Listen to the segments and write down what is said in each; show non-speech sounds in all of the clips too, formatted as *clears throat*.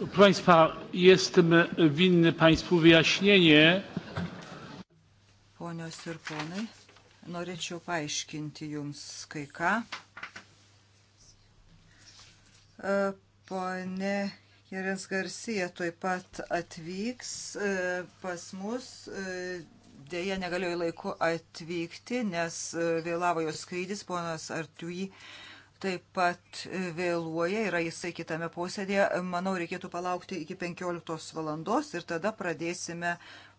Proszę Państwa, jestem e, winny Państwu wyjaśnienie. Ponios ir ponai, norėčiau paaiškinti Jums kai ką. E, pone Jerens Garcija tuoj pat atvyks e, pas mus. Deja, negalėjo laiku atvykti, nes vėlavo jos skrydis, ponas Artui. Jį taip pat vėluoja, yra jisai kitame posėdėje. Manau, reikėtų palaukti iki 15 valandos ir tada pradėsime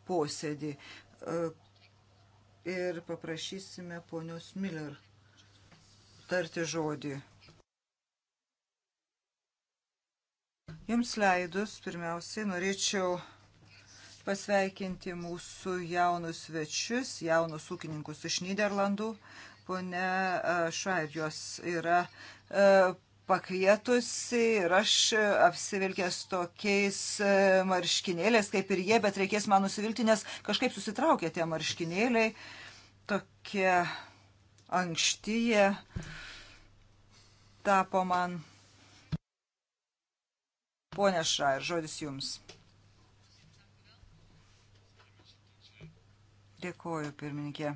posėdį. E, ir paprašysime ponios Miller tarti žodį. Jums leidus, pirmiausiai norėčiau pasveikinti mūsų jaunus svečius, jaunus ūkininkus iš Niderlandų pone Šair jos yra e, pakvietusi ir aš apsivilkęs tokiais e, marškinėliais kaip ir jie, bet reikės man nusivilti, nes kažkaip susitraukė tie marškinėliai, tokie ankštyje tapo man. Pone Šair, žodis jums. Dėkoju, pirmininkė.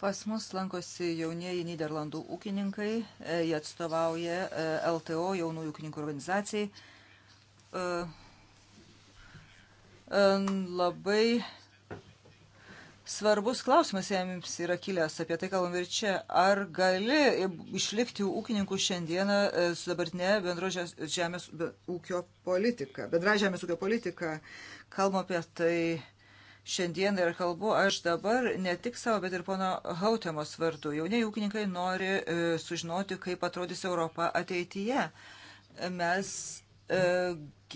Pas mus lankosi jaunieji Niderlandų ūkininkai, e, jie atstovauja e, LTO jaunųjų ūkininkų organizacijai. E, labai svarbus klausimas jiems yra kilęs, apie tai kalbam ir čia. Ar gali išlikti ūkininkų šiandieną su dabartinė bendro žemės ūkio politika, bendra žemės ūkio politika? Kalbam apie tai šiandien ir kalbu aš dabar ne tik savo, bet ir pono Hautemos vardu. Jauniai ūkininkai nori e, sužinoti, kaip atrodys Europa ateityje. Mes e,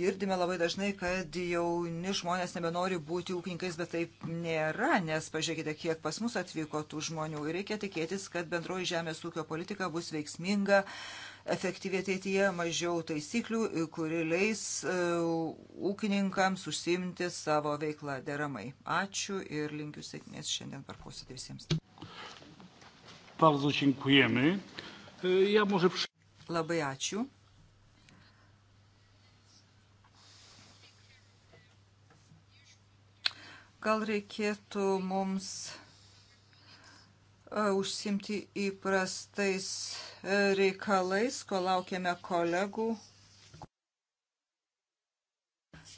girdime labai dažnai, kad jauni žmonės nebenori būti ūkininkais, bet taip nėra, nes pažiūrėkite, kiek pas mus atvyko tų žmonių ir reikia tikėtis, kad bendroji žemės ūkio politika bus veiksminga, efektyviai ateityje, mažiau taisyklių, kuri leis e, ūkininkams užsimti savo veiklą deramai. Ačiū ir linkiu sėkmės šiandien per posėdį visiems. Bardzo dziękujemy. E, ja może... Labai ačiū. Gal reikėtų mums E, užsimti įprastais e, reikalais, ko laukiame kolegų.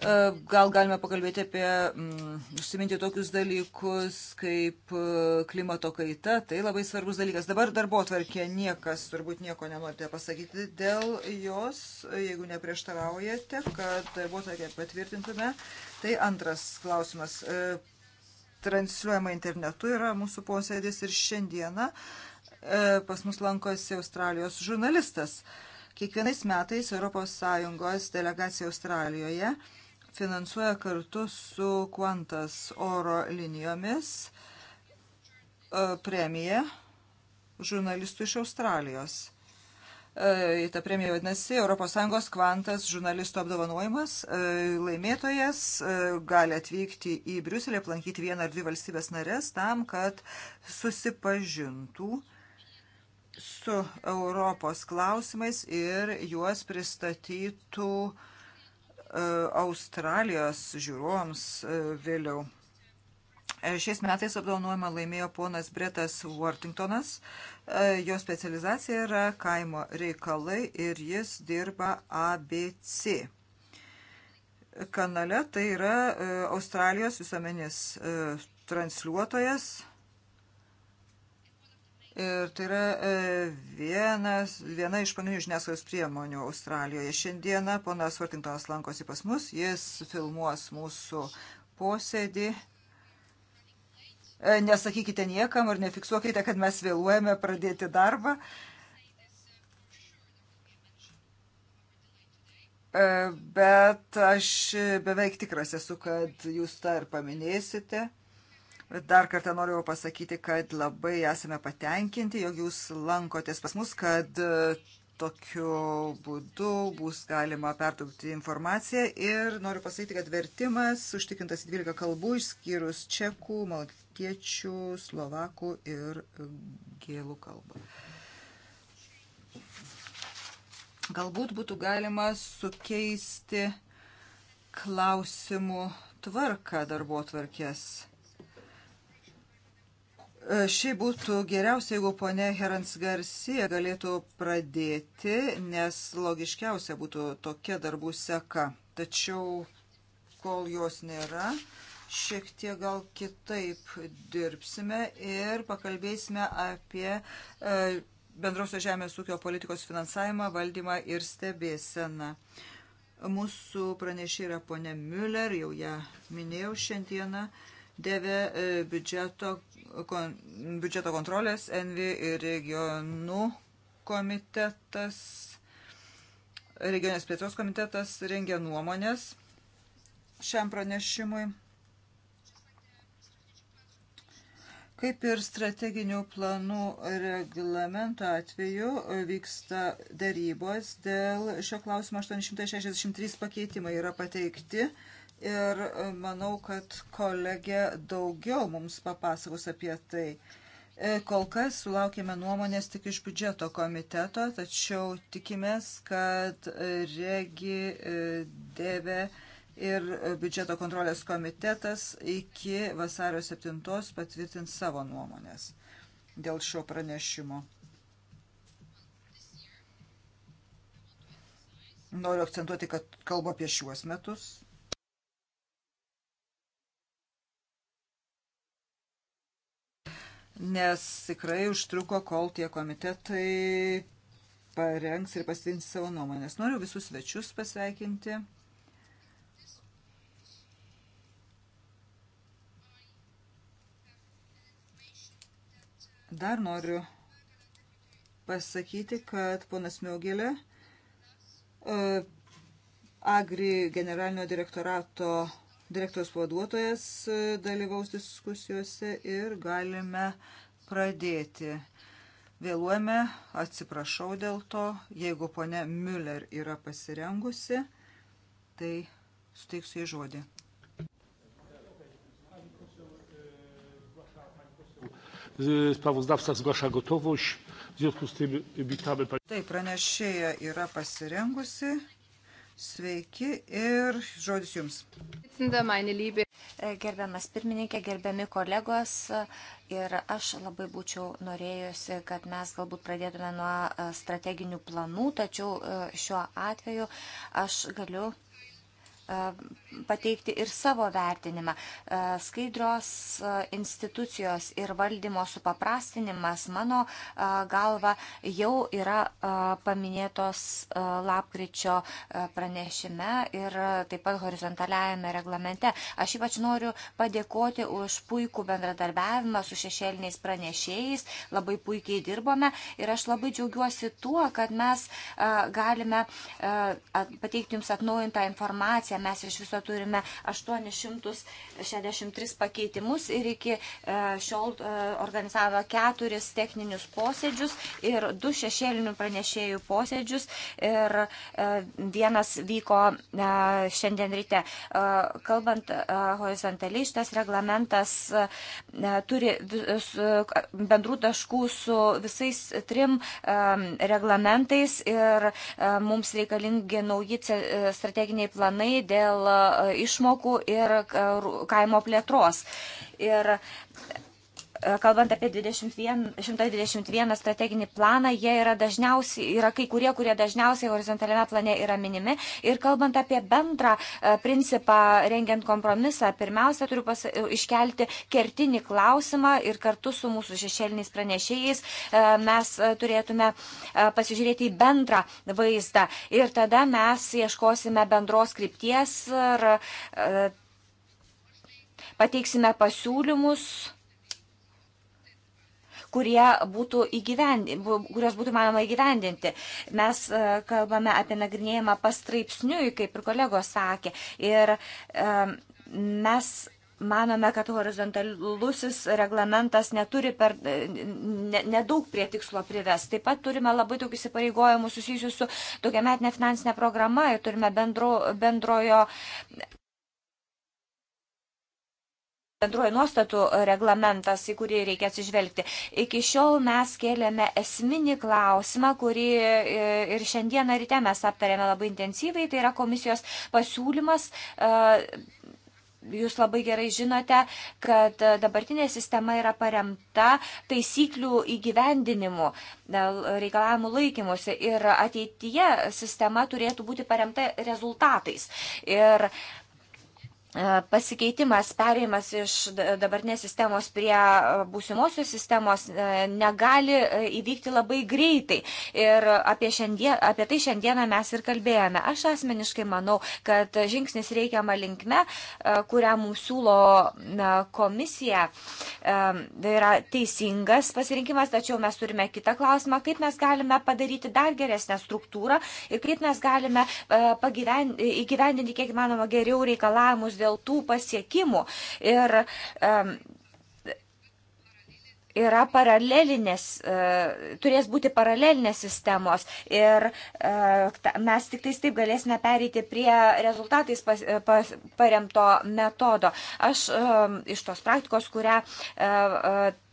E, gal galime pakalbėti apie, mm, užsiminti tokius dalykus kaip klimato kaita, tai labai svarbus dalykas. Dabar darbo atvarkė niekas, turbūt nieko nenorite pasakyti dėl jos, jeigu neprieštaraujate, kad darbo atvarkę patvirtintume. Tai antras klausimas transliuojama internetu yra mūsų posėdis ir šiandieną e, pas mus lankosi Australijos žurnalistas. Kiekvienais metais ES delegacija Australijoje finansuoja kartu su Qantas oro linijomis e, premiją žurnalistų iš Australijos. E, Ta premija vadinasi ES kvantas žurnalisto apdovanojimas. E, laimėtojas e, gali atvykti į Briuselį, aplankyti vieną ar dvi valstybės narės tam, kad susipažintų su Europos klausimais ir juos pristatytų Australijos žiūrovams vėliau. E, šiais metais apdovanojimą laimėjo ponas Bretas Wortingtonas. E, jo specializacija yra kaimo reikalai ir jis dirba ABC. Kanale tai yra e, Australijos visuomenis transliuotojas. Ir tai yra vienas, viena iš pagrindinių žiniasklaidos priemonių Australijoje. Šiandieną ponas Vartingtonas lankosi pas mus, jis filmuos mūsų posėdį E, nesakykite niekam ir nefiksuokite, kad mes vėluojame pradėti darbą. E, bet aš beveik tikras esu, kad jūs tą ir paminėsite. Dar kartą noriu pasakyti, kad labai esame patenkinti, jog jūs lankotės pas mus, kad e, tokiu būdu bus galima pertraukti informaciją ir noriu pasakyti, kad vertimas užtikrintas 12 kalbų išskyrus čekų, maltiečių, slovakų ir um, gėlų kalbą. Galbūt būtų galima sukeisti klausimų tvarką darbo tvarkės. E, Šiaip būtų geriausia, jeigu ponė Herans Garcia galėtų pradėti, nes logiškiausia būtų tokia darbų seka. Tačiau, kol jos nėra, šiek tiek gal kitaip dirbsime ir pakalbėsime apie e, bendrosios žemės ūkio politikos finansavimą, valdymą ir stebėseną. Mūsų pranešė yra ponė Müller, jau ją minėjau šiandieną, dėvė e, biudžeto, kon, biudžeto kontrolės, envi ir regionų komitetas, regionės plėtros komitetas rengia nuomonės šiam pranešimui. Kaip ir strateginių planų reglamento atveju e, vyksta darybos dėl šio klausimo 863 pakeitimai yra pateikti ir e, manau, kad kolegė daugiau mums papasakos apie tai. E, kol kas sulaukėme nuomonės tik iš biudžeto komiteto, tačiau tikimės, kad regi dėvė. Debe ir biudžeto kontrolės komitetas iki vasario 7 patvirtins savo nuomonės dėl šio pranešimo. Noriu akcentuoti, kad kalbu apie šiuos metus. Nes tikrai užtruko, kol tie komitetai parengs ir pasitins savo nuomonės. Noriu visus svečius pasveikinti. Dar noriu pasakyti, kad ponas Miaugėlė e, Agri generalinio direktorato direktoriaus pavaduotojas e, dalyvaus diskusijose ir galime pradėti. Vėluojame, atsiprašau dėl to, jeigu ponia Müller yra pasirengusi, tai suteiksiu į žodį. Sprawozdawca zgłasza gotowość. W związku z tym witamy. Taip, pranešėja yra pasirengusi. Sveiki ir žodis Jums. E, gerbiamas pirmininkė, gerbiami kolegos ir aš labai būčiau norėjusi, kad mes galbūt pradėtume nuo e, strateginių planų, tačiau e, šiuo atveju aš galiu E, pateikti ir savo vertinimą. E, skaidrios e, institucijos ir valdymo supaprastinimas, mano galva, jau yra paminėtos lapkričio pranešime ir taip pat horizontaliajame reglamente. Aš ypač noriu padėkoti už puikų bendradarbiavimą su šešėliniais pranešėjais, labai puikiai dirbome ir aš labai džiaugiuosi tuo, kad mes galime pateikti jums atnaujintą informaciją informaciją. Mes iš viso turime 863 pakeitimus ir iki e, šiol e, organizavo keturis techninius posėdžius ir du šešėlinių pranešėjų posėdžius ir e, vienas vyko šiandien ryte. Kalbant horizontaliai, šitas reglamentas turi bendrų taškų su visais trim reglamentais ir mums reikalingi nauji strateginiai planai dėl e, išmokų ir e, kaimo plėtros. Ir E, kalbant apie 21, 121 strateginį planą, jie yra dažniausiai, yra kai kurie, kurie dažniausiai horizontaliame plane yra minimi. Ir kalbant apie bendrą e, principą rengiant kompromisą, pirmiausia, turiu pas, e, iškelti kertinį klausimą ir kartu su mūsų šešėliniais pranešėjais mes turėtume pasižiūrėti į bendrą vaizdą. Ir tada mes ieškosime bendros krypties ir pateiksime pasiūlymus kurie būtų kurios būtų manoma įgyvendinti. Mes e, kalbame apie nagrinėjimą pastraipsniui, kaip ir kolegos sakė. Ir e, mes manome, kad horizontalusis reglamentas neturi per e, nedaug ne, ne prie tikslo prives. Taip pat turime labai daug įsipareigojimų susijusių su tokia metinė finansinė programa ir turime bendro, bendrojo bendruoju nuostatų reglamentas, į kurį reikia atsižvelgti. Iki šiol mes kėlėme esminį klausimą, kurį e, ir šiandieną ryte mes aptarėme labai intensyviai, tai yra komisijos pasiūlymas. E, jūs labai gerai žinote, kad dabartinė sistema yra paremta taisyklių įgyvendinimu, e, reikalavimų laikymuose ir ateityje sistema turėtų būti paremta rezultatais. Ir uh, E, pasikeitimas, pereimas iš dabartinės sistemos prie e, būsimosios sistemos e, negali įvykti labai greitai. Ir apie, šiandien, apie tai šiandieną mes ir kalbėjome. Aš asmeniškai manau, kad žingsnis reikiama linkme, kurią mums siūlo komisija, tai yra teisingas pasirinkimas, tačiau mes turime kitą klausimą, kaip mes galime padaryti dar geresnę struktūrą ir kaip mes galime įgyvendinti kiek manoma geriau reikalavimus dėl tų pasiekimų. Ir um, yra paralelinės, e, turės būti paralelinės sistemos ir e, mes tik tais taip galėsime pereiti prie rezultatais pas, e, pas, paremto metodo. Aš iš tos praktikos, kurią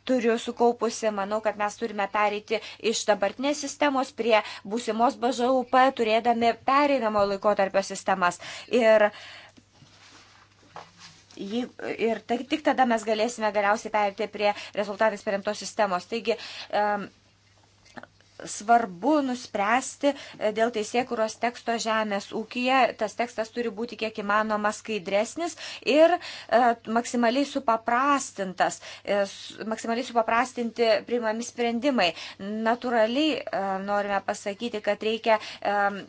turiu sukaupusi, manau, kad mes turime pereiti iš dabartinės sistemos prie būsimos BŽUP, turėdami pereinamo laikotarpio sistemas. Ir uh, jeigu, ir tai, tik tada mes galėsime galiausiai perėti prie rezultatais paremtos sistemos. Taigi, um, svarbu nuspręsti e, dėl teisėkuros teksto žemės ūkija. Tas tekstas turi būti kiek įmanoma skaidresnis ir e, maksimaliai supaprastintas, e, maksimaliai supaprastinti priimami sprendimai. Naturaliai norime pasakyti, kad reikia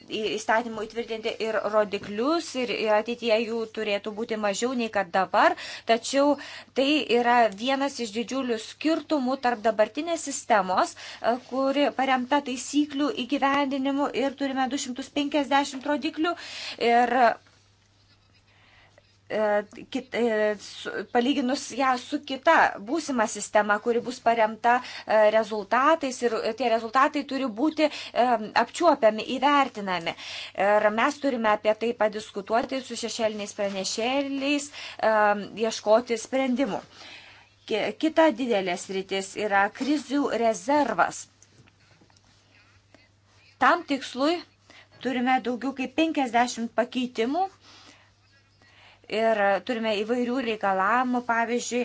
įstatymų įtvirtinti ir rodiklius ir ateityje jų turėtų būti mažiau nei kad dabar, tačiau tai yra vienas iš didžiulių skirtumų tarp dabartinės sistemos, kuri paremta paremta taisyklių įgyvendinimu ir turime 250 rodiklių. Ir e, Kit, e, palyginus ją su kita būsima sistema, kuri bus paremta e, rezultatais ir tie rezultatai turi būti apčiuopiami, įvertinami. Ir mes turime apie tai padiskutuoti su šešėliniais pranešėliais, ieškoti sprendimų. Kita didelė sritis yra krizių rezervas. Tam tikslui turime daugiau kaip 50 pakeitimų ir turime įvairių reikalavimų, pavyzdžiui,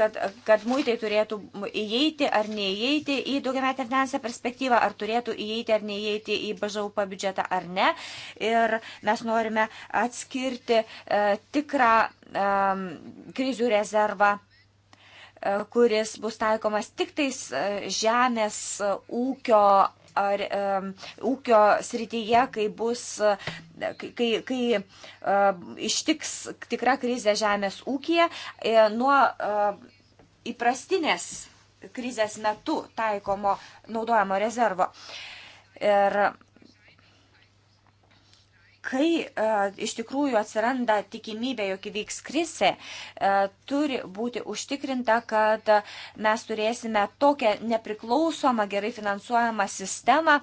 kad, kad muitai turėtų įeiti ar neįeiti į daugiametę finansinę perspektyvą, ar turėtų įeiti ar neįeiti į BŽUP biudžetą ar ne. Ir mes norime atskirti e, tikrą e, krizių rezervą E, kuris bus taikomas tik tais e, žemės e, ūkio ar um, ūkio srityje, kai bus, kai, kai um, ištiks tikra krizė žemės ūkija, nuo um, įprastinės krizės metu taikomo naudojamo rezervo. Ir um, kai e, iš tikrųjų atsiranda tikimybė, jog įvyks krise, e, turi būti užtikrinta, kad mes turėsime tokią nepriklausomą, gerai finansuojamą sistemą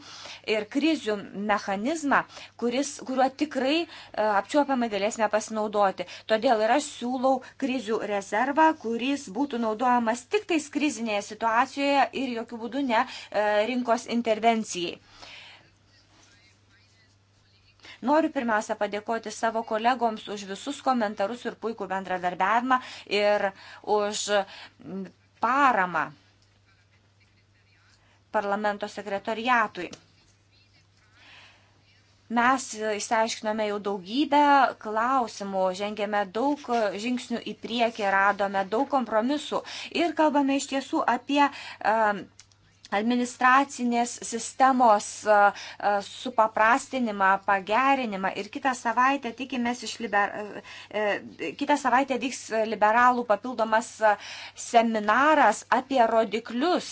ir krizių mechanizmą, kuris, kuriuo tikrai e, apčiuopiamai galėsime pasinaudoti. Todėl ir aš siūlau krizių rezervą, kuris būtų naudojamas tik tais krizinėje situacijoje ir jokių būdų ne e, rinkos intervencijai. Noriu pirmiausia padėkoti savo kolegoms už visus komentarus ir puikų bendradarbiavimą ir už paramą parlamento sekretoriatui. Mes išsiaiškinome jau daugybę klausimų, žengėme daug žingsnių į priekį, radome daug kompromisų ir kalbame iš tiesų apie um, administracinės sistemos supaprastinimą, pagerinimą. Ir kitą savaitę, tikimės, liber... E, e, kitą savaitę vyks liberalų papildomas seminaras apie rodiklius,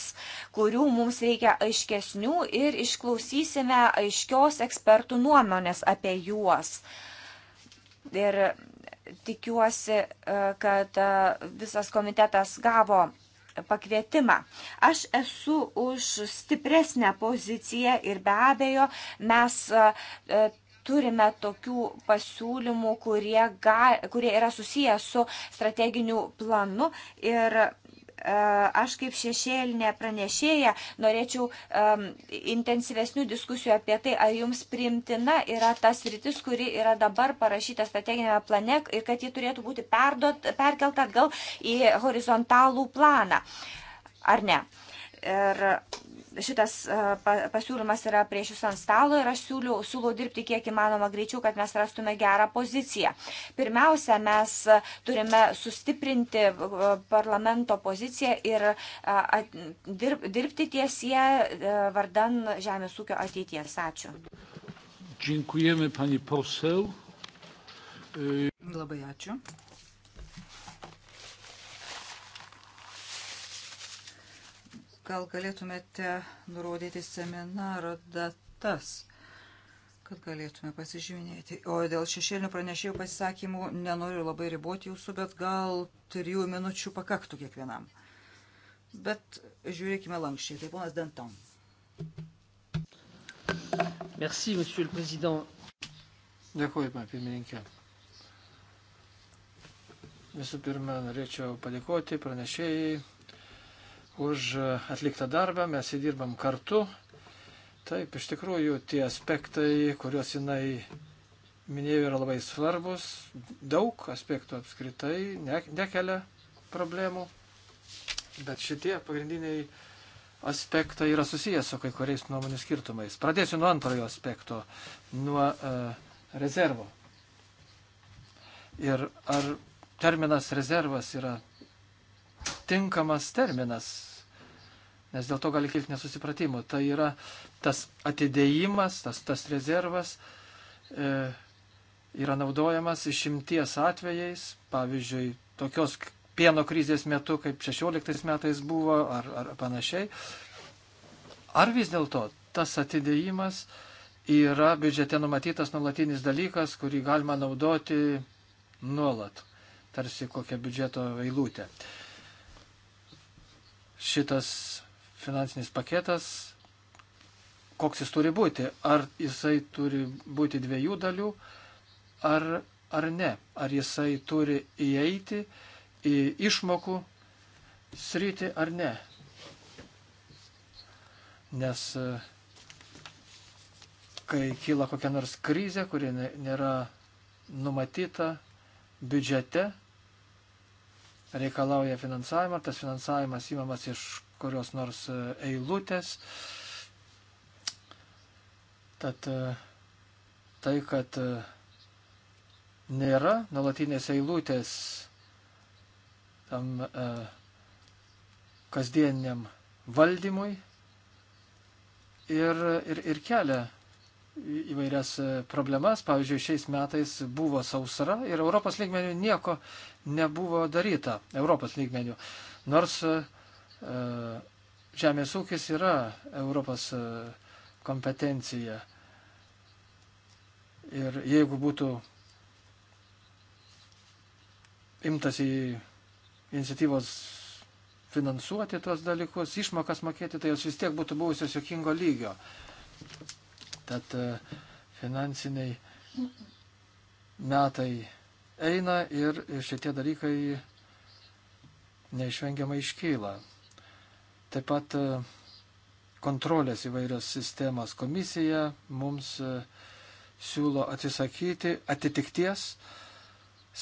kurių mums reikia aiškesnių ir išklausysime aiškios ekspertų nuomonės apie juos. Ir tikiuosi, kad visas komitetas gavo pakvietimą. Aš esu už stipresnę poziciją ir be abejo mes e, turime tokių pasiūlymų, kurie, ga, kurie yra susiję su strateginiu planu ir E, aš kaip šešėlinė pranešėja norėčiau um, intensyvesnių diskusijų apie tai, ar jums priimtina yra tas rytis, kuri yra dabar parašyta strateginėme plane ir kad ji turėtų būti perdot, perkelta atgal į horizontalų planą. Ar ne? Ir šitas e, pasiūlymas yra prieš jūs ant stalo ir aš siūliu, siūlau dirbti kiek įmanoma greičiau, kad mes rastume gerą poziciją. Pirmiausia, mes turime sustiprinti e, parlamento poziciją ir e, dirbti tiesie vardan žemės ūkio ateities. Ačiū. Dziękujemy pani poseł. Labai ačiū. Gal galėtumėte nurodyti seminaro datas, kad galėtume pasižyminėti. O dėl šešėlinių pranešėjų pasisakymų nenoriu labai riboti jūsų, bet gal trijų minučių pakaktų kiekvienam. Bet žiūrėkime lankščiai. Tai ponas Danton. Merci, monsieur le président. Dėkuoju, pirmininkė. Visų pirma, norėčiau padėkoti pranešėjai už atliktą darbą, mes įdirbam kartu. Taip, iš tikrųjų, tie aspektai, kuriuos jinai minėjo, yra labai svarbus. Daug aspektų apskritai ne, nekelia problemų, bet šitie pagrindiniai aspektai yra susijęs su kai kuriais nuomonės skirtumais. Pradėsiu nuo antrojo aspekto, nuo uh, rezervo. Ir ar terminas rezervas yra tinkamas terminas, nes dėl to gali kilti nesusipratimų. Tai yra tas atidėjimas, tas, tas rezervas e, yra naudojamas išimties atvejais, pavyzdžiui, tokios pieno krizės metu, kaip 16 metais buvo, ar, ar panašiai. Ar vis dėlto tas atidėjimas yra biudžete numatytas nulatinis dalykas, kurį galima naudoti nuolat, tarsi kokią biudžeto eilutę. E, šitas finansinis paketas, koks jis turi būti. Ar jisai turi būti dviejų dalių, ar, ar ne. Ar jisai turi įeiti į išmokų sritį ar ne. Nes e, kai kyla kokia nors krizė, kuri nėra numatyta biudžete, reikalauja finansavimą, tas finansavimas įmamas iš kurios nors e, eilutės. Tad e, tai, kad e, nėra nuolatinės eilutės tam e, kasdieniam valdymui ir, ir, ir kelia įvairias e, problemas. Pavyzdžiui, šiais metais buvo sausra ir Europos lygmenių nieko nebuvo daryta. Europos lygmenių. Nors e, e, žemės ūkis yra Europos kompetencija. Ir jeigu būtų imtas į iniciatyvos finansuoti tuos dalykus, išmokas mokėti, tai jos vis tiek būtų buvusios jokingo lygio. Tad e, finansiniai metai eina ir šitie dalykai neišvengiamai iškyla. Taip pat e, kontrolės įvairios sistemos komisija mums e, siūlo atsisakyti atitikties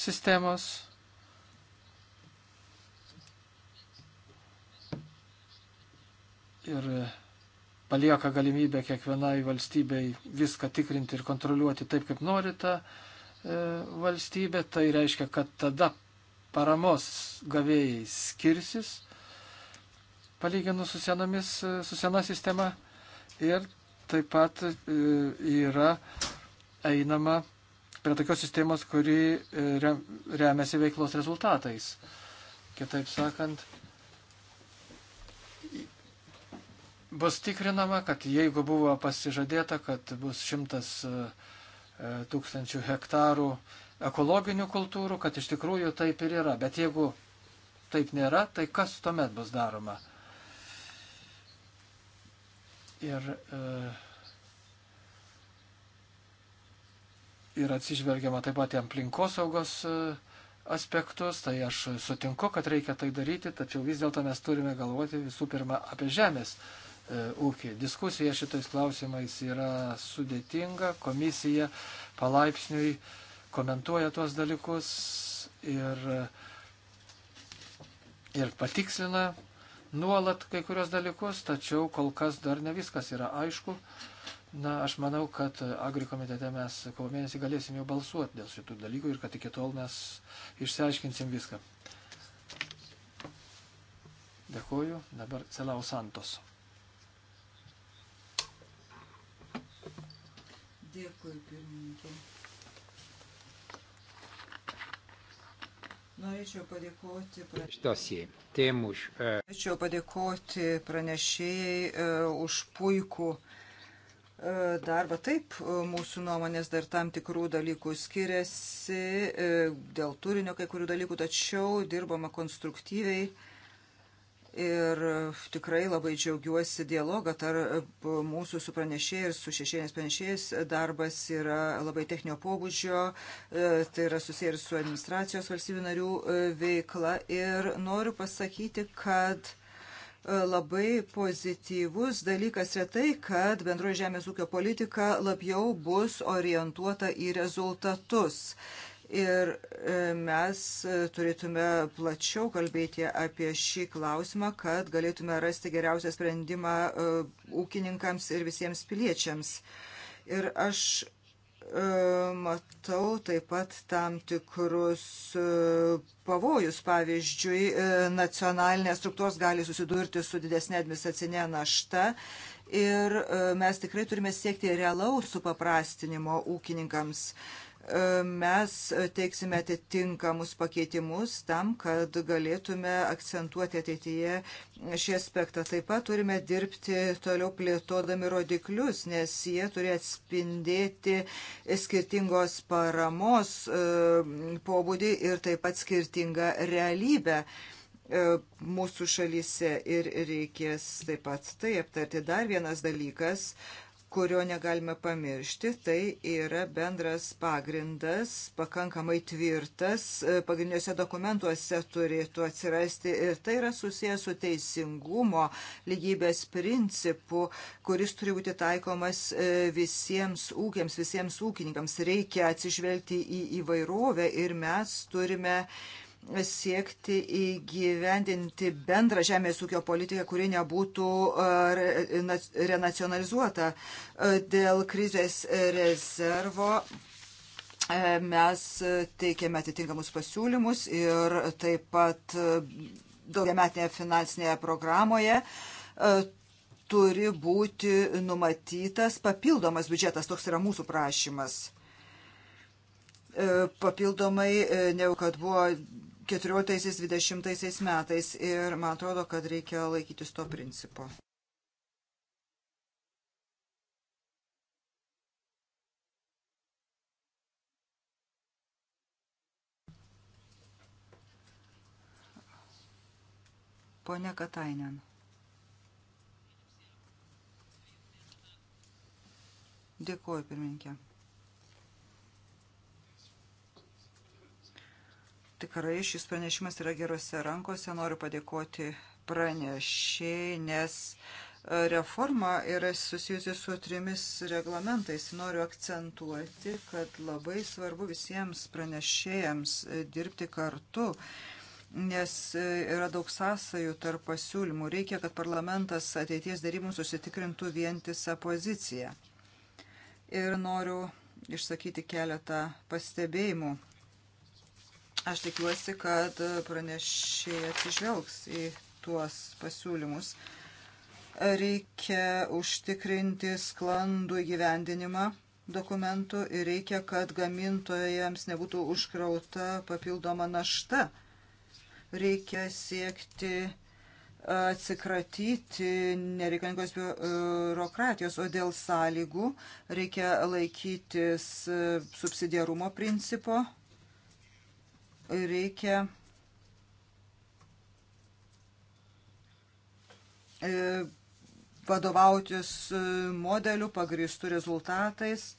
sistemos. Ir palieka galimybę kiekvienai valstybei viską tikrinti ir kontroliuoti taip, kaip nori ta e, valstybė, tai reiškia, kad tada paramos gavėjai skirsis palyginus su, senomis, su sena sistema ir taip pat e, yra einama prie tokios sistemos, kuri e, remiasi veiklos rezultatais. Kitaip sakant, bus tikrinama, kad jeigu buvo pasižadėta, kad bus šimtas e, e, tūkstančių hektarų ekologinių kultūrų, kad iš tikrųjų taip ir yra. Bet jeigu taip nėra, tai kas tuomet bus daroma? Ir, e, ir atsižvelgiama taip pat į aplinkosaugos aspektus, tai aš sutinku, kad reikia tai daryti, tačiau vis dėlto mes turime galvoti visų pirma apie žemės uh, E, ūkį. Diskusija šitais klausimais yra sudėtinga, komisija palaipsniui komentuoja tuos dalykus ir, ir patikslina nuolat kai kurios dalykus, tačiau kol kas dar ne viskas yra aišku. Na, aš manau, kad agrikomitete mes kovo mėnesį galėsim jau balsuoti dėl šitų dalykų ir kad iki tol mes išsiaiškinsim viską. Dėkuoju. Dabar Celau Santos. Dėkui, pirmininkė. Norėčiau padėkoti, e, Norėčiau padėkoti pranešėjai e, už puikų e, darbą. Taip, mūsų nuomonės dar tam tikrų dalykų skiriasi dėl turinio kai kurių dalykų, tačiau dirbama konstruktyviai ir e, tikrai labai džiaugiuosi dialogą tarp mūsų su pranešėjais, su šešėnės pranešėjais. Darbas yra labai techninio pobūdžio, e, tai yra susiję ir su administracijos valstybių narių e, veikla. Ir noriu pasakyti, kad labai pozityvus dalykas yra tai, kad bendroji žemės ūkio politika labiau bus orientuota į rezultatus. Ir e, mes e, turėtume plačiau kalbėti apie šį klausimą, kad galėtume rasti geriausią sprendimą e, ūkininkams ir visiems piliečiams. Ir aš matau taip pat tam tikrus pavojus. Pavyzdžiui, nacionalinės struktūros gali susidurti su didesnė administracinė našta ir mes tikrai turime siekti realaus supaprastinimo ūkininkams mes teiksime atitinkamus pakeitimus tam, kad galėtume akcentuoti ateityje šį aspektą. Taip pat turime dirbti toliau plėtodami rodiklius, nes jie turi atspindėti skirtingos paramos e, pobūdį ir taip pat skirtingą realybę e, mūsų šalyse ir reikės taip pat tai aptarti. Dar vienas dalykas kurio negalime pamiršti, tai yra bendras pagrindas, pakankamai tvirtas, e, pagrindiniuose dokumentuose turėtų atsirasti ir tai yra susijęs su teisingumo lygybės principu, kuris turi būti taikomas e, visiems ūkiams, visiems ūkininkams. Reikia atsižvelgti į įvairovę ir mes turime uh, siekti įgyvendinti bendrą žemės ūkio politiką, kuri nebūtų e, renacionalizuota. E, dėl krizės rezervo e, mes teikėme atitinkamus pasiūlymus ir taip pat daugiametinėje finansinėje programoje turi būti numatytas papildomas biudžetas, toks yra mūsų prašymas. Papildomai, ne jau kad buvo 14-20 metais ir man atrodo, kad reikia laikytis to principo. Pone Katainen. Dėkuoju, pirmininkė. Tikrai šis pranešimas yra gerose rankose. Noriu padėkoti pranešiai, nes e, reforma yra susijusi su trimis reglamentais. Noriu akcentuoti, kad labai svarbu visiems pranešėjams e, dirbti kartu nes e, yra daug sąsajų tarp pasiūlymų. Reikia, kad parlamentas ateities darybų susitikrintų vientisą poziciją. Ir noriu išsakyti keletą pastebėjimų Aš tikiuosi, kad pranešėjai atsižvelgs į tuos pasiūlymus. Reikia užtikrinti sklandų įgyvendinimą dokumentų ir reikia, kad gamintojams nebūtų užkrauta papildoma našta. Reikia siekti atsikratyti nereikalingos biurokratijos, o dėl sąlygų reikia laikytis subsidiarumo principo reikia e, vadovautis e, modeliu pagristų rezultatais.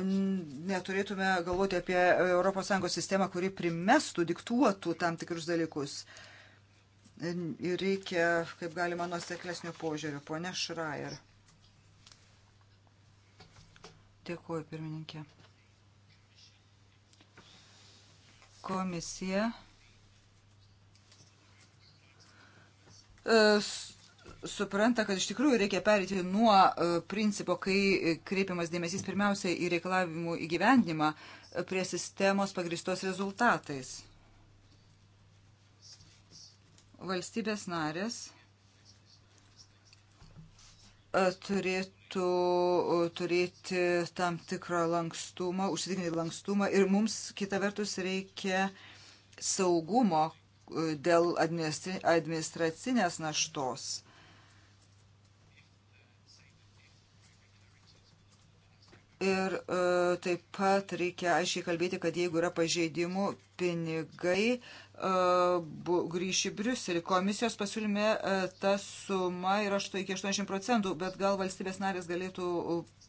Neturėtume galvoti apie ES sistemą, kuri primestų, diktuotų tam tikrus dalykus. Ir reikia, kaip galima, nuoseklesnio požiūrio. Pone Šrajer. Dėkuoju, pirmininkė. Komisija e, supranta, kad iš tikrųjų reikia perėti nuo e, principo, kai kreipiamas dėmesys pirmiausiai į reikalavimų įgyvendimą e, prie sistemos pagristos rezultatais. Valstybės narės E, turėtų e, turėti tam tikrą lankstumą, užsitikrinti lankstumą ir mums kita vertus reikia saugumo e, dėl administracinės naštos. Ir e, taip pat reikia aiškiai kalbėti, kad jeigu yra pažeidimų, pinigai grįš į Briuselį. Komisijos pasiūlyme e, ta suma yra 8 iki 80 procentų, bet gal valstybės narės galėtų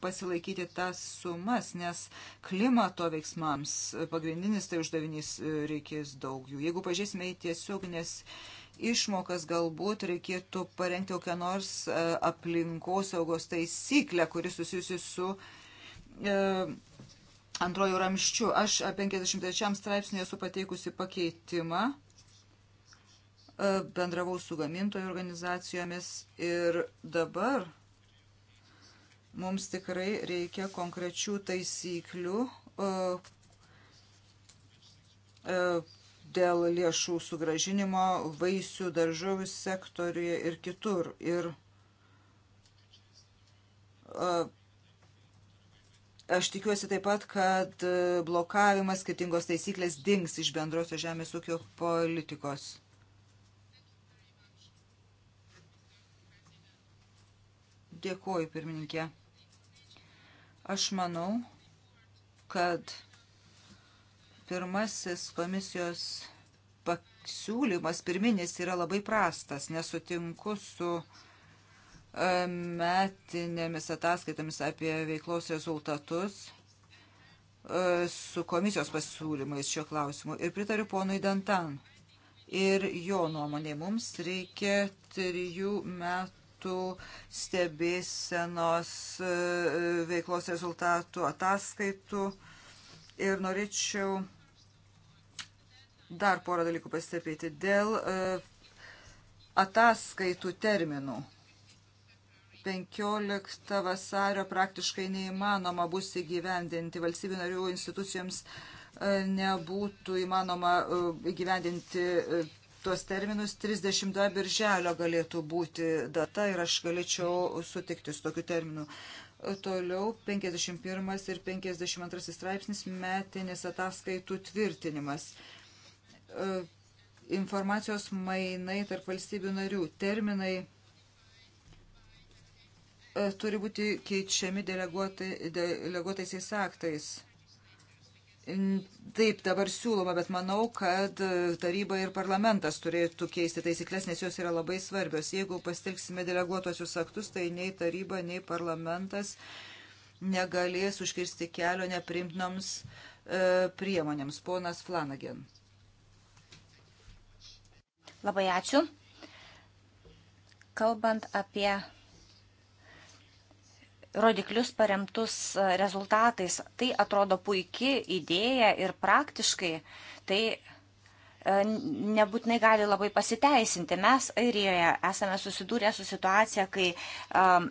pasilaikyti tas sumas, nes klimato veiksmams pagrindinis tai uždavinys e, reikės daug jų. Jeigu pažiūrėsime į tiesioginės išmokas, galbūt reikėtų parengti kokią nors e, aplinkosaugos taisyklę, kuri susijusi su antrojų ramščių. Aš 53 straipsnėje esu pateikusi pakeitimą, e, bendravau su gamintojų organizacijomis ir dabar mums tikrai reikia konkrečių taisyklių e, e, dėl lėšų sugražinimo vaisių, daržovių sektoriuje ir kitur. Ir Aš tikiuosi taip pat, kad e, blokavimas skirtingos taisyklės dings iš bendrosios žemės ūkio politikos. Dėkuoju, pirmininkė. Aš manau, kad pirmasis komisijos pasiūlymas pirminis yra labai prastas. Nesutinku su uh, metinėmis ataskaitomis apie veiklos rezultatus e, su komisijos pasiūlymais šio klausimu. Ir pritariu ponui Dantan. Ir jo nuomonė mums reikia trijų metų stebėsenos e, veiklos rezultatų ataskaitų. Ir norėčiau dar porą dalykų pastebėti dėl e, ataskaitų terminų. 15 vasario praktiškai neįmanoma bus įgyvendinti valstybių narių institucijoms e, nebūtų įmanoma e, įgyvendinti e, tuos terminus 30 birželio galėtų būti data ir aš galėčiau sutikti su tokiu terminu. Toliau 51 ir 52 straipsnis metinis ataskaitų tvirtinimas informacijos mainai tarp valstybių narių. Terminai E, turi būti keičiami deleguotaisiais aktais. Taip, dabar siūloma, bet manau, kad e, taryba ir parlamentas turėtų keisti taisyklės, nes jos yra labai svarbios. Jeigu pastilksime deleguotosius aktus, tai nei taryba, nei parlamentas negalės užkirsti kelio neprimtinoms e, priemonėms. Ponas Flanagen. Labai ačiū. Kalbant apie rodiklius paremtus e, rezultatais. Tai atrodo puikiai idėja ir praktiškai tai e, nebūtinai gali labai pasiteisinti. Mes Airijoje esame susidūrę su situacija, kai um,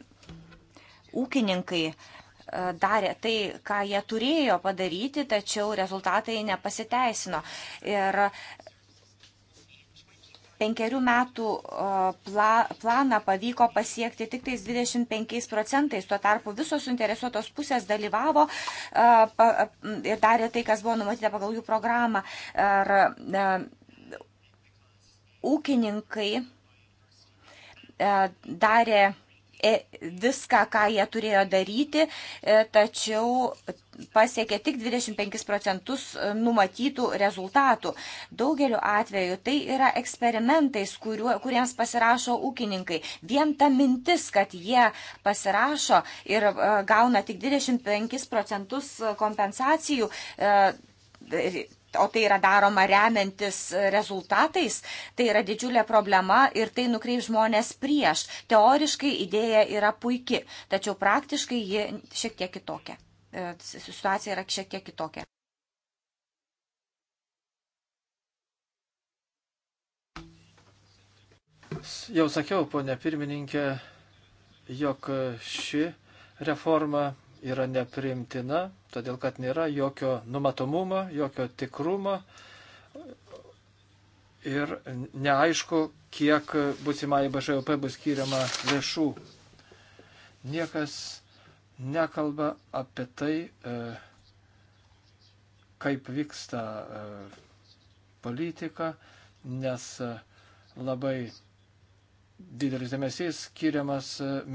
ūkininkai darė tai, ką jie turėjo padaryti, tačiau rezultatai nepasiteisino. Ir penkerių metų pla, planą pavyko pasiekti tik tais 25 procentais. Tuo tarpu visos suinteresuotos pusės dalyvavo e, e, ir darė tai, kas buvo numatyta pagal jų programą. Ir e, ūkininkai darė E, viską, ką jie turėjo daryti, e, tačiau pasiekė tik 25 procentus e, numatytų rezultatų. Daugeliu atveju tai yra eksperimentais, kuriuo, kuriems pasirašo ūkininkai. Vien ta mintis, kad jie pasirašo ir gauna tik 25 procentus kompensacijų, o tai yra daroma remiantis rezultatais, tai yra didžiulė problema ir tai nukreip žmonės prieš. Teoriškai idėja yra puiki, tačiau praktiškai ji šiek tiek kitokia. E, situacija yra šiek tiek kitokia. Jau sakiau, ponė pirmininkė, jog ši reforma yra neprimtina, todėl kad nėra jokio numatomumo, jokio tikrumo ir neaišku, kiek busimai BŽOP bus skiriama lėšų. Niekas nekalba apie tai, e, kaip vyksta e, politika, nes e, labai didelis dėmesys skiriamas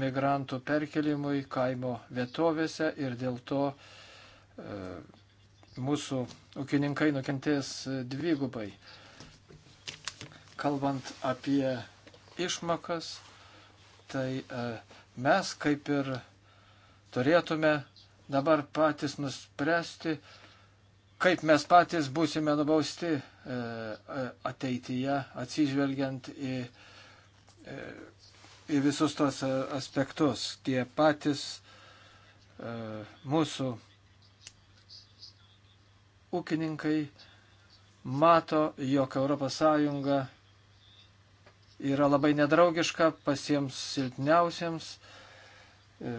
migrantų perkelimui kaimo vietovėse ir dėl to e, mūsų ūkininkai nukentės dvigubai. Kalbant apie išmokas, tai e, mes kaip ir turėtume dabar patys nuspręsti, kaip mes patys būsime nubausti e, ateityje, atsižvelgiant į uh, į visus tos e, aspektus. Tie patys e, mūsų ūkininkai mato, jog ES yra labai nedraugiška pasiems silpniausiems, e,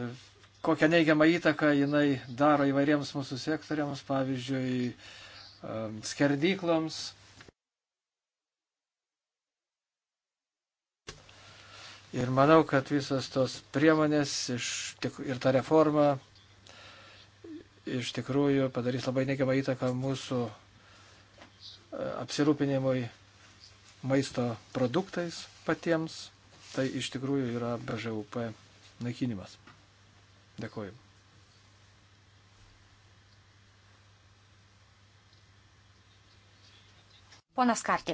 kokią neigiamą įtaką jinai daro įvairiems mūsų sektoriams, pavyzdžiui, skerdykloms, Ir manau, kad visos tos priemonės iš, tik, ir ta reforma iš tikrųjų padarys labai neigiamą įtaką mūsų e, apsirūpinimui maisto produktais patiems. Tai iš tikrųjų yra BŽUP naikinimas. Dėkuoju. Ponas Karti,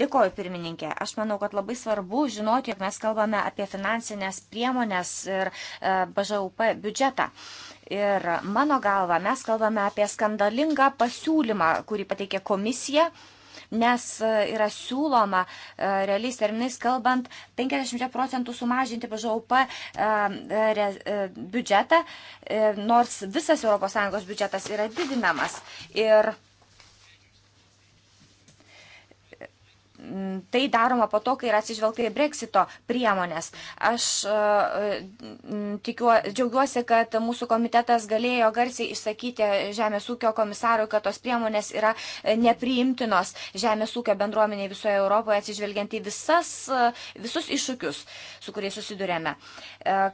dėkoju pirmininkė. Aš manau, kad labai svarbu žinoti, jog mes kalbame apie finansinės priemonės ir e, BŽUP biudžetą. Ir mano galva, mes kalbame apie skandalingą pasiūlymą, kurį pateikė komisija nes e, yra siūloma e, realiais terminais kalbant 50 procentų sumažinti BŽUP e, biudžetą, nors visas ES biudžetas yra didinamas. Ir Mm, tai daroma po to, kai yra atsižvelgta į breksito priemonės. Aš e, e, mm, tikiuo, džiaugiuosi, kad mūsų komitetas galėjo garsiai išsakyti Žemės ūkio komisarui, kad tos priemonės yra e, nepriimtinos Žemės ūkio bendruomeniai visoje Europoje atsižvelgiant į visas, visus iššūkius, su kuriais susidurėme.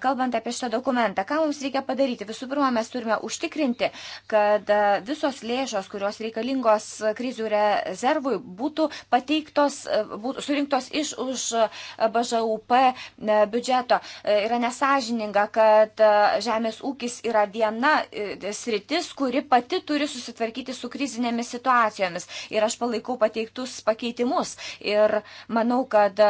Kalbant apie šitą dokumentą, ką mums reikia padaryti? Visų pirma, mes turime užtikrinti, kad visos lėšos, kurios reikalingos krizių rezervui, būtų pateiktos lėšos e, būtų surinktos iš už e, BŽUP e, biudžeto. Yra nesažininga, kad žemės ūkis yra viena sritis, kuri pati turi susitvarkyti su krizinėmis situacijomis. Ir aš palaikau pateiktus pakeitimus. Ir manau, kad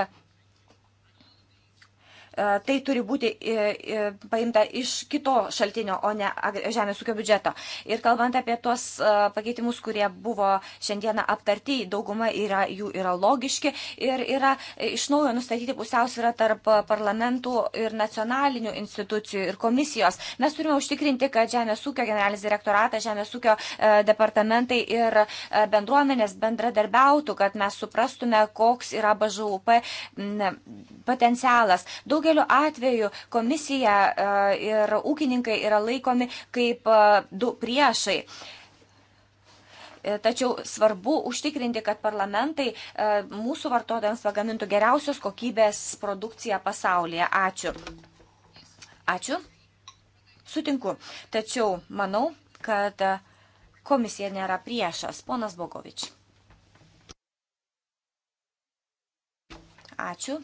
E, tai turi būti e, e, paimta iš kito šaltinio, o ne žemės ūkio biudžeto. Ir kalbant apie tuos pakeitimus, kurie buvo šiandieną aptarti, dauguma yra, jų yra logiški ir yra iš naujo nustatyti pusiausvyrą tarp parlamentų ir nacionalinių institucijų ir komisijos. Mes turime užtikrinti, kad žemės ūkio generalinis direktoratas, žemės ūkio departamentai ir bendruomenės bendradarbiautų, kad mes suprastume, koks yra BŽUP potencialas. Daug Daugeliu atveju komisija e, ir ūkininkai yra laikomi kaip e, du priešai. E, tačiau svarbu užtikrinti, kad parlamentai mūsų vartotojams pagamintų geriausios kokybės produkciją pasaulyje. Ačiū. Ačiū. Sutinku. Tačiau manau, kad komisija nėra priešas. Ponas Bogovič. Ačiū.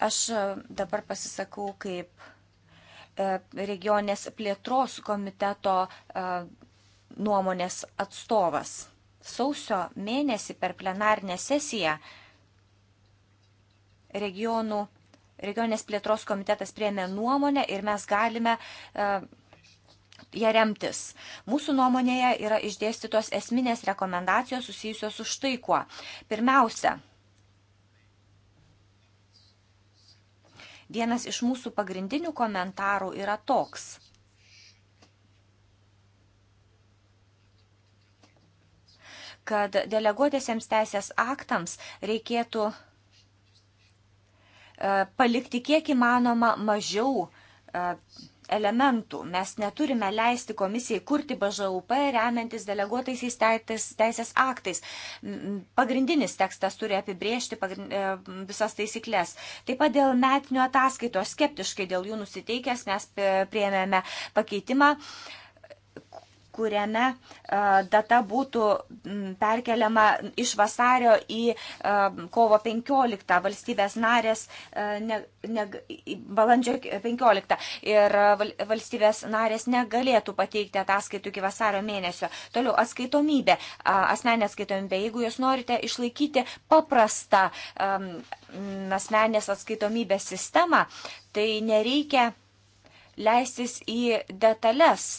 Aš e, dabar pasisakau kaip e, regionės plėtros komiteto e, nuomonės atstovas. Sausio mėnesį per plenarnę sesiją regionų, regionės plėtros komitetas priemė nuomonę ir mes galime ją remtis. Mūsų nuomonėje yra išdėstytos esminės rekomendacijos susijusios su štai kuo. Pirmiausia, Vienas iš mūsų pagrindinių komentarų yra toks. kad deleguotėsiems teisės aktams reikėtų e, palikti kiek įmanoma mažiau e, elementų. Mes neturime leisti komisijai kurti BŽUP remiantis deleguotaisiais teisės aktais. Pagrindinis tekstas turi apibriežti e, visas taisyklės. Taip pat dėl metinių ataskaitos skeptiškai dėl jų nusiteikęs mes e, prieėmėme pakeitimą kuriame data būtų perkeliama iš vasario į kovo 15 valstybės narės, ne, ne, balandžio 15 ir valstybės narės negalėtų pateikti ataskaitų iki vasario mėnesio. Toliau atskaitomybė, asmenė atskaitomybė, jeigu jūs norite išlaikyti paprastą asmenės atskaitomybės sistemą, tai nereikia leistis į detalės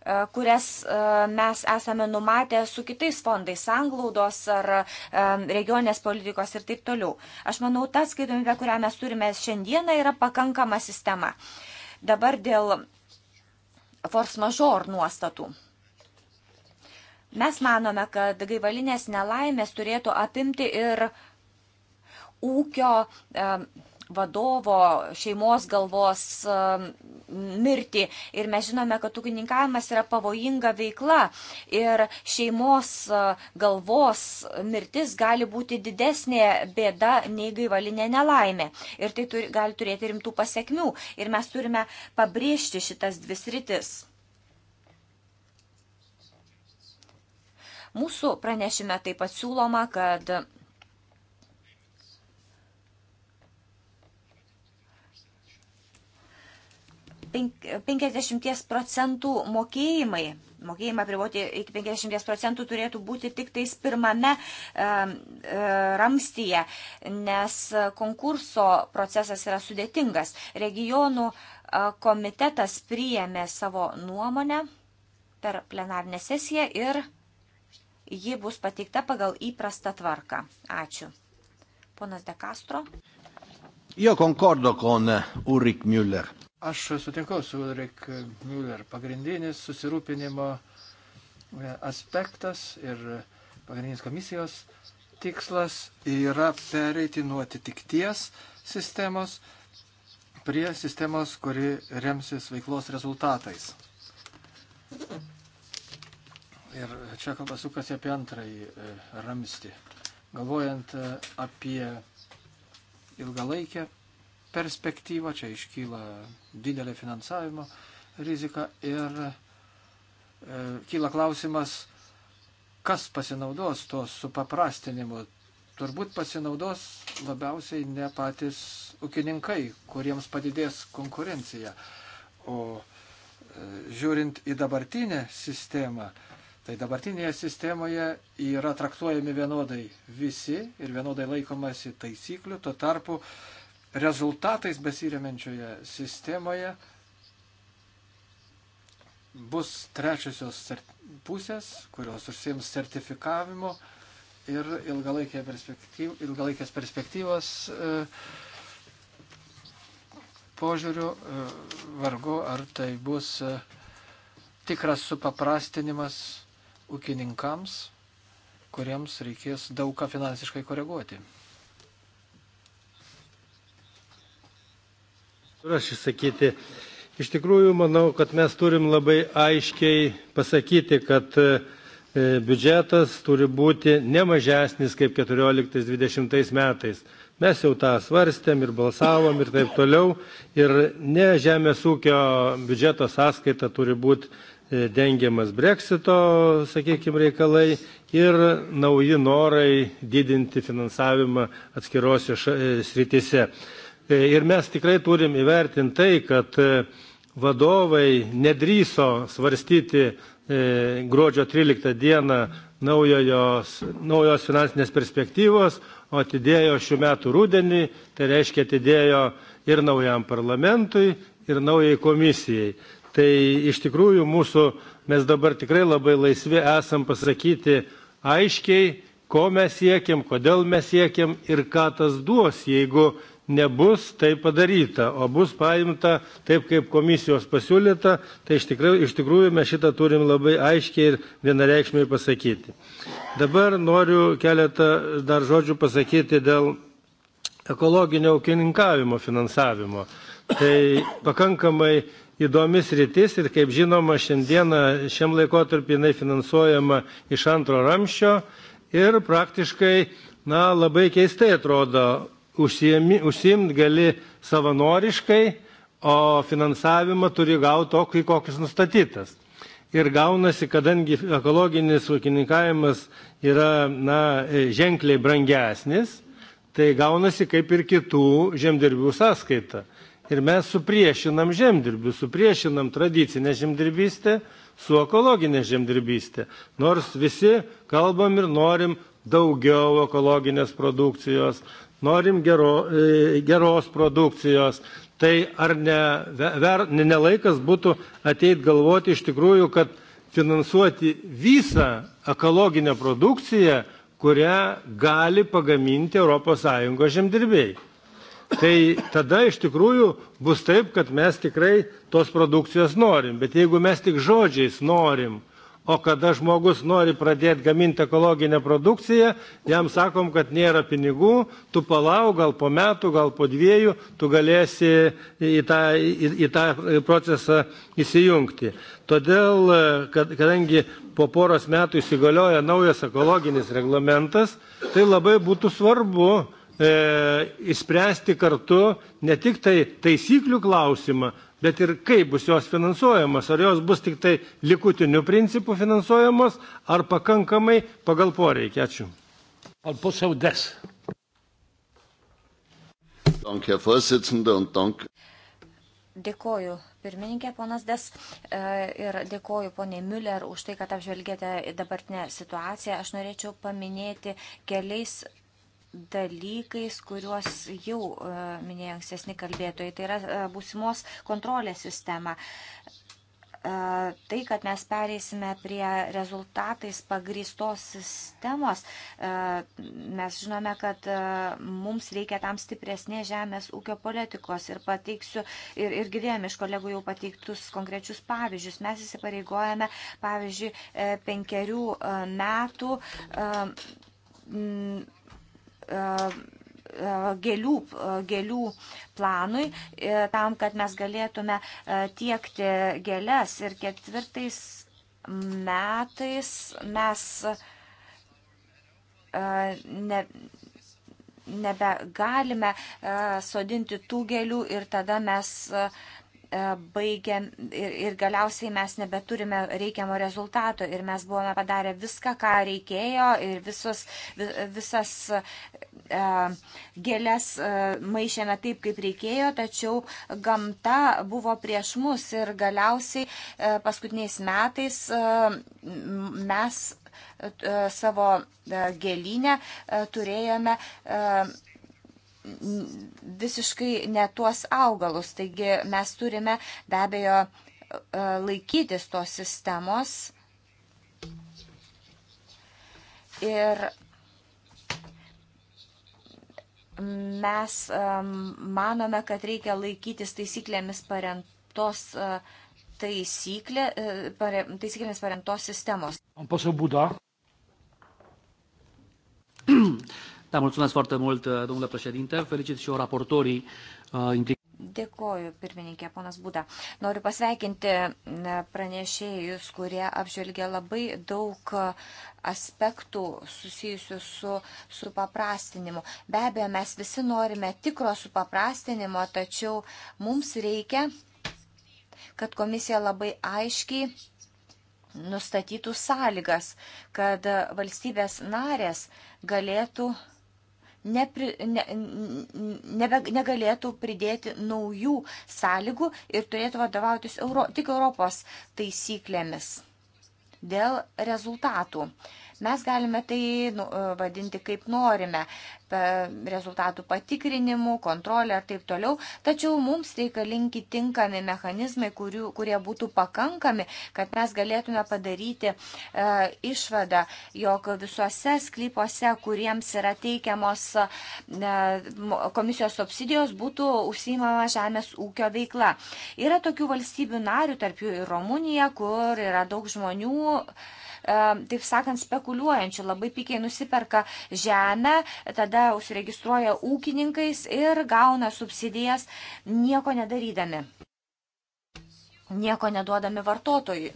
E, kurias e, mes esame numatę su kitais fondais, sanglaudos ar e, regionės politikos ir taip toliau. Aš manau, ta skaitomybė, kurią mes turime šiandieną, yra pakankama sistema. Dabar dėl force major nuostatų. Mes manome, kad gaivalinės nelaimės turėtų apimti ir ūkio vadovo, šeimos galvos um, mirtį. Ir mes žinome, kad ūkininkavimas yra pavojinga veikla. Ir šeimos uh, galvos mirtis gali būti didesnė bėda nei gaivalinė nelaimė. Ir tai turi, gali turėti rimtų pasiekmių. Ir mes turime pabrėžti šitas dvi sritis. Mūsų pranešime taip pat siūloma, kad 50 procentų mokėjimai, mokėjimai privoti iki 50 procentų turėtų būti tik tais pirmame e, e, ramstyje, nes konkurso procesas yra sudėtingas. Regionų e, komitetas priėmė savo nuomonę per plenarnę sesiją ir ji bus pateikta pagal įprastą tvarką. Ačiū. Ponas De Castro. Io concordo con Ulrich Müller. Aš sutinku su Ulrik Müller. Pagrindinis susirūpinimo e, aspektas ir pagrindinis komisijos tikslas yra pereiti nuo atitikties sistemos prie sistemos, kuri remsis veiklos rezultatais. Ir čia kalba sukasi apie antrąjį e, ramstį. Galvojant e, apie ilgalaikę perspektyvą, čia iškyla didelė finansavimo rizika ir e, kyla klausimas, kas pasinaudos tuo supaprastinimu. Turbūt pasinaudos labiausiai ne patys ūkininkai, kuriems padidės konkurencija. O e, žiūrint į dabartinę sistemą, tai dabartinėje sistemoje yra traktuojami vienodai visi ir vienodai laikomasi taisyklių, tuo tarpu rezultatais besiremenčioje sistemoje bus trečiosios pusės, kurios užsiims sertifikavimo ir ilgalaikės perspektyvos, ilgalaikės perspektyvos e, požiūrių e, vargu, ar tai bus e, tikras supaprastinimas ūkininkams, kuriems reikės daug ką finansiškai koreguoti. Aš įsakyti. Iš tikrųjų, manau, kad mes turim labai aiškiai pasakyti, kad e, biudžetas turi būti ne mažesnis kaip 14-20 metais. Mes jau tą svarstėm ir balsavom ir taip toliau. Ir ne žemės ūkio biudžeto sąskaita turi būti e, dengiamas breksito, sakykime, reikalai ir nauji norai didinti finansavimą atskirose e, sritise. E, ir mes tikrai turim įvertinti tai, kad e, vadovai nedryso svarstyti e, gruodžio 13 dieną naujojos, naujos finansinės perspektyvos, o atidėjo šių metų rudenį, tai reiškia atidėjo ir naujam parlamentui, ir naujai komisijai. Tai iš tikrųjų mūsų, mes dabar tikrai labai laisvi esam pasakyti aiškiai, ko mes siekiam, kodėl mes siekiam ir ką tas duos, jeigu nebus tai padaryta o bus paimta taip kaip komisijos pasiūlyta tai iš tikrųjų, iš tikrųjų mes šitą turim labai aiškiai ir vienareikšmiai pasakyti. Dabar noriu keletą dar žodžių pasakyti dėl ekologinio ūkininkavimo finansavimo. Tai pakankamai įdomis rytis ir kaip žinoma šiandieną šiam laikotarpiu jinai finansuojama iš antro ramščio ir praktiškai na, labai keistai atrodo užsiimti gali savanoriškai, o finansavimą turi gauti tokį, kokis nustatytas. Ir gaunasi, kadangi ekologinis ūkininkavimas yra na, ženkliai brangesnis, tai gaunasi kaip ir kitų žemdirbių sąskaita. Ir mes supriešinam žemdirbių, supriešinam tradicinę žemdirbystę su ekologinė žemdirbystė. Nors visi kalbam ir norim daugiau ekologinės produkcijos, norim gero, e, geros produkcijos. Tai ar ne, ver, ne, ne laikas būtų ateit galvoti iš tikrųjų, kad finansuoti visą ekologinę produkciją, kurią gali pagaminti ES žemdirbėjai. Tai tada iš tikrųjų bus taip, kad mes tikrai tos produkcijos norim, bet jeigu mes tik žodžiais norim, o kada žmogus nori pradėti gaminti ekologinę produkciją jam sakom kad nėra pinigų tu palauk gal po metų gal po dviejų tu galėsi į tą, į, į tą procesą įsijungti. Todėl, e, kad, kadangi po poros metų įsigalioja naujas ekologinis reglamentas, tai labai būtų svarbu e, išspręsti kartu ne tik tai taisyklių klausimą, bet ir kaip bus jos finansuojamos ar jos bus tik tai likutiniu principu finansuojamos ar pakankamai pagal poreikį ačiū Al pusiau des. Dank, Herr Vorsitzender, und dank. Dėkoju pirmininkė ponas Des e, ir dėkoju poniai Müller už tai, kad apžvelgėte dabartinę situaciją. Aš norėčiau paminėti keliais dalykais, kuriuos jau e, minėjo ankstesni kalbėtojai. Tai yra e, būsimos kontrolės sistema e, tai, kad mes pereisime prie rezultatais pagristos sistemos, mes žinome, kad mums reikia tam stipresnės žemės ūkio politikos ir pateiksiu, ir, ir girdėjome iš kolegų jau pateiktus konkrečius pavyzdžius. Mes įsipareigojame, pavyzdžiui, penkerių metų E, e, gėlių, e, gėlių planui, tam, kad mes galėtume tiekti gėlės. Ir ketvirtais metais mes ne, nebegalime sodinti tų gėlių ir tada mes uh, E, baigėm ir, ir galiausiai mes nebeturime reikiamo rezultato ir mes buvome padarę viską, ką reikėjo ir visus, vis, visas uh, e, gėlės uh, e, maišėme taip, kaip reikėjo, tačiau gamta buvo prieš mus ir galiausiai uh, paskutiniais metais uh, mes uh, savo uh, gėlinę uh, turėjome uh, visiškai ne tuos augalus. Taigi mes turime be abejo e, laikytis tos sistemos. Ir mes e, manome, kad reikia laikytis taisyklėmis paremtos e, taisyklė, pare, taisyklėmis paremtos sistemos. Pasabuda. *clears throat* Da, mulțumesc foarte mult, uh, domnule președinte. Felicit și eu raportorii uh, implicați. Dėkoju, pirmininkė, ponas Būda. Noriu pasveikinti uh, pranešėjus, kurie apžvelgia labai daug aspektų susijusių su, su paprastinimu. Be abejo, mes visi norime tikro supaprastinimo, tačiau mums reikia, kad komisija labai aiškiai nustatytų sąlygas, kad valstybės narės galėtų nepri, ne, nebe, negalėtų pridėti naujų sąlygų ir turėtų vadovautis Euro, tik Europos taisyklėmis dėl rezultatų. Uh, Mes galime tai nu, e, vadinti kaip norime rezultatų patikrinimu, kontrolė ir taip toliau. Tačiau mums reikalingi tinkami mechanizmai, kurių, kurie būtų pakankami, kad mes galėtume padaryti e, išvadą, jog visuose sklypuose, kuriems yra teikiamos e, komisijos subsidijos, būtų užsimama žemės ūkio veikla. Yra tokių valstybių narių, tarp jų ir Rumunija, kur yra daug žmonių, E, taip sakant, spekuliuojančių, labai pikiai nusiperka žemę, tada užsiregistruoja ūkininkais ir gauna subsidijas nieko nedarydami, nieko neduodami vartotojui.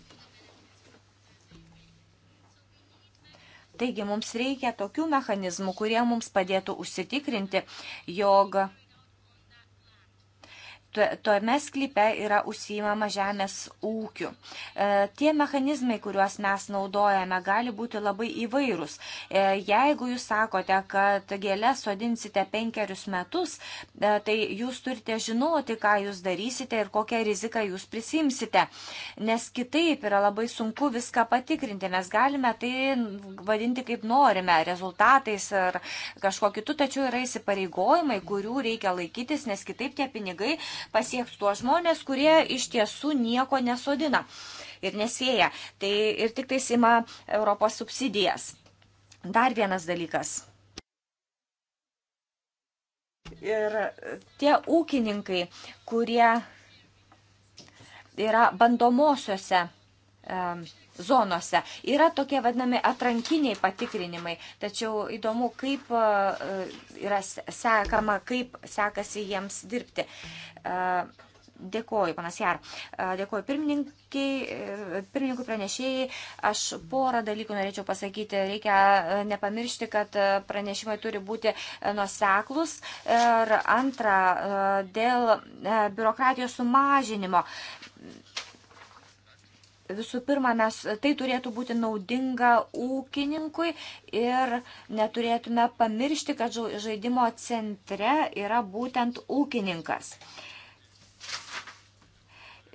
Taigi mums reikia tokių mechanizmų, kurie mums padėtų užsitikrinti, jog tuome sklype yra užsijimama žemės ūkiu. E, tie mechanizmai, kuriuos mes naudojame, gali būti labai įvairūs. E, jeigu jūs sakote, kad gėlę sodinsite penkerius metus, e, tai jūs turite žinoti, ką jūs darysite ir kokią riziką jūs prisimsite. Nes kitaip yra labai sunku viską patikrinti. Mes galime tai vadinti kaip norime, rezultatais ar kažkuo kitu, tačiau yra įsipareigojimai, kurių reikia laikytis, nes kitaip tie pinigai pasiektų tuos žmonės, kurie iš tiesų nieko nesodina ir nesėja. Tai ir tik tai sima Europos subsidijas. Dar vienas dalykas. Ir tie ūkininkai, kurie yra bandomosiose zonose. Yra tokie vadinami atrankiniai patikrinimai, tačiau įdomu, kaip e, e, yra sekama, kaip sekasi jiems dirbti. E, dėkoju, panas Jar. Dėkoju pirmininkui pranešėjai. Aš porą dalykų norėčiau pasakyti. Reikia nepamiršti, kad pranešimai turi būti nuseklus. Ir antra, dėl biurokratijos sumažinimo Visų pirma, mes tai turėtų būti naudinga ūkininkui ir neturėtume pamiršti, kad žaidimo centre yra būtent ūkininkas.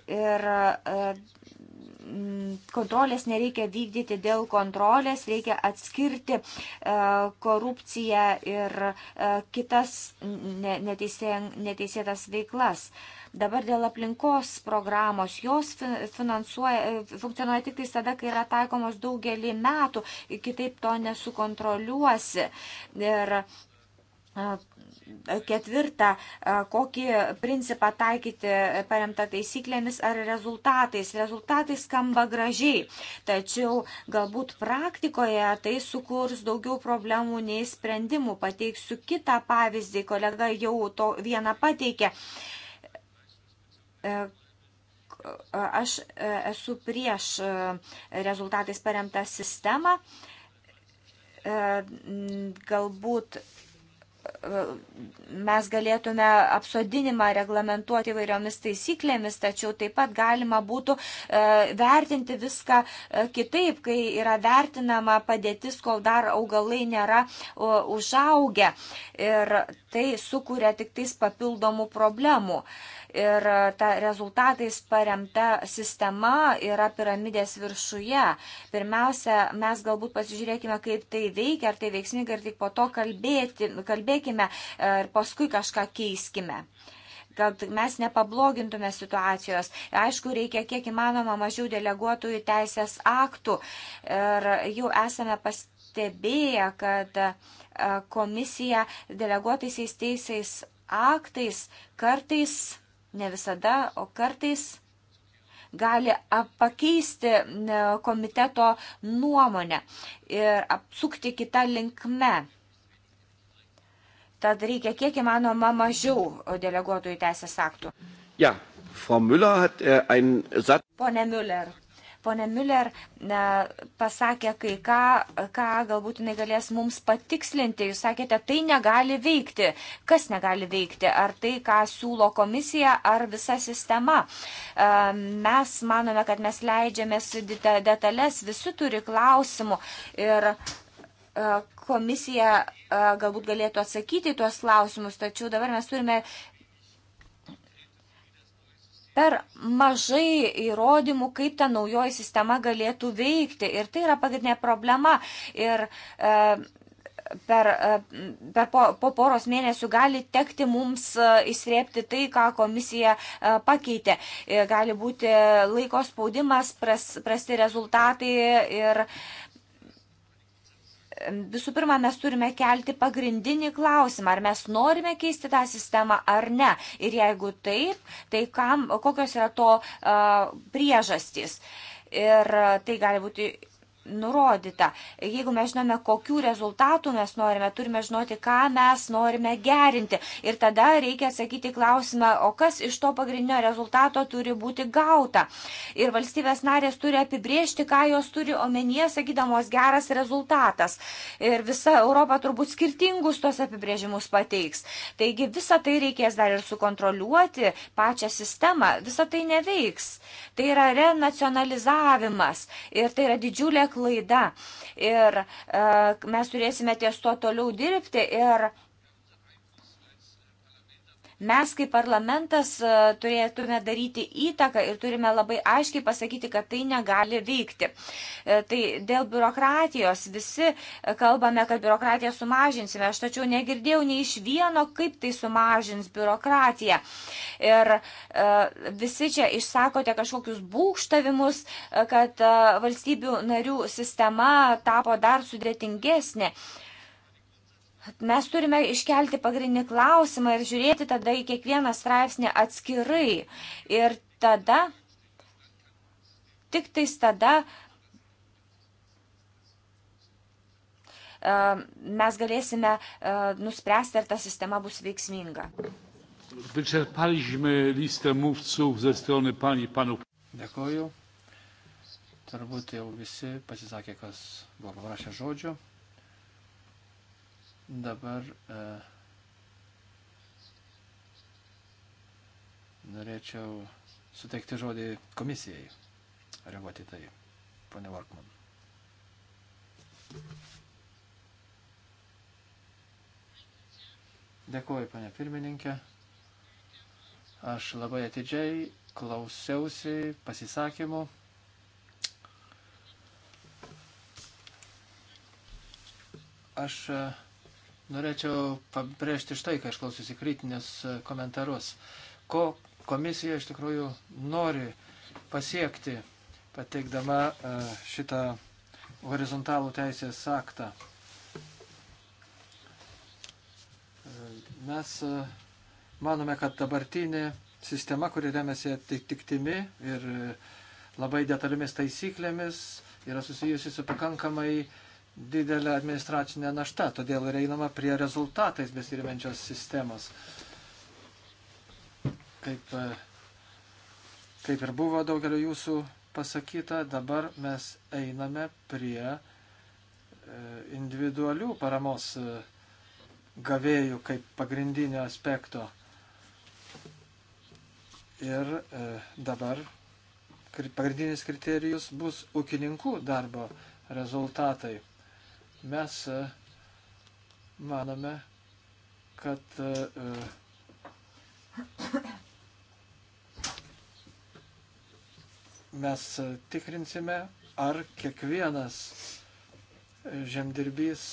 Ir e, kontrolės nereikia vykdyti dėl kontrolės, reikia atskirti e, korupciją ir e, kitas neteisėtas veiklas. Dabar dėl aplinkos programos, jos funkcionuoja tik tais tada, kai yra taikomos daugelį metų, kitaip to nesukontroliuosi. Ir ketvirta, kokį principą taikyti paremta taisyklėmis ar rezultatais. Rezultatai skamba gražiai, tačiau galbūt praktikoje tai sukurs daugiau problemų nei sprendimų. Pateiksiu kitą pavyzdį, kolega jau to vieną pateikė. E, aš e, esu prieš e, rezultatais paremtą sistemą. Galbūt mes galėtume apsodinimą reglamentuoti vairiomis taisyklėmis, tačiau taip pat galima būtų vertinti viską kitaip, kai yra vertinama padėtis, kol dar augalai nėra užaugę. Ir tai sukuria tik tais papildomų problemų. Uh, ir e, ta rezultatais paremta sistema yra piramidės viršuje. Pirmiausia, mes galbūt pasižiūrėkime, kaip tai veikia, ar tai veiksminga ir tik po to kalbėti, kalbėkime e, ir paskui kažką keiskime kad mes nepablogintume situacijos. Aišku, reikia kiek įmanoma mažiau deleguotųjų teisės aktų ir jau esame pastebėję, kad e, komisija deleguotaisiais teisės aktais kartais ne visada, o kartais gali pakeisti komiteto nuomonę ir apsukti kitą linkme. Tad reikia kiek įmanoma mažiau deleguotojų teisės aktų. Ja, Frau Müller hat äh, einen Satz. Pone Müller, Pone Müller ne, pasakė kai ką, ką galbūt jinai galės mums patikslinti. Jūs sakėte, tai negali veikti. Kas negali veikti? Ar tai, ką siūlo komisija, ar visa sistema? E, mes manome, kad mes leidžiamės detalės, visi turi klausimų. Ir e, komisija e, galbūt galėtų atsakyti tuos klausimus, tačiau dabar mes turime per mažai įrodymų, kaip ta naujoji sistema galėtų veikti. Ir tai yra pagrindinė problema. Ir, e, Per, e, per po, po poros mėnesių gali tekti mums e, įsrėpti tai, ką komisija e, pakeitė. Gali būti laiko spaudimas, pras, prasti rezultatai ir visų pirma, mes turime kelti pagrindinį klausimą, ar mes norime keisti tą sistemą ar ne. Ir jeigu taip, tai kam, kokios yra to uh, priežastys. Ir tai gali būti nurodyta. Jeigu mes žinome, kokių rezultatų mes norime, turime žinoti, ką mes norime gerinti. Ir tada reikia atsakyti klausimą, o kas iš to pagrindinio rezultato turi būti gauta. Ir valstybės narės turi apibriežti, ką jos turi omenyje, sakydamos geras rezultatas. Ir visa Europa turbūt skirtingus tos apibrėžimus pateiks. Taigi visą tai reikės dar ir sukontroliuoti, pačią sistemą. Visą tai neveiks. Tai yra renacionalizavimas. Ir tai yra didžiulė klaida klaida. Ir e, mes turėsime ties to toliau dirbti ir Mes kaip parlamentas e, turėtume daryti įtaką ir turime labai aiškiai pasakyti, kad tai negali veikti. E, tai dėl biurokratijos visi e, kalbame, kad biurokratiją sumažinsime. Aš tačiau negirdėjau nei iš vieno, kaip tai sumažins biurokratiją. Ir visi čia išsakote kažkokius būkštavimus, kad valstybių narių sistema tapo dar sudėtingesnė. Mes turime iškelti pagrindinį klausimą ir žiūrėti tada į kiekvieną straipsnį atskirai. Ir tada, tik tais tada, mes galėsime nuspręsti, ar ta sistema bus veiksminga. Dėkoju. Turbūt jau visi pasisakė, kas buvo paprašę žodžio. Dabar e, norėčiau suteikti žodį komisijai. Reaguoti tai, ponė Varkman. Dėkuoju, ponė pirmininkė. Aš labai atidžiai klausiausi pasisakymų. Aš e, Norėčiau pabrėžti štai, kai aš klausiusi kritinės komentarus. Ko komisija iš tikrųjų nori pasiekti, pateikdama e, šitą horizontalų teisės aktą. E, mes e, manome, kad dabartinė sistema, kuri remiasi atitiktimi ir labai detaliomis taisyklėmis, yra susijusi su pakankamai uh, didelė administracinė našta, todėl ir einama prie rezultatais besirimenčios sistemos. Kaip, e, kaip ir buvo daugelio jūsų pasakyta, dabar mes einame prie e, individualių paramos e, gavėjų kaip pagrindinio aspekto. Ir dabar pagrindinis kriterijus bus ūkininkų darbo rezultatai. Mes e, manome, kad e, e, mes tikrinsime, ar kiekvienas žemdirbys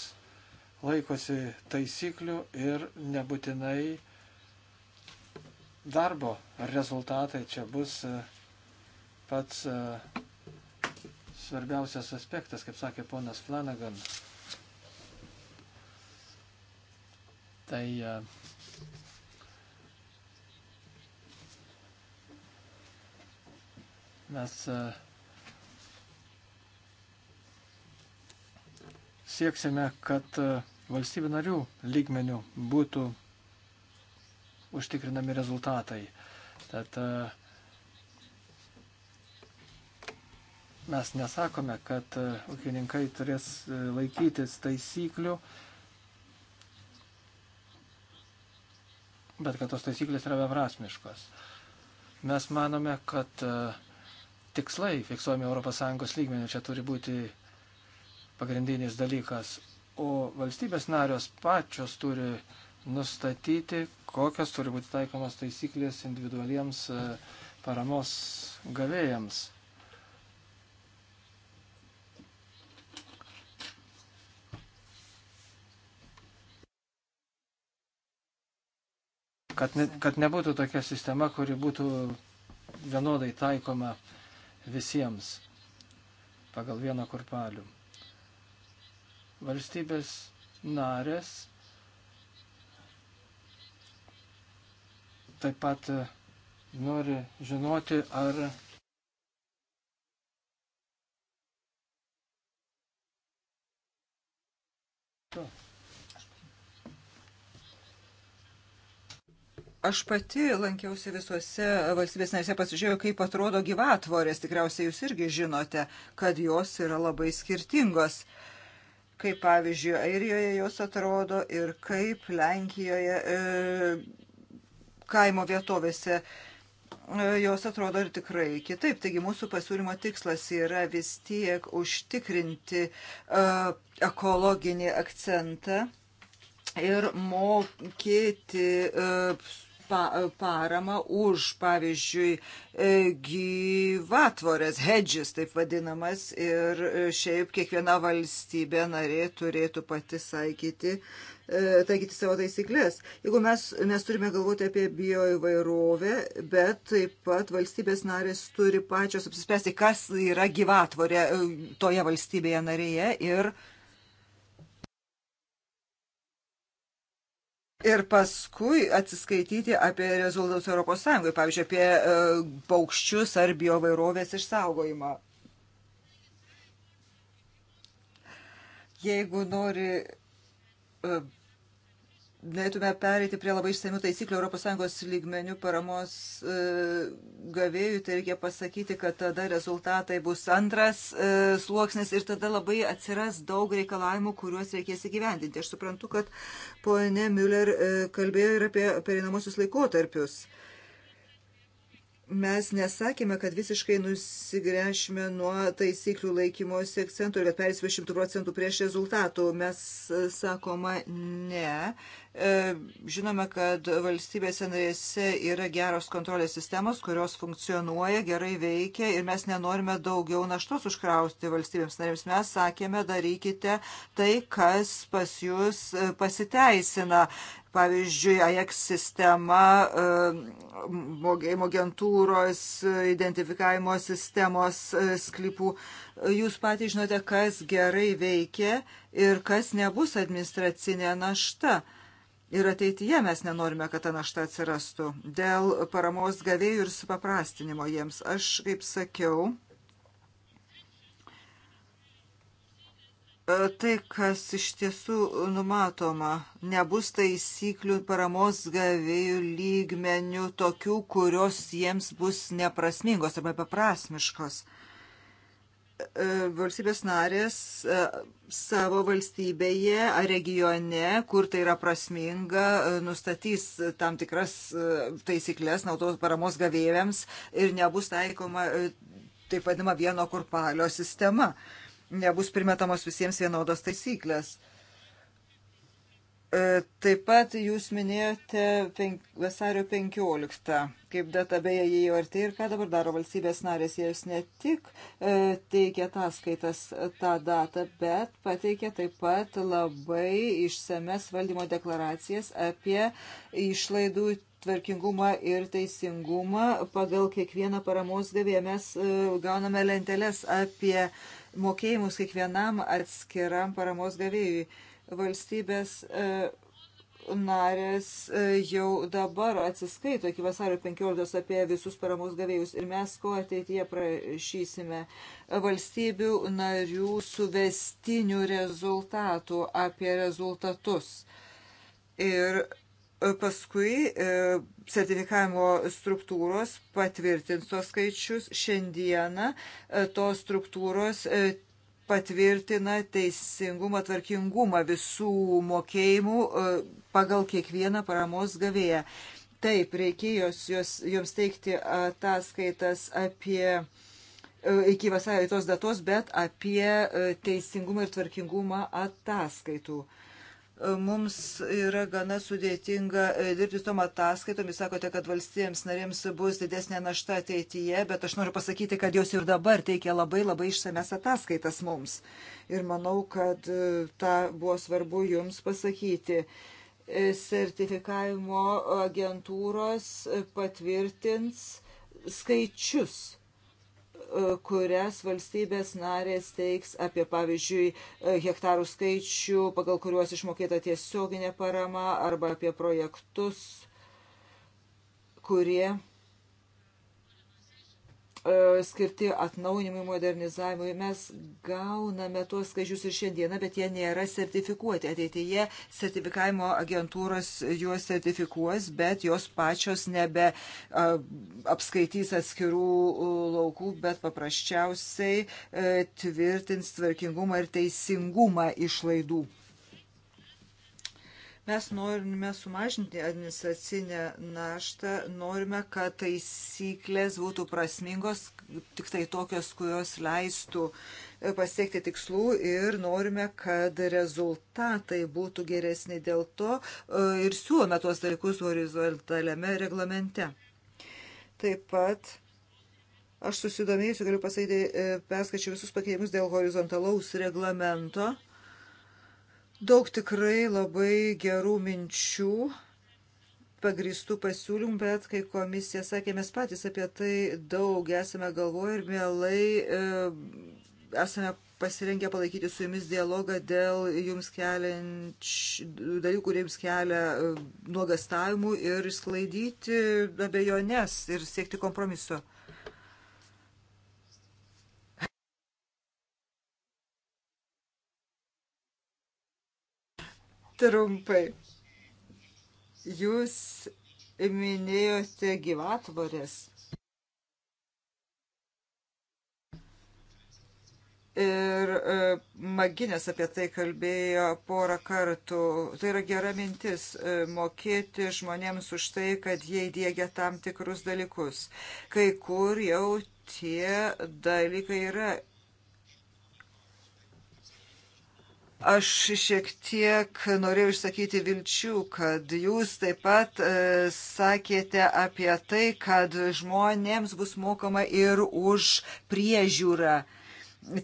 laikosi taisyklių ir nebūtinai darbo rezultatai čia bus pats svarbiausias aspektas, kaip sakė ponas Flanagan. tai e, mes e, sieksime, kad e, valstybių narių lygmenių būtų užtikrinami rezultatai. Tad mes nesakome, kad ūkininkai turės laikytis taisyklių, bet kad tos taisyklės yra beprasmiškos. Mes manome, kad e, tikslai fiksuojami ES lygmenių čia turi būti pagrindinis dalykas, o valstybės narios pačios turi nustatyti, kokios turi būti taikomas taisyklės individualiems e, paramos gavėjams. kad, ne, kad nebūtų tokia sistema, kuri būtų vienodai taikoma visiems pagal vieną kurpalių. Valstybės narės taip pat e, nori žinoti, ar Sure. Aš pati lankiausi visuose valstybės narėse, pasižiūrėjau, kaip atrodo gyvatvorės. Tikriausiai jūs irgi žinote, kad jos yra labai skirtingos. Kaip pavyzdžiui, Airijoje jos atrodo ir kaip Lenkijoje e, kaimo vietovėse e, jos atrodo ir tikrai kitaip. Taigi mūsų pasiūlymo tikslas yra vis tiek užtikrinti uh, ekologinį akcentą ir mokyti uh, pa, paramą už, pavyzdžiui, e, gyvatvorės, hedges taip vadinamas, ir e, šiaip kiekviena valstybė narė turėtų pati saikyti e, taikyti savo taisyklės. Jeigu mes, mes turime galvoti apie bioįvairovę, bet taip pat valstybės narės turi pačios apsispręsti, kas yra gyvatvorė toje valstybėje narėje ir uh, ir paskui atsiskaityti apie rezultatus Europos Sąjungoje, pavyzdžiui, apie e, paukščius ar biovairovės išsaugojimą. Jeigu nori e, galėtume pereiti prie labai išsamių taisyklių ES lygmenių paramos e, gavėjų, tai reikia pasakyti, kad tada rezultatai bus antras e, sluoksnis ir tada labai atsiras daug reikalavimų, kuriuos reikės įgyvendinti. Aš suprantu, kad ponė Müller e, kalbėjo ir apie pereinamosius laikotarpius. Mes nesakėme, kad visiškai nusigręšime nuo taisyklių laikymosi akcentų ir kad perėsime 100 procentų prieš rezultatų. Mes e, sakoma ne, E, žinome, kad valstybėse narėse yra geros kontrolės sistemos, kurios funkcionuoja, gerai veikia ir mes nenorime daugiau naštos užkrausti valstybėms narėms. Mes sakėme, darykite tai, kas pas jūs e, pasiteisina. Pavyzdžiui, AX sistema, e, mokėjimo agentūros, identifikavimo sistemos sklipų. Jūs patys žinote, kas gerai veikia ir kas nebus administracinė našta ir ateityje mes nenorime, kad ta našta atsirastų dėl paramos gavėjų ir supaprastinimo jiems. Aš, kaip sakiau, tai, kas iš tiesų numatoma, nebus taisyklių paramos gavėjų lygmenių tokių, kurios jiems bus neprasmingos arba beprasmiškos. E, valstybės narės e, savo valstybėje ar regione, kur tai yra prasminga, e, nustatys tam tikras taisyklės naudos paramos gavėjams ir nebus taikoma taip vadinama vieno kurpalio sistema. Nebus primetamos visiems vienodos taisyklės. E, taip pat jūs minėjote penk, vasario 15, kaip data beje jie jau artėja ir ką dabar daro valstybės narės, jie jūs ne tik e, teikia ataskaitas tą datą, bet pateikia taip pat labai išsames valdymo deklaracijas apie išlaidų tvarkingumą ir teisingumą pagal kiekvieną paramos gavėją. Mes e, gauname lenteles apie mokėjimus kiekvienam atskiram paramos gavėjui. E, Valstybės e, narės e, jau dabar atsiskaito iki vasario 15 apie visus paramos gavėjus ir mes ko ateityje prašysime valstybių narių suvestinių rezultatų apie rezultatus. Ir paskui e, sertifikavimo struktūros patvirtins tos skaičius. Šiandieną tos struktūros patvirtina teisingumą, tvarkingumą visų mokėjimų e, pagal kiekvieną paramos gavėją. Taip, reikėjo jos, joms teikti ataskaitas apie e, iki vasario tos datos, bet apie e, teisingumą ir tvarkingumą ataskaitų. Mums yra gana sudėtinga e, dirbti tom ataskaitom. Jūs sakote, kad valstybėms narėms bus didesnė našta ateityje, bet aš noriu pasakyti, kad jos ir dabar teikia labai labai išsames ataskaitas mums. Ir manau, kad e, tą buvo svarbu jums pasakyti e, sertifikavimo agentūros patvirtins skaičius kurias valstybės narės teiks apie, pavyzdžiui, hektarų skaičių, pagal kuriuos išmokėta tiesioginė parama arba apie projektus, kurie E, skirti atnaujinimui, modernizavimui. Mes gauname tuos skaičius ir šiandieną, bet jie nėra sertifikuoti. Ateityje sertifikavimo agentūros juos sertifikuos, bet jos pačios nebe e, apskaitys atskirų e, laukų, bet paprasčiausiai tvirtins tvarkingumą ir teisingumą išlaidų. Mes norime sumažinti administracinę naštą, norime, kad taisyklės būtų prasmingos, tik tai tokios, kurios leistų e, pasiekti tikslų ir norime, kad rezultatai būtų geresni dėl to e, ir siūlome tuos dalykus horizontaliame reglamente. Taip pat aš susidomėjusiu, galiu pasakyti, e, perskaičiau visus pakeitimus dėl horizontalaus reglamento. Daug tikrai labai gerų minčių, pagristų pasiūlymų, bet kai komisija sakė, mes patys apie tai daug esame galvoję ir mielai e, esame pasirengę palaikyti su jumis dialogą dėl jums keliančių dalykų, kurie jums kelia e, nuogastavimų ir sklaidyti abejonės ir siekti kompromiso. Trumpai. Jūs minėjote gyvatvorės. Ir e, Maginės apie tai kalbėjo porą kartų. Tai yra gera mintis e, mokėti žmonėms už tai, kad jie įdėgia tam tikrus dalykus. Kai kur jau tie dalykai yra Aš šiek tiek norėjau išsakyti vilčių, kad jūs taip pat e, sakėte apie tai, kad žmonėms bus mokama ir už priežiūrą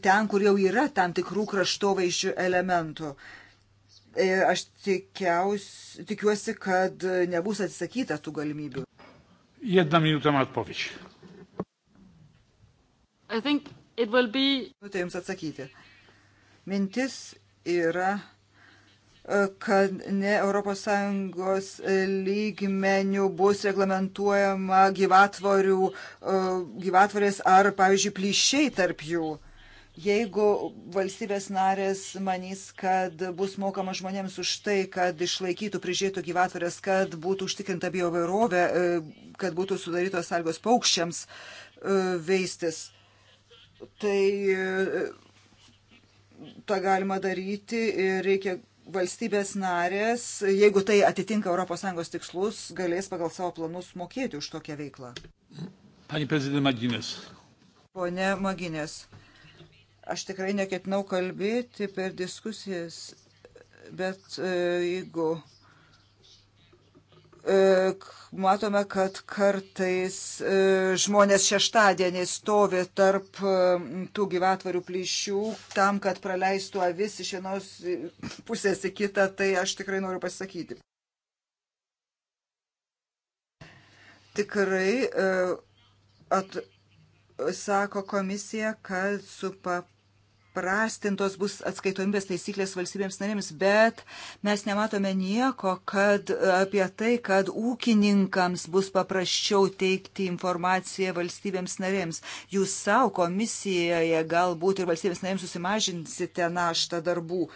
ten, kur jau yra tam tikrų kraštovaizdžių elementų. E, aš tikiaus, tikiuosi, kad nebus atsisakyta tų galimybių. Jedna minutė man atpovič. Be... Nu, tai jums atsakyti. Mintis yra e, kad ne ES lygmenių bus reglamentuojama gyvatvorių, e, gyvatvorės ar, pavyzdžiui, plyšiai tarp jų. Jeigu valstybės narės manys, kad bus mokama žmonėms už tai, kad išlaikytų prižiūrėtų gyvatvorės, kad būtų užtikrinta biovairovė, e, kad būtų sudarytos sąlygos paukščiams veistis, tai tą galima daryti ir reikia valstybės narės, jeigu tai atitinka ES tikslus, galės pagal savo planus mokėti už tokią veiklą. Pani prezidentė Maginės. Pone Maginės, aš tikrai neketinau kalbėti per diskusijas, bet e, jeigu E, matome, kad kartais e, žmonės šeštadienį stovi tarp e, tų gyvatvarių plyšių tam, kad praleistų avis iš vienos pusės į kitą, tai aš tikrai noriu pasakyti. Tikrai at, sako komisija, kad su pap supaprastintos bus atskaitomybės taisyklės valstybėms narėms, bet mes nematome nieko kad, apie tai, kad ūkininkams bus paprasčiau teikti informaciją valstybėms narėms. Jūs savo komisijoje galbūt ir valstybėms narėms susimažinsite naštą darbų.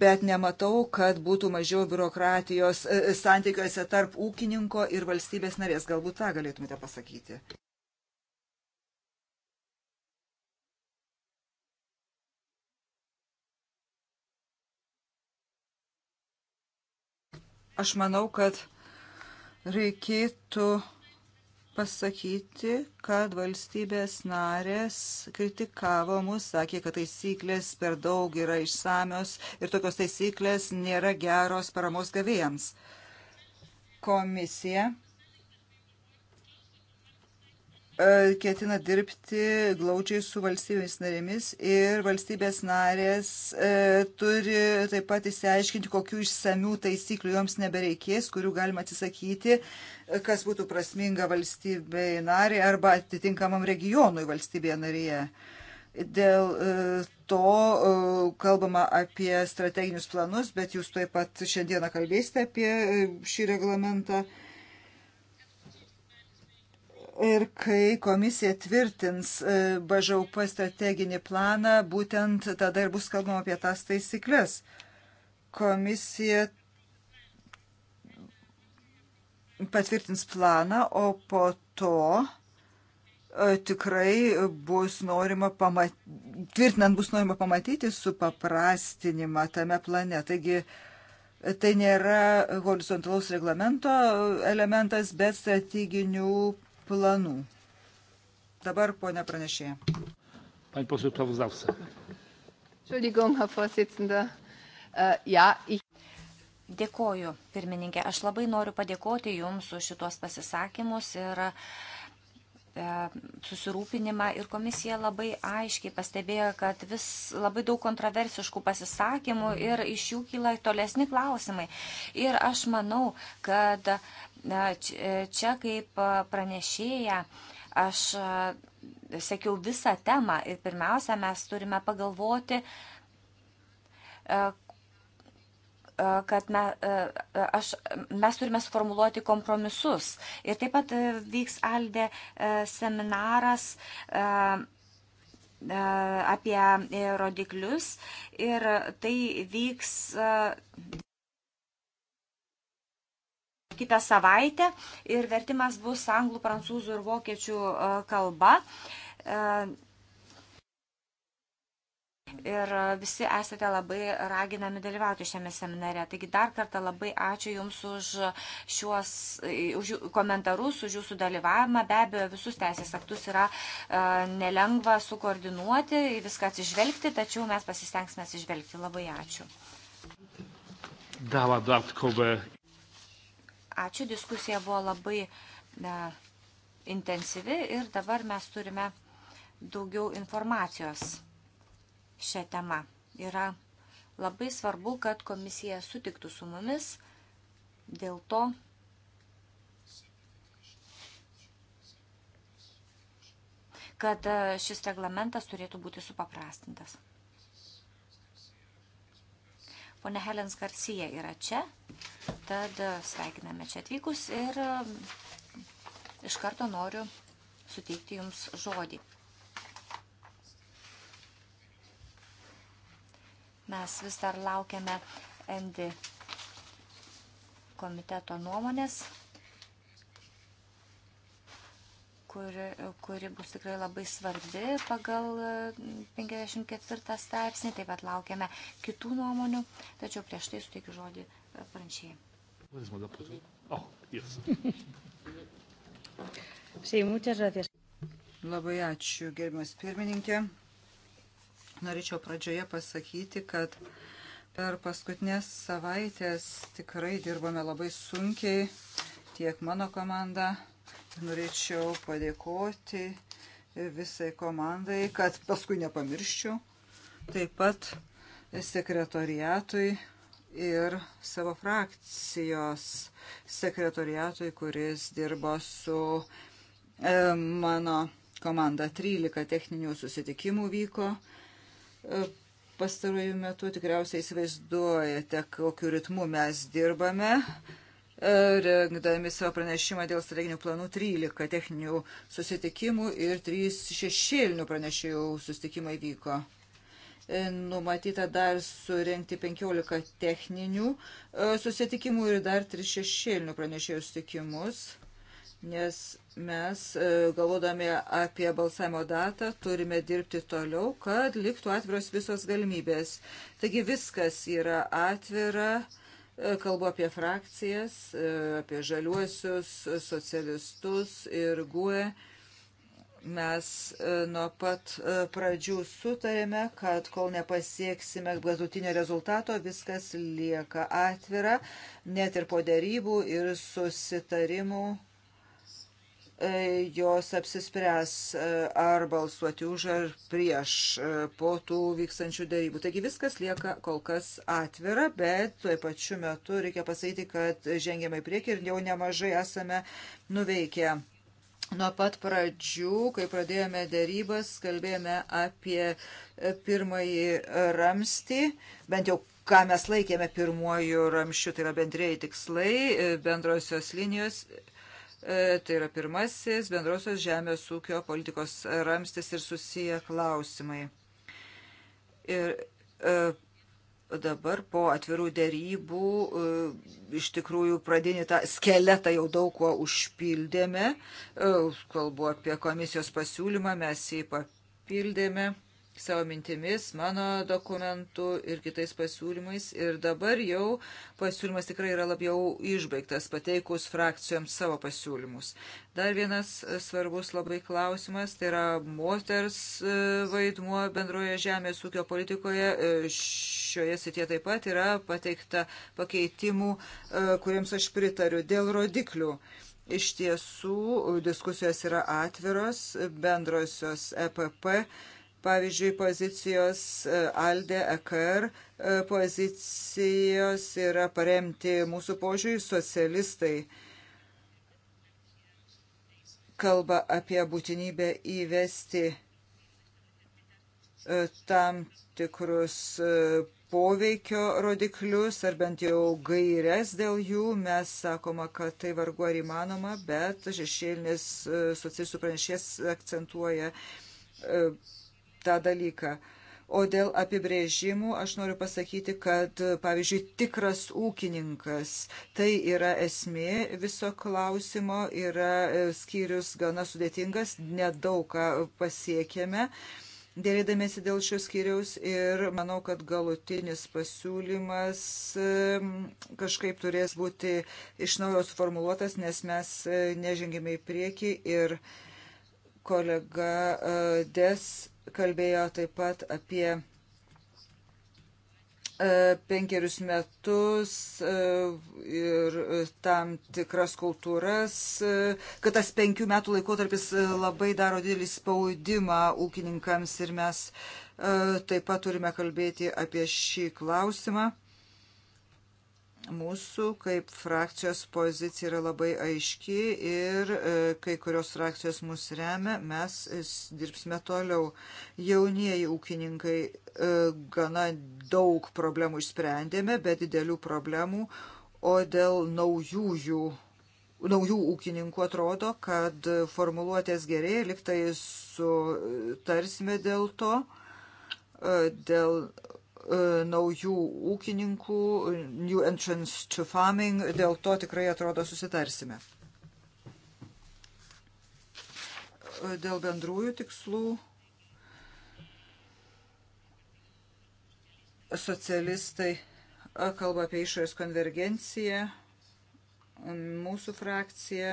Bet nematau, kad būtų mažiau biurokratijos e, e, santykiuose tarp ūkininko ir valstybės narės. Galbūt tą galėtumėte pasakyti. Aš manau, kad reikėtų pasakyti, kad valstybės narės kritikavo mus, sakė, kad taisyklės per daug yra išsamios ir tokios taisyklės nėra geros paramos gavėjams. Komisija E, ketina dirbti glaudžiai su valstybės narėmis ir valstybės narės e, turi taip pat įsiaiškinti, kokiu išsamių taisyklių joms nebereikės, kurių galima atsisakyti, e, kas būtų prasminga valstybei nariai arba atitinkamam regionui valstybėje narėje. Dėl e, to e, kalbama apie strateginius planus, bet jūs taip pat šiandieną kalbėsite apie e, šį reglamentą. E, Ir kai komisija tvirtins e, BŽUP strateginį planą, būtent tada ir bus kalbama apie tas taisyklės. Komisija patvirtins planą, o po to e, tikrai bus norima pamatyti, tvirtinant bus norima pamatyti supaprastinimą tame plane. Taigi tai nėra horizontalaus reglamento elementas, bet strateginių planų. Dabar ponia pranešėja. Pani posėdžio pravzdavsa. Entschuldigung, Herr Vorsitzender. Uh, ja, ich... Dėkoju, pirmininkė. Aš labai noriu padėkoti Jums už šitos pasisakymus ir e, susirūpinimą. Ir komisija labai aiškiai pastebėjo, kad vis labai daug kontroversiškų pasisakymų ir iš jų kyla tolesni klausimai. Ir aš manau, kad E, čia kaip e, pranešėja aš e, sekiau visą temą ir pirmiausia, mes turime pagalvoti, kad me, aš, mes turime suformuluoti kompromisus. Ir taip pat vyks Aldė seminaras apie rodiklius ir tai vyks kitą savaitę ir vertimas bus anglų, prancūzų ir vokiečių e, kalba. E, ir visi esate labai raginami dalyvauti šiame seminare. Taigi dar kartą labai ačiū Jums už šiuos už komentarus, už Jūsų dalyvavimą. Be abejo, visus teisės aktus yra e, nelengva sukoordinuoti, viską atsižvelgti, tačiau mes pasistengsime atsižvelgti. Labai ačiū. Dała dodatkowe Ačiū, diskusija buvo labai na, e, intensyvi ir dabar mes turime daugiau informacijos šią temą. Yra labai svarbu, kad komisija sutiktų su mumis dėl to, kad e, šis reglamentas turėtų būti supaprastintas. Pone Helens Garcija yra čia, tad e, sveikiname čia atvykus ir e, iš karto noriu suteikti Jums žodį. Mes vis dar laukiame Endi komiteto nuomonės kuri, kuri bus tikrai labai svarbi pagal 54 straipsnį. Taip pat laukiame kitų nuomonių, tačiau prieš tai suteikiu žodį e, pranešėjai. Oh, yes. *laughs* Labai ačiū, gerbimas pirmininkė. Norėčiau pradžioje pasakyti, kad per paskutinės savaitės tikrai dirbome labai sunkiai, tiek mano komanda, norėčiau padėkoti visai komandai, kad paskui nepamirščiau. Taip pat sekretoriatui ir savo frakcijos sekretoriatui, kuris dirbo su e, mano komanda. 13 techninių susitikimų vyko. E, Pastaruoju metu tikriausiai įsivaizduojate, kokiu ritmu mes dirbame rengdami savo pranešimą dėl strateginių planų 13 techninių susitikimų ir 3 šešėlinių pranešėjų susitikimai vyko. E, numatyta dar surenkti 15 techninių e, susitikimų ir dar 3 šešėlinių pranešėjų susitikimus nes mes, e, galvodami apie balsavimo datą, turime dirbti toliau, kad liktų atviros visos galimybės. Taigi viskas yra atvira Kalbu apie frakcijas, e, apie žaliuosius, socialistus ir GUE mes e, nuo pat e, pradžių sutarėme, kad kol nepasieksime galutinio rezultato, viskas lieka atvira, net ir po dėrybų ir susitarimų E, jos apsispręs e, ar balsuoti už ar prieš e, po tų vykstančių dėrybų. Taigi viskas lieka kol kas atvira, bet tuo pačiu metu reikia pasakyti, kad žengėme į priekį ir jau nemažai esame nuveikę. Nuo pat pradžių, kai pradėjome dėrybas, kalbėjome apie pirmąjį ramstį, bent jau ką mes laikėme pirmuoju ramščiu, tai yra bendrėjai tikslai, bendrosios linijos E, tai yra pirmasis bendrosios žemės ūkio politikos ramstis ir susiję klausimai. Ir e, dabar po atvirų dėrybų e, iš tikrųjų pradinį tą skeletą jau daug kuo užpildėme. Kalbu apie komisijos pasiūlymą, mes jį papildėme savo mintimis, mano dokumentu ir kitais pasiūlymais. Ir dabar jau pasiūlymas tikrai yra labiau išbaigtas, pateikus frakcijoms savo pasiūlymus. Dar vienas svarbus labai klausimas, tai yra moters e, vaidmuo bendroje žemės ūkio politikoje. E, šioje sitie taip pat yra pateikta pakeitimų, e, kuriems aš pritariu, dėl rodiklių. Iš tiesų, diskusijos yra atviros, bendrosios EPP Pavyzdžiui, pozicijos e, Alde EKR e, pozicijos yra paremti mūsų požiūrį socialistai kalba apie būtinybę įvesti e, tam tikrus poveikio rodiklius ar bent jau gairias dėl jų. Mes sakoma, kad tai vargu ar įmanoma, bet šešėlinis socialistų pranešės akcentuoja tą dalyką. O dėl apibrėžimų aš noriu pasakyti, kad, pavyzdžiui, tikras ūkininkas tai yra esmė viso klausimo, yra e, skyrius gana sudėtingas, nedaug ką pasiekėme. Dėlėdamėsi dėl šio skyriaus ir manau, kad galutinis pasiūlymas e, kažkaip turės būti iš naujo suformuoluotas, nes mes e, nežengėme į priekį ir kolega Des kalbėjo taip pat apie e, penkerius metus e, ir tam tikras kultūras, e, kad tas penkių metų laikotarpis labai daro didelį spaudimą ūkininkams ir mes taip pat turime kalbėti apie šį klausimą. Mūsų kaip frakcijos pozicija yra labai aiški ir e, kai kurios frakcijos mus remia, mes e, dirbsime toliau. Jaunieji ūkininkai e, gana daug problemų išsprendėme, bet didelių problemų, o dėl naujųjų naujų ūkininkų atrodo, kad formuluotės gerėja, liktai sutarsime dėl to, dėl E, naujų ūkininkų, new entrance to farming, dėl to tikrai atrodo susitarsime. E, dėl bendrųjų tikslų socialistai e, kalba apie išorės konvergenciją, mūsų frakcija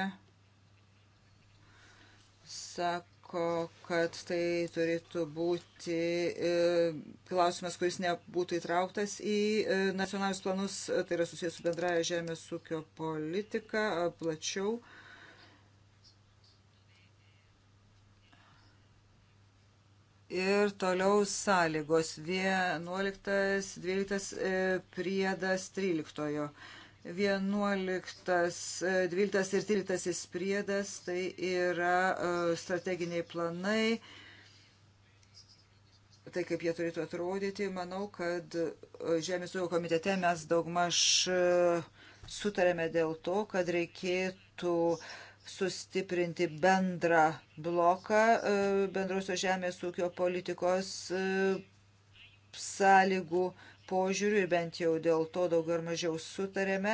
sako, sako, kad tai turėtų būti e, klausimas, kuris nebūtų įtrauktas į e, nacionalinius planus, tai yra susijęs su bendraja žemės ūkio politika plačiau. Ir toliau sąlygos 11, 12 e, priedas 13. 11, 12 e, ir 13 priedas tai yra e, strateginiai planai, tai kaip jie turėtų atrodyti. Manau, kad e, Žemės ūkio komitete mes daugmaž sutarėme dėl to, kad reikėtų sustiprinti bendrą bloką bendrosios žemės ūkio politikos sąlygų požiūrių ir bent jau dėl to daugiau ar mažiau sutarėme,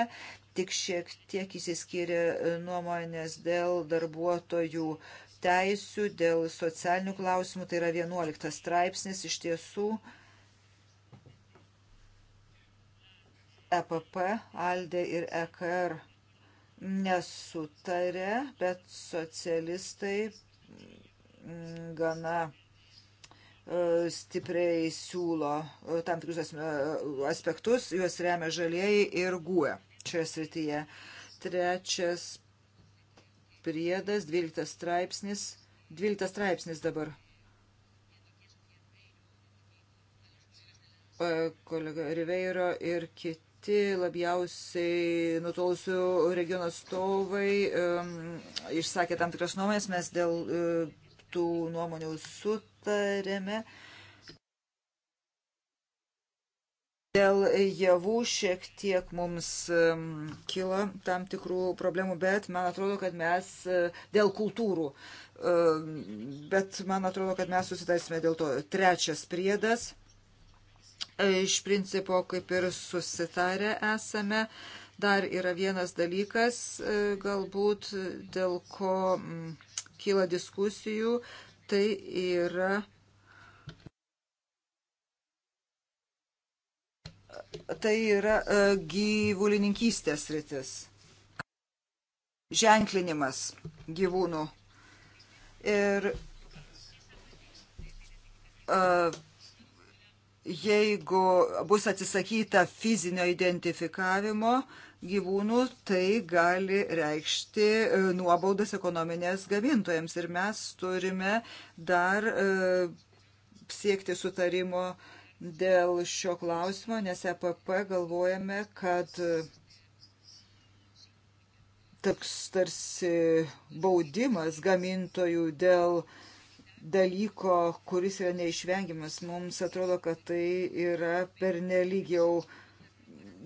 tik šiek tiek įsiskyrė e, nuomonės dėl darbuotojų teisių, dėl socialinių klausimų, tai yra 11 straipsnis iš tiesų. EPP, ALDE ir EKR nesutarė, bet socialistai gana E, stipriai siūlo e, tam tikrus e, aspektus, juos remia žalieji ir guoja šioje srityje. Trečias priedas, dvyliktas straipsnis, dvyliktas straipsnis dabar. Kolega Riveiro ir kiti kiti labiausiai nutolusių regionų atstovai um, išsakė tam tikras nuomonės, mes dėl uh, tų nuomonių sut sutarėme dėl javų šiek tiek mums kilo tam tikrų problemų, bet man atrodo, kad mes e, dėl kultūrų, e, bet man atrodo, kad mes susitarsime dėl to. Trečias priedas, e, iš principo kaip ir susitarę esame. Dar yra vienas dalykas, galbūt dėl ko kyla diskusijų, tai yra tai yra e, gyvulininkystės rytis. Ženklinimas gyvūnų. Ir e, jeigu bus atsisakyta fizinio identifikavimo, gyvūnų, tai gali reikšti e, nuobaudas ekonominės gamintojams. Ir mes turime dar e, siekti sutarimo dėl šio klausimo, nes EPP galvojame, kad e, toks tarsi baudimas gamintojų dėl dalyko, kuris yra neišvengiamas. Mums atrodo, kad tai yra pernelyg jau uh,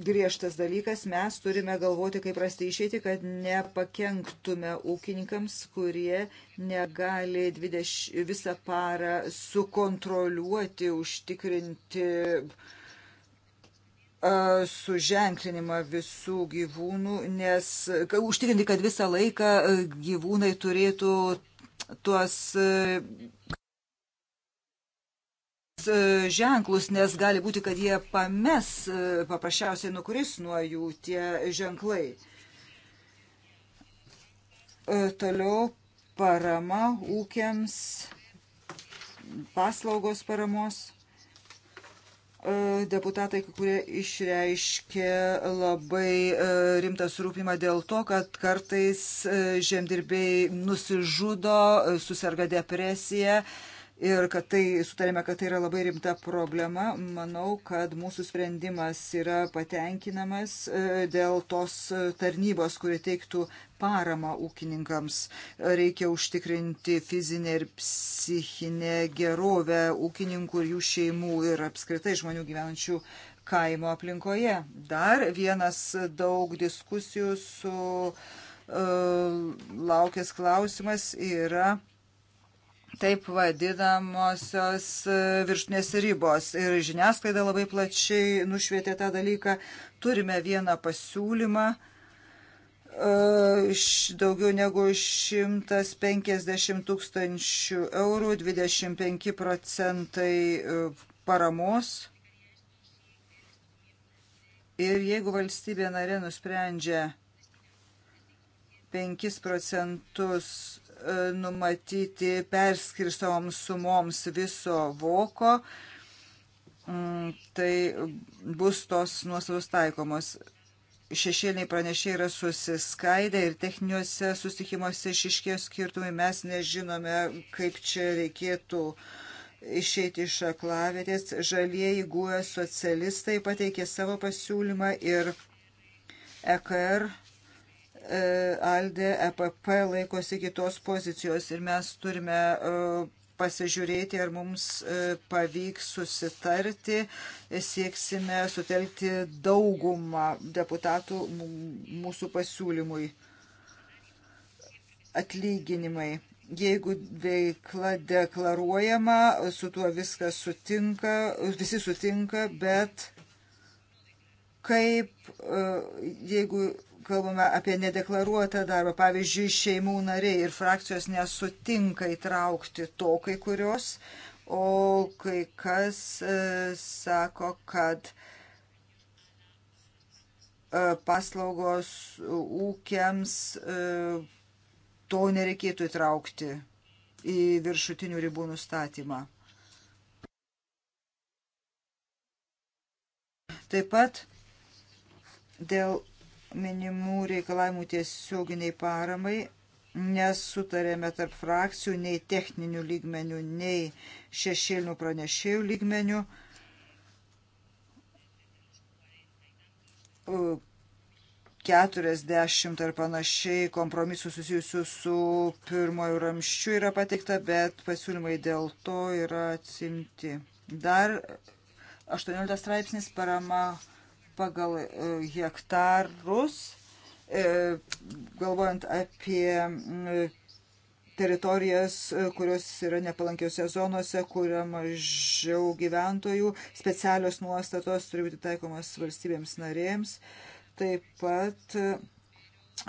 griežtas dalykas. Mes turime galvoti, kaip rasti išeiti, kad nepakenktume ūkininkams, kurie negali 20, visą parą sukontroliuoti, užtikrinti suženklinimą visų gyvūnų, nes užtikrinti, kad visą laiką gyvūnai turėtų tuos E, ženklus, nes gali būti, kad jie pames, e, paprasčiausiai nukris nuo jų tie ženklai. E, toliau parama ūkiams, paslaugos paramos. Deputatai, kurie išreiškė labai rimtą surūpimą dėl to, kad kartais žemdirbiai nusižudo, susirga depresija ir kad tai, sutarėme, kad tai yra labai rimta problema, manau, kad mūsų sprendimas yra patenkinamas e, dėl tos tarnybos, kuri teiktų paramą ūkininkams. Reikia užtikrinti fizinę ir psichinę gerovę ūkininkų ir jų šeimų ir apskritai žmonių gyvenančių kaimo aplinkoje. Dar vienas daug diskusijų su uh, laukęs klausimas yra taip vadinamosios e, viršutinės ribos. Ir žiniasklaida labai plačiai nušvietė tą dalyką. Turime vieną pasiūlymą e, iš daugiau negu 150 tūkstančių eurų, 25 procentai e, paramos. Ir jeigu valstybė narė nusprendžia 5 procentus E, numatyti perskirstoms sumoms viso voko. Mm, tai bus tos nuostatos taikomos šešėliniai pranešiai yra susiskaidę ir techniniuose susitikimuose išiškėjo skirtumai. Mes nežinome, kaip čia reikėtų išeiti iš aklavėtės. Žalieji guoja socialistai pateikė savo pasiūlymą ir EKR E, Aldė EPP laikosi kitos pozicijos ir mes turime e, pasižiūrėti, ar mums e, pavyks susitarti, sieksime sutelkti daugumą deputatų mūsų pasiūlymui. Atlyginimai jeigu veikla deklaruojama, su tuo viskas sutinka, visi sutinka, bet kaip, jeigu kalbame apie nedeklaruotą darbą, pavyzdžiui, šeimų nariai ir frakcijos nesutinka įtraukti to kai kurios, o kai kas e, sako, kad e, paslaugos ūkiams e, to nereikėtų įtraukti į viršutinių ribų nustatymą. Taip pat dėl minimų reikalavimų tiesioginiai paramai nesutarėme tarp frakcijų nei techninių lygmenių, nei šešėlinių pranešėjų lygmenių. Uh, 40 ar panašiai kompromisų susijusių su pirmoju ramščiu yra pateikta, bet pasiūlymai dėl to yra atsimti. Dar 18 straipsnis parama pagal e, hektarus, e, galvojant apie teritorijas, e, kurios yra nepalankiose zonose, kur yra mažiau gyventojų, specialios nuostatos turi būti taikomas valstybėms narėms. Taip pat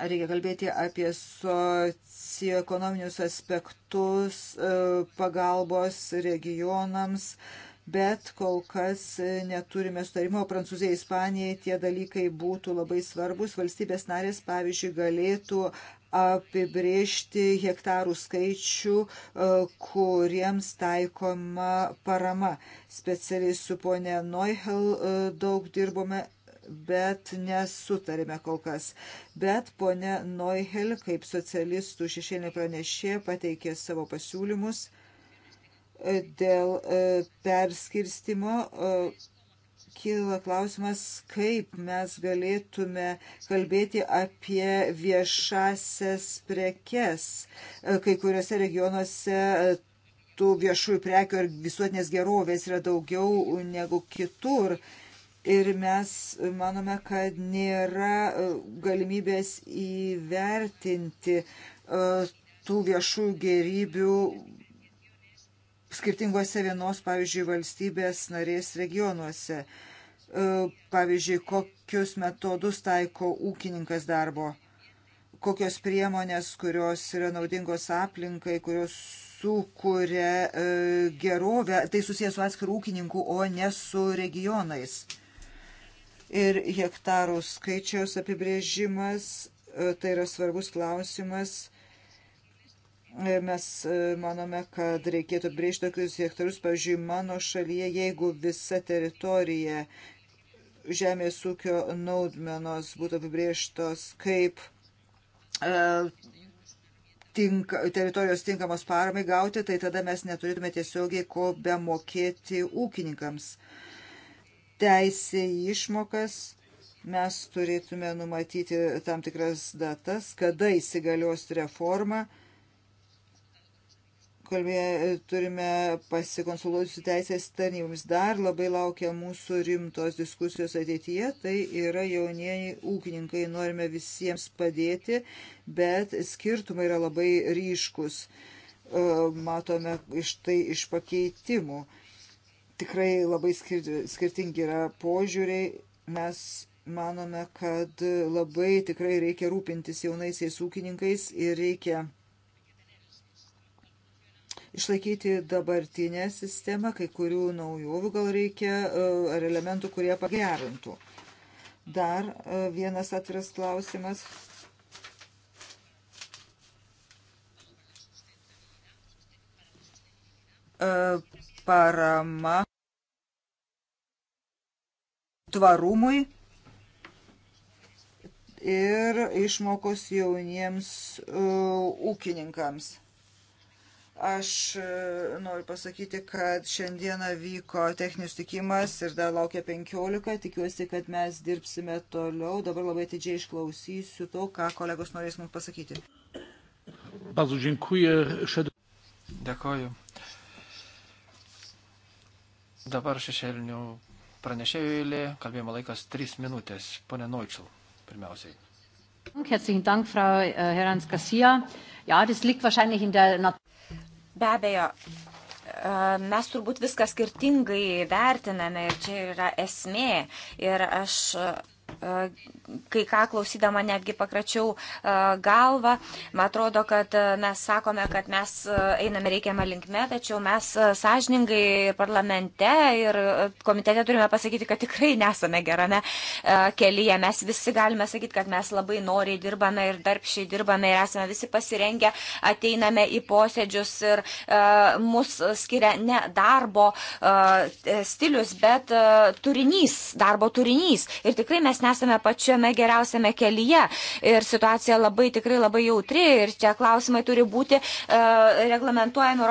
reikia kalbėti apie socioekonominius aspektus pagalbos regionams, bet kol kas e, neturime sutarimo. Prancūzijai, Ispanijai tie dalykai būtų labai svarbus. Valstybės narės, pavyzdžiui, galėtų apibriežti hektarų skaičių, e, kuriems taikoma parama. Specialiai su ponė Neuhel e, daug dirbome bet nesutarėme kol kas. Bet ponė Neuhel, kaip socialistų šešėlinė pranešė, pateikė savo pasiūlymus – dėl e, perskirstimo e, kyla klausimas, kaip mes galėtume kalbėti apie viešasias prekes. E, kai kuriuose regionuose tų viešųjų prekių ir visuotinės gerovės yra daugiau negu kitur. Ir mes manome, kad nėra galimybės įvertinti tų viešųjų gerybių skirtingose vienos, pavyzdžiui, valstybės narės regionuose. E, pavyzdžiui, kokius metodus taiko ūkininkas darbo, kokios priemonės, kurios yra naudingos aplinkai, kurios sukuria e, gerovę. Tai susijęs su atskirų ūkininkų, o ne su regionais. Ir hektarų skaičiaus apibrėžimas, e, tai yra svarbus klausimas E, mes e, manome, kad reikėtų brėžti tokius hektarus, pavyzdžiui, mano šalyje, jeigu visa teritorija žemės ūkio naudmenos būtų apibrėžtos kaip e, tinka, teritorijos tinkamos paramai gauti, tai tada mes neturėtume tiesiogiai ko be mokėti ūkininkams. Teisė į išmokas mes turėtume numatyti tam tikras datas, kada įsigalios reforma. E, kalbėję, turime pasikonsultuoti su teisės tarnybomis. Dar labai laukia mūsų rimtos diskusijos ateityje, tai yra jaunieji ūkininkai, norime visiems padėti, bet skirtumai yra labai ryškus, e, matome iš tai iš pakeitimų. Tikrai labai skirtingi yra požiūriai, mes manome, kad labai tikrai reikia rūpintis jaunaisiais ūkininkais ir reikia išlaikyti dabartinę sistemą, kai kurių naujovių gal reikia e, ar elementų, kurie pagerintų. Dar e, vienas atviras klausimas. E, parama tvarumui ir išmokos jauniems ūkininkams. Aš e, noriu pasakyti, kad šiandieną vyko techninis tikimas ir dar laukia 15. Tikiuosi, kad mes dirbsime toliau. Dabar labai atidžiai išklausysiu to, ką kolegos norės mums pasakyti. Dėkoju. Dabar šešėlinių pranešėjų eilė. Kalbėjimo laikas 3 minutės. Pone Noičil, pirmiausiai. Herzlichen Dank, Frau äh, Herans Garcia. Ja, das liegt wahrscheinlich in der Natur. Be abejo, e, mes turbūt viską skirtingai vertiname ir čia yra esmė. Ir aš kai ką klausydama netgi pakračiau e, galvą. Man atrodo, kad e, mes sakome, kad mes e, einame reikiamą linkmę, tačiau mes sąžiningai ir parlamente ir komitete turime pasakyti, kad tikrai nesame gerame kelyje. Mes visi galime sakyti, kad mes labai noriai dirbame ir darbšiai dirbame ir esame visi pasirengę, ateiname į posėdžius ir mus skiria ne darbo stilius, bet turinys, darbo turinys. Ir tikrai mes mes nesame pačiame geriausiame kelyje ir situacija labai tikrai labai jautri ir čia klausimai turi būti uh, reglamentuojami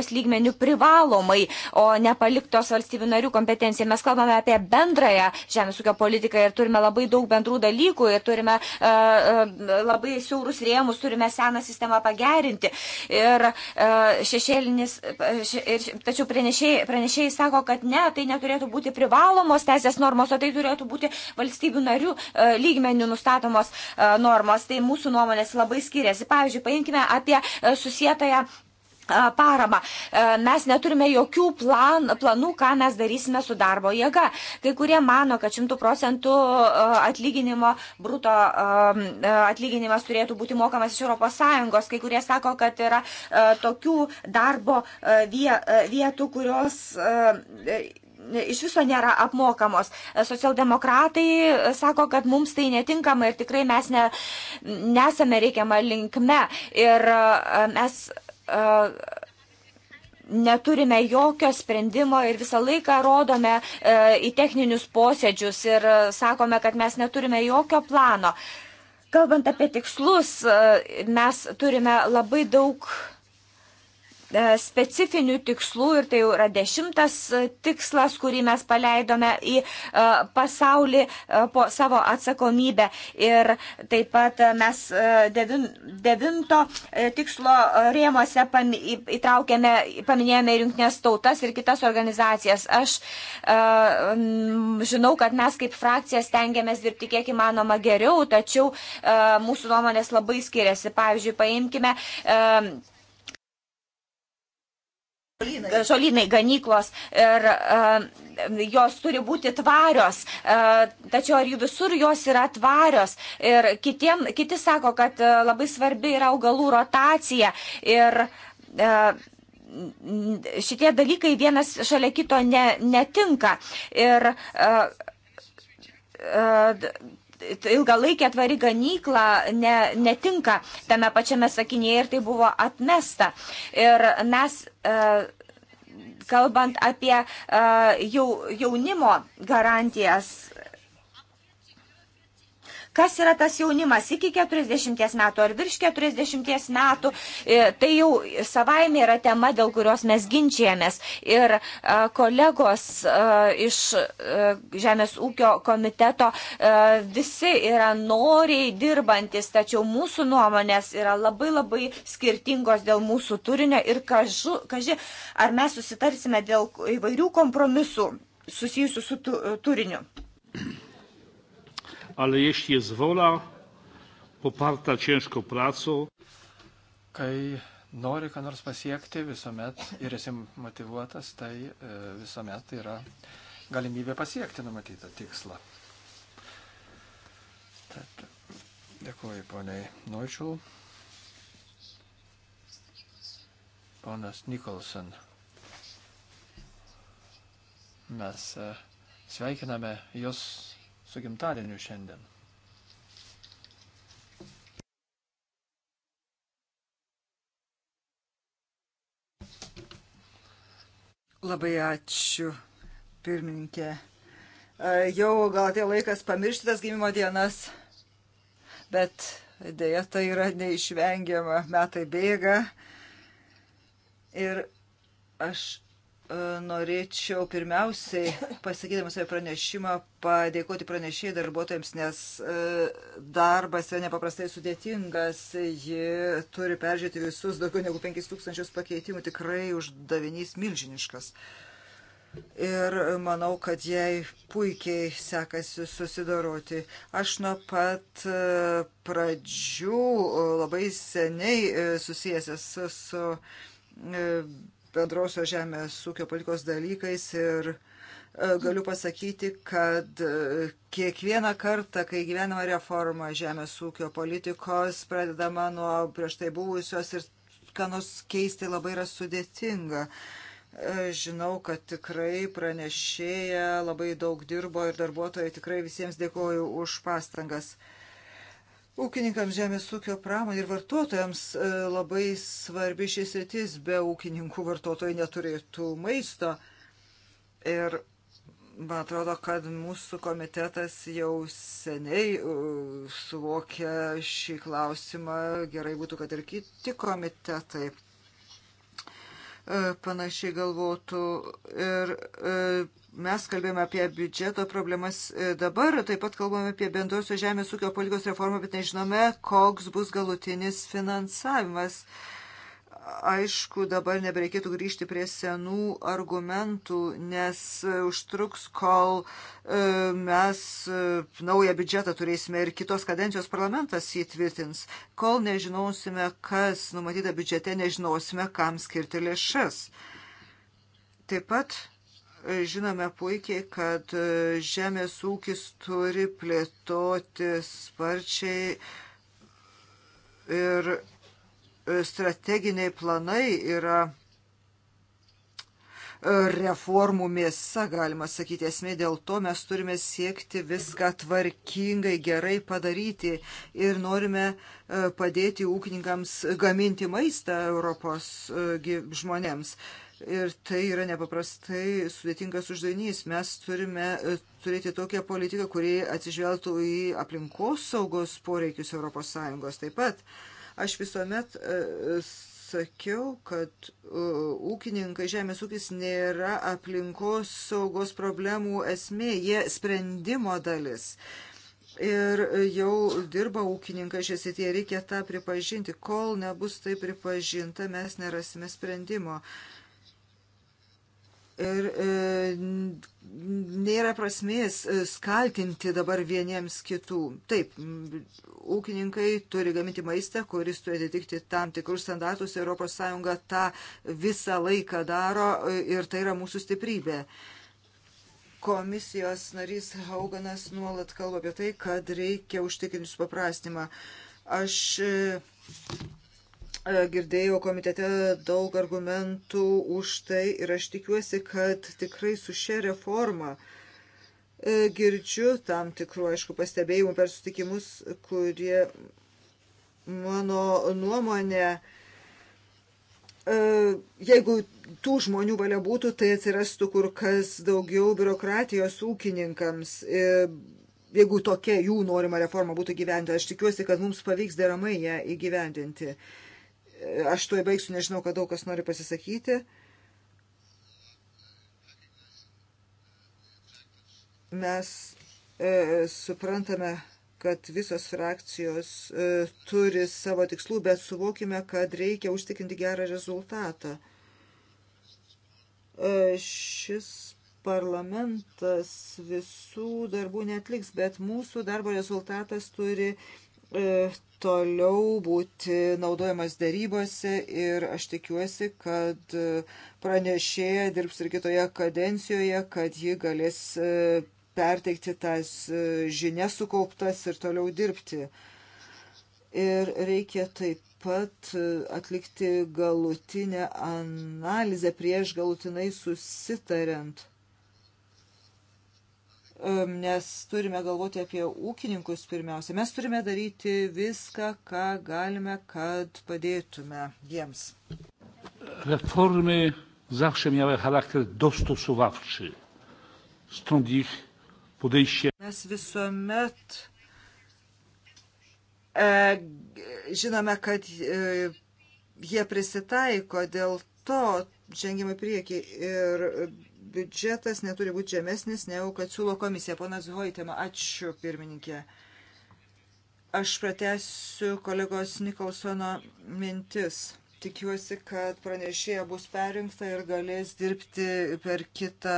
ES lygmenių privalomai, o ne paliktos valstybių narių kompetencija. Mes kalbame apie bendrąją žemės ūkio politiką ir turime labai daug bendrų dalykų ir turime uh, labai siaurus rėmus, turime seną sistemą pagerinti. Ir uh, šešėlinis, š, tačiau pranešėjai, pranešėjai sako, kad ne, tai neturėtų būti privalomos teisės normos, o tai turėtų būti valstybės valstybių narių e, lygmenių nustatomos e, normos, tai mūsų nuomonės labai skiriasi. Pavyzdžiui, paimkime apie e, susietąją paramą. Mes neturime jokių plan, planų, ką mes darysime su darbo jėga. Kai kurie mano, kad 100 procentų atlyginimo, bruto atlyginimas turėtų būti mokamas iš ES. Kai kurie sako, kad yra tokių darbo vietų, kurios iš viso nėra apmokamos. Socialdemokratai e, sako, kad mums tai netinkama ir tikrai mes ne, nesame reikiama linkme. Ir e, mes e, neturime jokio sprendimo ir visą laiką rodome į techninius posėdžius ir sakome, kad mes neturime jokio plano. Kalbant apie tikslus, mes turime labai daug E, specifinių tikslų ir tai yra dešimtas e, tikslas, kurį mes paleidome į e, pasaulį po savo atsakomybę. Ir taip pat mes devinto tikslo rėmose įtraukėme, paminėjome ir jungtinės tautas ir kitas organizacijas. Aš žinau, kad mes kaip frakcija stengiamės dirbti kiek įmanoma geriau, tačiau mūsų nuomonės labai skiriasi. Pavyzdžiui, paimkime žolynai, ganyklos ir uh, jos turi būti tvarios, uh, tačiau ar jų visur jos yra tvarios. Ir kitiem, kiti sako, kad uh, labai svarbi yra augalų rotacija ir uh, šitie dalykai vienas šalia kito ne, netinka. Ir, uh, ilgalaikė tvari ganykla ne, netinka tame pačiame sakinėje ir tai buvo atmesta. Ir mes e, kalbant apie e, jau, jaunimo garantijas, kas yra tas jaunimas iki 40 metų ar virš 40 metų, e, tai jau savaime yra tema, dėl kurios mes ginčijamės. Ir e, kolegos e, iš Žemės ūkio komiteto visi yra noriai dirbantis, tačiau mūsų nuomonės yra labai labai skirtingos dėl mūsų turinio ir kažu, kaži, ar mes susitarsime dėl įvairių kompromisų susijusių su tu, turiniu ale jeśli jest wola, poparta ciężką pracą. Kai nori ką nors pasiekti visuomet ir esi motivuotas, tai e, visuomet yra galimybė pasiekti numatytą tikslą. Tad dėkuoju poniai Noičiul. Ponas Nikolson. Mes e, sveikiname jūs su gimtadieniu šiandien. Labai ačiū, pirmininkė. E, jau gal atėjo laikas pamiršti tas gimimo dienas, bet dėja tai yra neišvengiama, metai bėga. Ir aš norėčiau pirmiausiai, pasakydamas apie pranešimą, padėkoti pranešėjai darbuotojams, nes e, darbas yra nepaprastai sudėtingas, ji turi peržiūrėti visus daugiau negu 5000 pakeitimų, tikrai uždavinys milžiniškas. Ir manau, kad jai puikiai sekasi susidoroti. Aš nuo pat e, pradžių e, labai seniai susijęs esu su bendrosios žemės ūkio politikos dalykais ir e, galiu pasakyti, kad e, kiekvieną kartą, kai gyvenama reforma žemės ūkio politikos, pradedama nuo prieš tai buvusios ir ką nors keisti labai yra sudėtinga. E, žinau, kad tikrai pranešėja labai daug dirbo ir darbuotojai tikrai visiems dėkoju už pastangas. Ūkininkams, žemės ūkio pramonė ir vartotojams e, labai svarbi šis rytis, be ūkininkų vartotojai neturėtų maisto. Ir man atrodo, kad mūsų komitetas jau seniai e, suvokia šį klausimą, gerai būtų, kad ir kiti komitetai E, panašiai galvotų. Ir e, mes kalbėjome apie biudžeto problemas e, dabar, taip pat kalbame apie bendrosios žemės ūkio politikos reformą, bet nežinome, koks bus galutinis finansavimas. Uh, aišku, dabar nebereikėtų grįžti prie senų argumentų, nes e, užtruks, kol e, mes e, naują biudžetą turėsime ir kitos kadencijos parlamentas jį tvirtins. Kol nežinosime, kas numatyta biudžete, nežinosime, kam skirti lėšas. Taip pat žinome puikiai, kad žemės ūkis turi plėtoti sparčiai ir strateginiai planai yra e, reformų mėsa, galima sakyti, esmė dėl to mes turime siekti viską tvarkingai, gerai padaryti ir norime e, padėti ūkininkams gaminti maistą Europos e, žmonėms. Ir tai yra nepaprastai sudėtingas uždavinys. Mes turime turėti tokią politiką, kuri atsižvelgtų į aplinkos saugos poreikius ES taip pat. Uh, Aš visuomet e, sakiau, kad e, ūkininkai, žemės ūkis nėra aplinkos saugos problemų esmė, jie sprendimo dalis. Ir jau dirba ūkininkai šią sitį, reikia tą pripažinti. Kol nebus tai pripažinta, mes nerasime sprendimo. Uh, Ir e, nėra prasmės e, skaltinti dabar vieniems kitų. Taip, ūkininkai turi gaminti maistą, kuris turi atitikti tam tikrus standartus. ES tą visą laiką daro e, ir tai yra mūsų stiprybė. Komisijos narys Hauganas nuolat kalba apie tai, kad reikia užtikrinti supaprastinimą. Aš. E, E, girdėjau komitete daug argumentų už tai ir aš tikiuosi, kad tikrai su šia reforma e, girdžiu tam tikrų, aišku, pastebėjimų per sutikimus, kurie mano nuomonė, e, jeigu tų žmonių valia būtų, tai atsirastų kur kas daugiau biurokratijos ūkininkams. Jeigu tokia jų norima reforma būtų gyventi, aš tikiuosi, kad mums pavyks deramai ją įgyvendinti. Aš tuoj baigsiu, nežinau, kad daug kas nori pasisakyti. Mes e, suprantame, kad visos frakcijos e, turi savo tikslų, bet suvokime, kad reikia užtikrinti gerą rezultatą. E, šis parlamentas visų darbų netliks, bet mūsų darbo rezultatas turi E, toliau būti naudojamas darybose ir aš tikiuosi, kad e, pranešėja dirbs ir kitoje kadencijoje, kad ji galės e, perteikti tas žinias sukauptas ir toliau dirbti. Ir reikia taip pat atlikti galutinę analizę prieš galutinai susitariant nes turime galvoti apie ūkininkus pirmiausia. Mes turime daryti viską, ką galime, kad padėtume jiems. Reformy zawsze miały charakter dostosowawczy. Stąd ich podejście. Mes visuomet e, žinome, kad e, jie prisitaiko, dėl to žengiame prieki ir biudžetas neturi būti žemesnis, negu kad siūlo komisija. Ponas Hoitema, ačiū pirmininkė. Aš pratęsiu kolegos Nikolsono mintis. Tikiuosi, kad pranešėja bus perinkta ir galės dirbti per kitą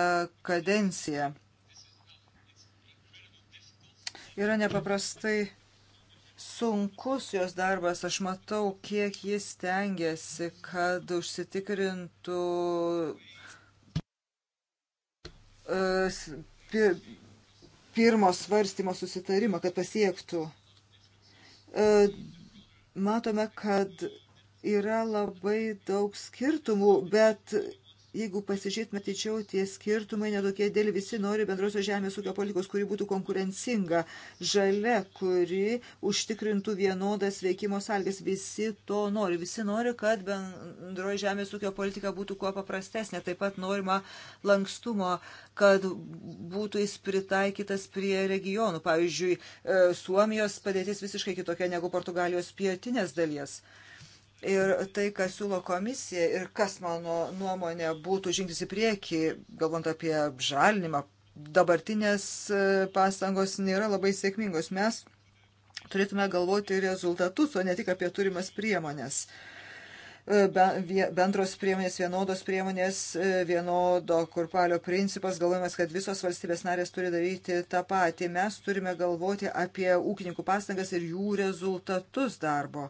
kadenciją. Yra nepaprastai sunkus jos darbas, aš matau, kiek jis tengiasi, kad užsitikrintų E, pirmo svarstymo susitarimą, kad pasiektų. E, matome, kad yra labai daug skirtumų, bet Jeigu pasižiūrėtume tačiau, tie skirtumai nedokie dėl visi nori bendrosios žemės ūkio politikos, kuri būtų konkurencinga, žalia, kuri užtikrintų vienodas veikimo sąlygas. Visi to nori. Visi nori, kad bendroji žemės ūkio politika būtų kuo paprastesnė. Taip pat norima lankstumo, kad būtų jis pritaikytas prie regionų. Pavyzdžiui, e, Suomijos padėtis visiškai kitokia negu Portugalijos pietinės dalies. Ir tai, kas siūlo komisija ir kas mano nuomonė būtų žingsnis į priekį, galvant apie žalinimą, dabartinės e, pastangos nėra labai sėkmingos. Mes turėtume galvoti rezultatus, o ne tik apie turimas priemonės. E, bendros priemonės, vienodos priemonės, e, vienodo kurpalio principas, galvojimas, kad visos valstybės narės turi daryti tą patį. Mes turime galvoti apie ūkininkų pastangas ir jų rezultatus darbo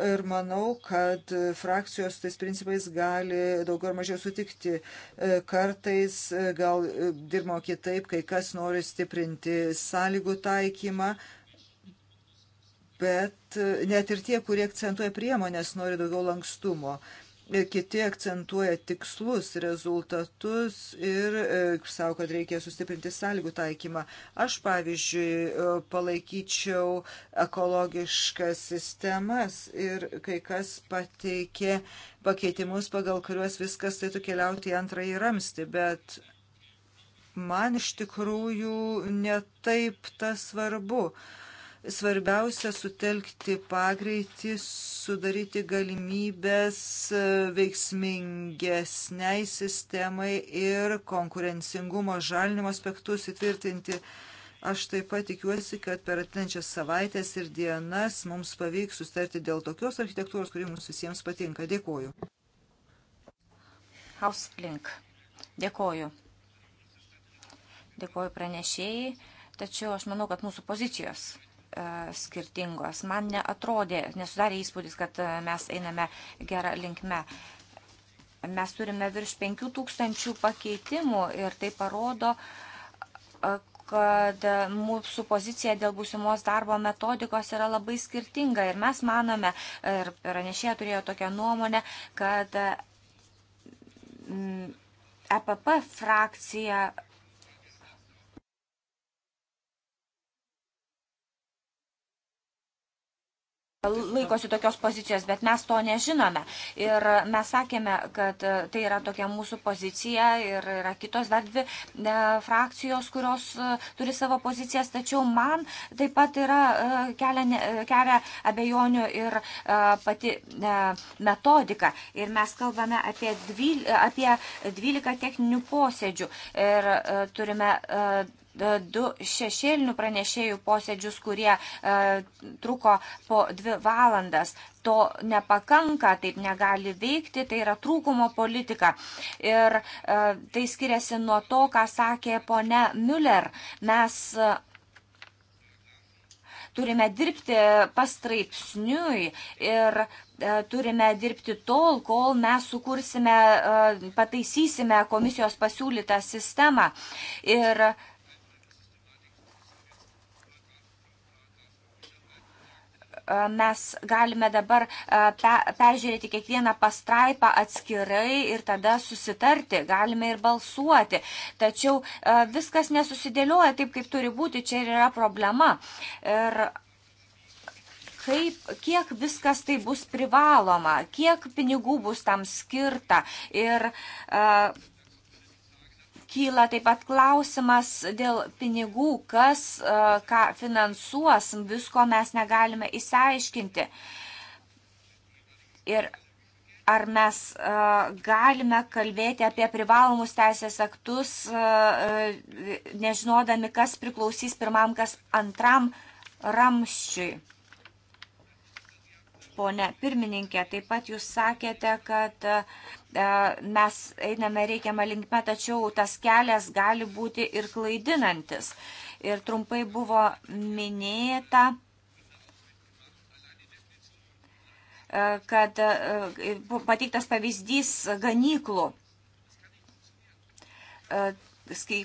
ir manau, kad frakcijos tais principais gali daugiau ar mažiau sutikti. E, kartais e, gal e, dirbo kitaip, kai kas nori stiprinti sąlygų taikymą, bet net ir tie, kurie akcentuoja priemonės, nori daugiau lankstumo. Kiti akcentuoja tikslus, rezultatus ir e, savo, kad reikia sustiprinti sąlygų taikymą. Aš, pavyzdžiui, e, palaikyčiau ekologiškas sistemas ir kai kas pateikė pakeitimus, pagal kuriuos viskas tai tu keliauti į antrąjį ramstį, bet man iš tikrųjų netaip tas svarbu. Uh, Svarbiausia sutelkti pagreitį, sudaryti galimybės veiksmingesniai sistemai ir konkurencingumo žalinimo aspektus įtvirtinti. Aš taip pat tikiuosi, kad per atinančias savaitės ir dienas mums pavyks sustarti dėl tokios architektūros, kuri mums visiems patinka. Dėkuoju. Hauslink. Dėkuoju. Dėkuoju pranešėjai, tačiau aš manau, kad mūsų pozicijos E, skirtingos. Man neatrodė, nesudarė įspūdis, kad e, mes einame gerą linkmę. Mes turime virš 5000 pakeitimų ir tai parodo, e, kad mūsų pozicija dėl būsimos darbo metodikos yra labai skirtinga. Ir mes manome, ir pranešėja turėjo tokią nuomonę, kad mm, EPP frakcija laikosi tokios pozicijos, bet mes to nežinome. Ir mes sakėme, kad e, tai yra tokia mūsų pozicija ir yra kitos dar dvi e, frakcijos, kurios e, turi savo pozicijas, tačiau man taip pat yra kelia, kelia abejonių ir pati metodika. Ir mes kalbame apie, dvyl, apie 12 techninių posėdžių ir turime du šešėlinių pranešėjų posėdžius, kurie e, truko po dvi valandas. To nepakanka, taip negali veikti, tai yra trūkumo politika. Ir e, tai skiriasi nuo to, ką sakė ponia Müller. Mes e, turime dirbti pastraipsniui ir e, turime dirbti tol, kol mes sukursime, e, pataisysime komisijos pasiūlytą sistemą. Ir e, E, mes galime dabar e, peržiūrėti kiekvieną pastraipą atskirai ir tada susitarti, galime ir balsuoti. Tačiau e, viskas nesusidėlioja taip, kaip turi būti, čia ir yra problema. Ir kaip, kiek viskas tai bus privaloma, kiek pinigų bus tam skirta ir uh, Kyla taip pat klausimas dėl pinigų, kas e, ką finansuos, visko mes negalime įsiaiškinti. Ir ar mes e, galime kalbėti apie privalomus teisės aktus, e, nežinodami, kas priklausys pirmam, kas antram ramščiui ponė pirmininkė. Taip pat jūs sakėte, kad e, mes einame reikiamą linkmę, tačiau tas kelias gali būti ir klaidinantis. Ir trumpai buvo minėta e, kad e, pateiktas pavyzdys ganyklų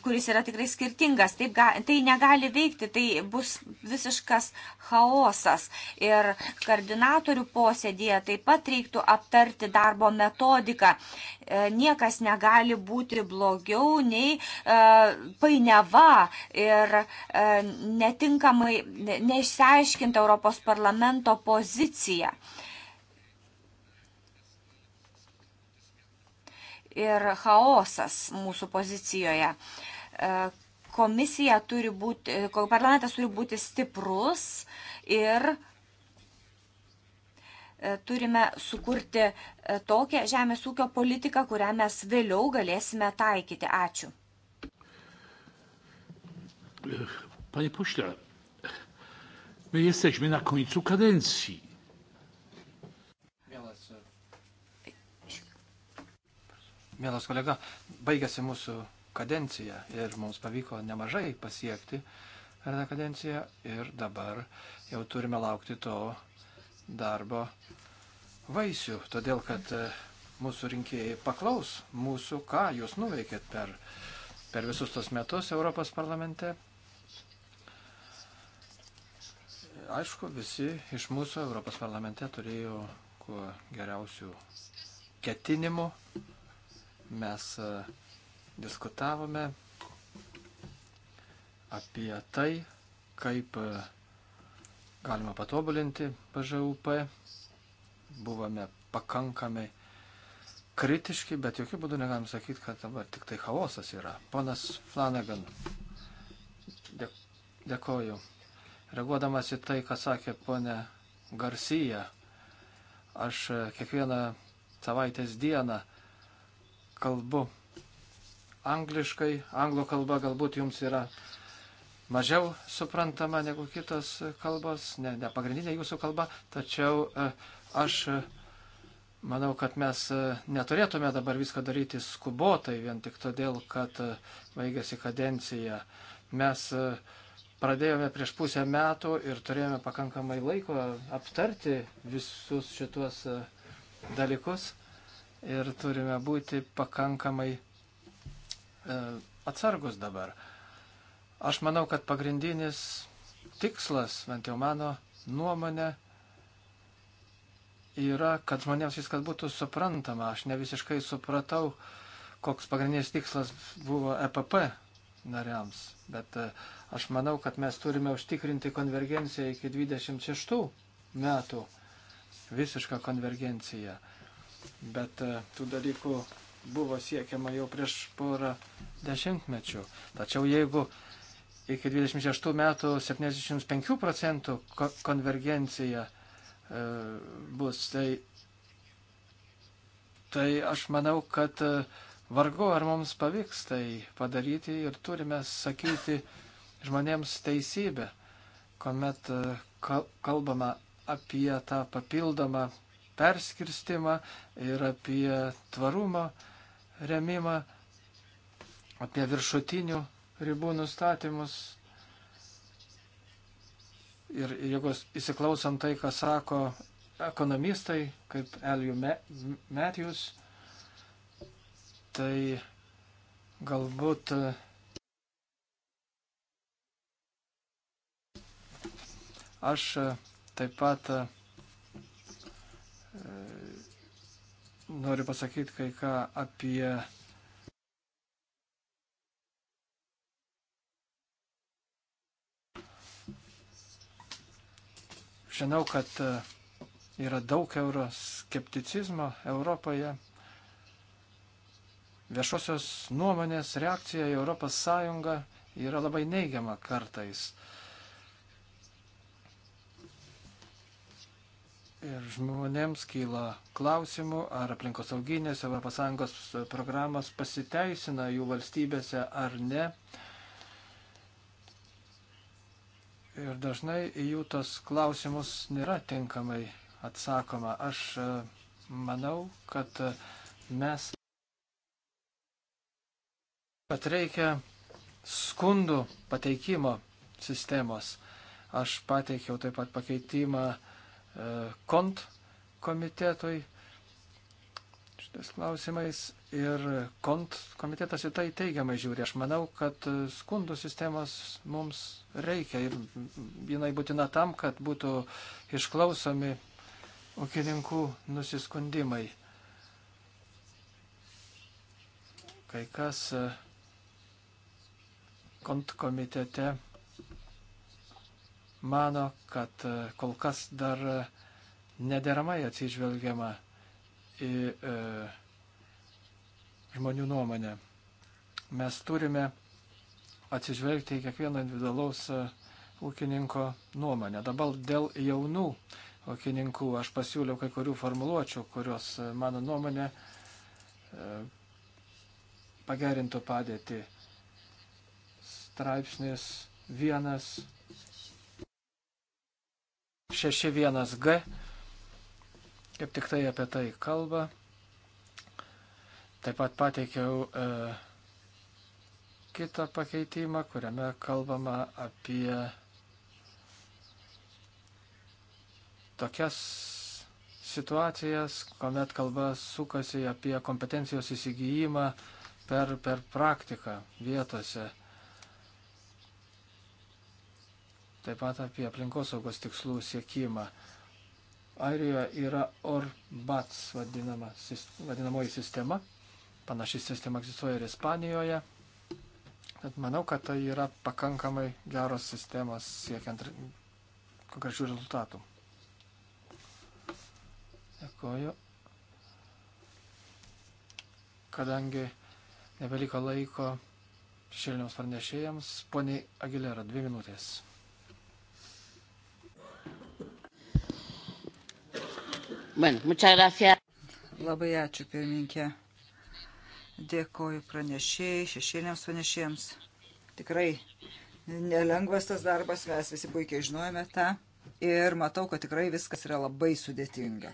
kuris yra tikrai skirtingas. Taip, ga, tai negali veikti, tai bus visiškas chaosas. Ir koordinatorių posėdėje taip pat reiktų aptarti darbo metodiką. E, niekas negali būti blogiau nei e, painiava ir e, netinkamai neišsiaiškinti Europos parlamento poziciją. E, ir chaosas mūsų pozicijoje. E, komisija turi būti, parlamentas turi būti stiprus ir e, turime sukurti e, tokią žemės ūkio politiką, kurią mes vėliau galėsime taikyti. Ačiū. Panie pośle, my jesteśmy na końcu kadencji. Mielas kolega, baigėsi mūsų kadencija ir mums pavyko nemažai pasiekti per tą kadenciją ir dabar jau turime laukti to darbo vaisių, todėl kad e, mūsų rinkėjai paklaus mūsų, ką jūs nuveikėt per, per visus tos metus Europos parlamente. Aišku, visi iš mūsų Europos parlamente turėjo kuo geriausių ketinimų Mes e, diskutavome apie tai, kaip e, galima patobulinti BŽUP. Buvome pakankamai kritiški, bet jokių būdų negalim sakyti, kad dabar tik tai chaosas yra. Ponas Flanagan, dėkoju. Reaguodamas į tai, ką sakė ponė Garcija, aš e, kiekvieną savaitės dieną kalbu angliškai. Anglų kalba galbūt jums yra mažiau suprantama negu kitos kalbos, ne, ne pagrindinė jūsų kalba, tačiau e, aš e, manau, kad mes e, neturėtume dabar viską daryti skubotai vien tik todėl, kad baigėsi kadencija. Mes pradėjome prieš pusę metų ir turėjome pakankamai laiko aptarti visus šituos dalykus ir turime būti pakankamai e, atsargus dabar. Aš manau, kad pagrindinis tikslas, bent jau mano nuomonė, yra, kad žmonėms viskas būtų suprantama. Aš ne visiškai supratau, koks pagrindinis tikslas buvo EPP nariams, bet e, aš manau, kad mes turime užtikrinti konvergenciją iki 26 metų, visišką konvergenciją bet e, tų dalykų buvo siekiama jau prieš porą dešimtmečių. Tačiau jeigu iki 26 metų 75 procentų konvergencija e, bus, tai, tai aš manau, kad e, vargu ar mums pavyks tai padaryti ir turime sakyti žmonėms teisybę, kuomet e, kalbama apie tą papildomą perskirstimą, ir apie tvarumo remimą, apie viršutinių ribų nustatymus. Ir jeigu įsiklausom tai, ką sako ekonomistai, kaip Eliu Matthews, tai galbūt aš taip pat noriu pasakyti kai ką apie Žinau, kad e, yra daug euroskepticizmo Europoje. Viešosios nuomonės reakcija į ES yra labai neigiama kartais. Ir žmonėms kyla klausimų, ar aplinkosauginės ES programos pasiteisina jų valstybėse ar ne. Ir dažnai į jų tos klausimus nėra tinkamai atsakoma. Aš e, manau, kad e, mes. kad reikia skundų pateikimo sistemos. Aš pateikiau taip pat pakeitimą kont komitetui šitas klausimais ir kont komitetas į tai teigiamai žiūri. Aš manau, kad skundų sistemos mums reikia ir jinai būtina tam, kad būtų išklausomi ūkininkų nusiskundimai. Kai kas kont komitete mano, kad e, kol kas dar e, nederamai atsižvelgiama į e, žmonių nuomonę. Mes turime atsižvelgti į kiekvieno individualaus e, ūkininko nuomonę. Dabar dėl jaunų ūkininkų aš pasiūliau kai kurių formuluočių, kurios mano nuomonė pagerintų padėtį. Straipsnis vienas 61G kaip tik tai apie tai kalba. Taip pat pateikiau e, kitą pakeitimą, kuriame kalbama apie tokias situacijas, kuomet kalba sukasi apie kompetencijos įsigijimą per, per praktiką vietose. taip pat apie aplinkosaugos tikslų siekimą. Airijoje yra ORBATS vadinama, vadinamoji sistema, panaši sistema egzistuoja ir Ispanijoje. Tad manau, kad tai yra pakankamai geros sistemos siekiant konkrečių rezultatų. Dėkoju. Kadangi nebeliko laiko šešėliniams pranešėjams, poniai Agilera, dvi minutės. Bueno, muchas gracias. Labai ačiū, pirminkė. Dėkoju pranešėjai, šešėliams pranešėjams. Tikrai nelengvas tas darbas, mes visi puikiai žinojame tą ir matau, kad tikrai viskas yra labai sudėtinga.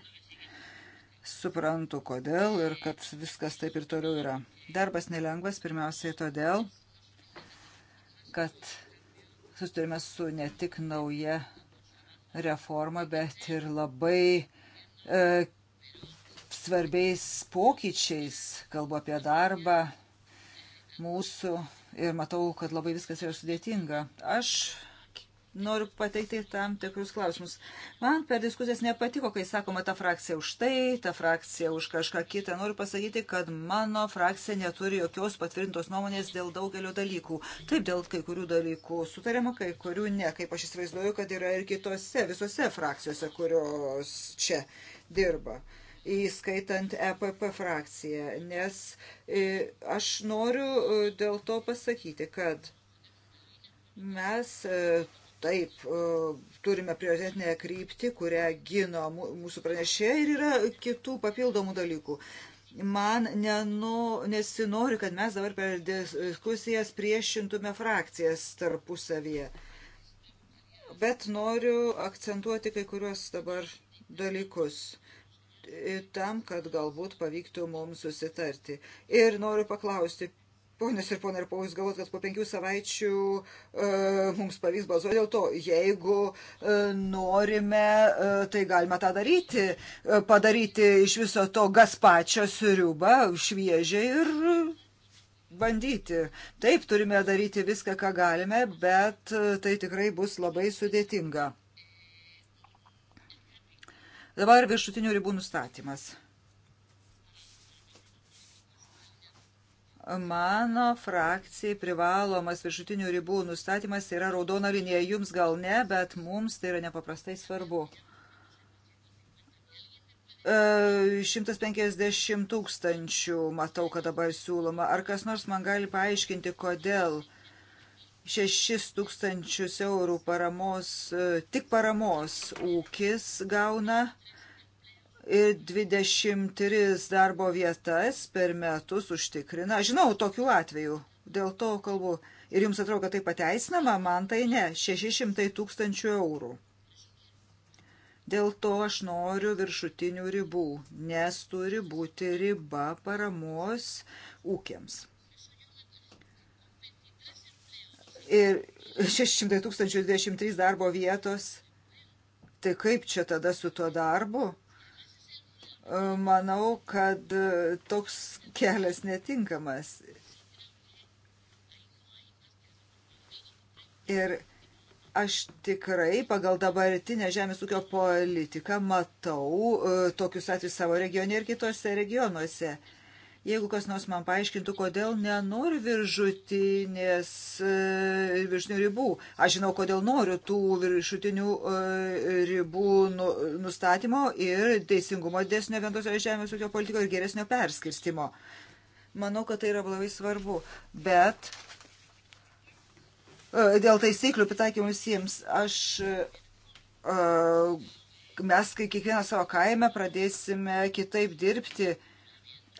Suprantu, kodėl ir kad viskas taip ir toliau yra. Darbas nelengvas pirmiausiai todėl, kad susiturime su ne tik nauja reforma, bet ir labai uh, E, svarbiais pokyčiais, kalbu apie darbą mūsų ir matau, kad labai viskas yra sudėtinga. Aš noriu pateikti tam tikrus klausimus. Man per diskusijas nepatiko, kai sakoma ta frakcija už tai, ta frakcija už kažką kitą. Noriu pasakyti, kad mano frakcija neturi jokios patvirtintos nuomonės dėl daugelio dalykų. Taip, dėl kai kurių dalykų sutarėma, kai kurių ne. Kaip aš įsivaizduoju, kad yra ir kitose, visose frakcijose, kurios čia dirba, įskaitant EPP frakciją, nes e, aš noriu e, dėl to pasakyti, kad mes e, taip turime prioritetinę kryptį, kurią gino mūsų pranešė ir yra kitų papildomų dalykų man nenu, nesinori, kad mes dabar per diskusijas priešintume frakcijas tarpusavyje. Bet noriu akcentuoti kai kuriuos dabar dalykus e, tam, kad galbūt pavyktų mums susitarti. Ir noriu paklausti, ponios ir ponai, ar po jūs galvot, kad po penkių savaičių e, mums pavyks balsuoti dėl to, jeigu e, norime, e, tai galime tą daryti, e, padaryti iš viso to gaspačio sriubą, šviežią ir bandyti. Taip, turime daryti viską, ką galime, bet e, tai tikrai bus labai sudėtinga. Dabar viršutinių ribų nustatymas. Mano frakcijai privalomas viršutinių ribų nustatymas yra raudona linija. Jums gal ne, bet mums tai yra nepaprastai svarbu. 150 e, tūkstančių matau, kad dabar siūloma. Ar kas nors man gali paaiškinti, kodėl 6 tūkstančius eurų paramos, e, tik paramos ūkis gauna ir 23 darbo vietas per metus užtikrina. Žinau, tokių atvejų, dėl to kalbu. Ir jums atrodo, kad tai pateisinama, man tai ne, 600 tūkstančių eurų. Dėl to aš noriu viršutinių ribų, nes turi būti riba paramos ūkiams. ir 600 tūkstančių 23 darbo vietos. Tai kaip čia tada su tuo darbu? E, manau, kad e, toks kelias netinkamas. Ir aš tikrai pagal dabartinę žemės ūkio politiką matau e, tokius atvejus savo regione ir kitose regionuose. Jeigu kas nors man paaiškintų, kodėl nenoriu viršutinės e, viršutinių ribų, aš žinau, kodėl noriu tų viršutinių e, ribų nu, nustatymo ir teisingumo dėsnio bendrosios žemės ūkio politiko ir geresnio perskirstimo. Manau, kad tai yra labai svarbu, bet e, dėl taisyklių pritaikymų visiems. Aš, mes, kai kiekvieną savo kaime pradėsime kitaip dirbti,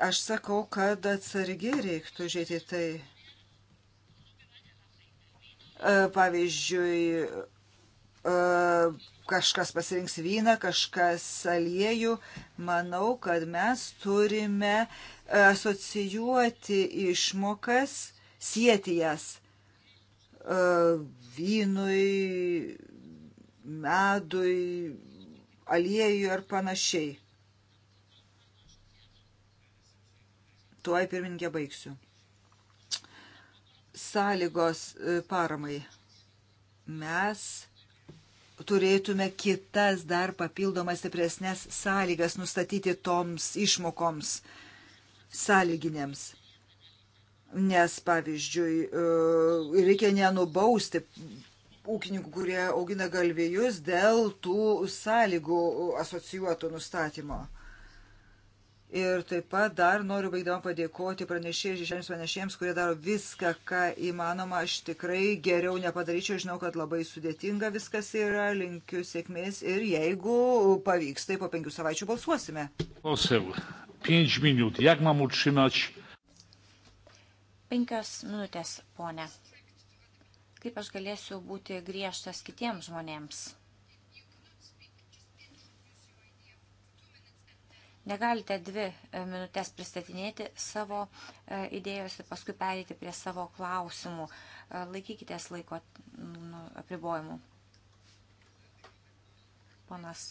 Aš sakau, kad atsargiai reiktų žiūrėti tai. E, pavyzdžiui, e, kažkas pasirinks vyną, kažkas aliejų. Manau, kad mes turime asocijuoti išmokas, sieti jas e, vynui, medui, aliejui ar panašiai. tuoj pirmininkė baigsiu. Sąlygos e, paramai. Mes turėtume kitas dar papildomas stipresnės sąlygas nustatyti toms išmokoms sąlyginėms. Nes, pavyzdžiui, e, reikia nenubausti ūkininkų, kurie augina galvėjus dėl tų sąlygų asocijuotų nustatymo. Ir taip pat dar noriu baigdama padėkoti pranešėjai ir žemės pranešėjams, kurie daro viską, ką įmanoma. Aš tikrai geriau nepadaryčiau, žinau, kad labai sudėtinga viskas yra, linkiu sėkmės ir jeigu pavyks, tai po penkių savaičių balsuosime. Posel, 5 minut, jak mam utrzymać? Penkios minutės, ponė. Kaip aš galėsiu būti griežtas kitiems žmonėms? Negalite dvi e, minutės pristatinėti savo e, idėjos ir paskui perėti prie savo klausimų. E, laikykitės laiko nu, apribojimų. Ponas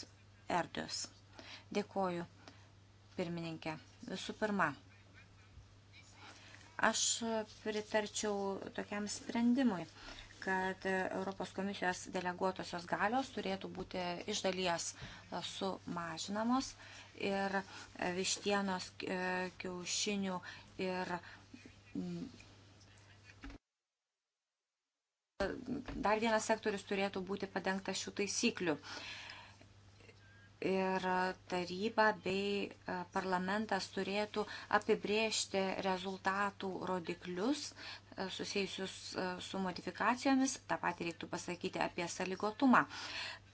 Erdus. Dėkoju, pirmininkė. Visų pirma, aš pritarčiau tokiam sprendimui kad Europos komisijos deleguotosios galios turėtų būti iš dalies sumažinamos ir vištienos e, kiaušinių ir mm, dar vienas sektorius turėtų būti padengtas šių taisyklių. Ir taryba bei e, parlamentas turėtų apibriežti rezultatų rodiklius E, susijusius e, su modifikacijomis, tą patį reiktų pasakyti apie saligotumą.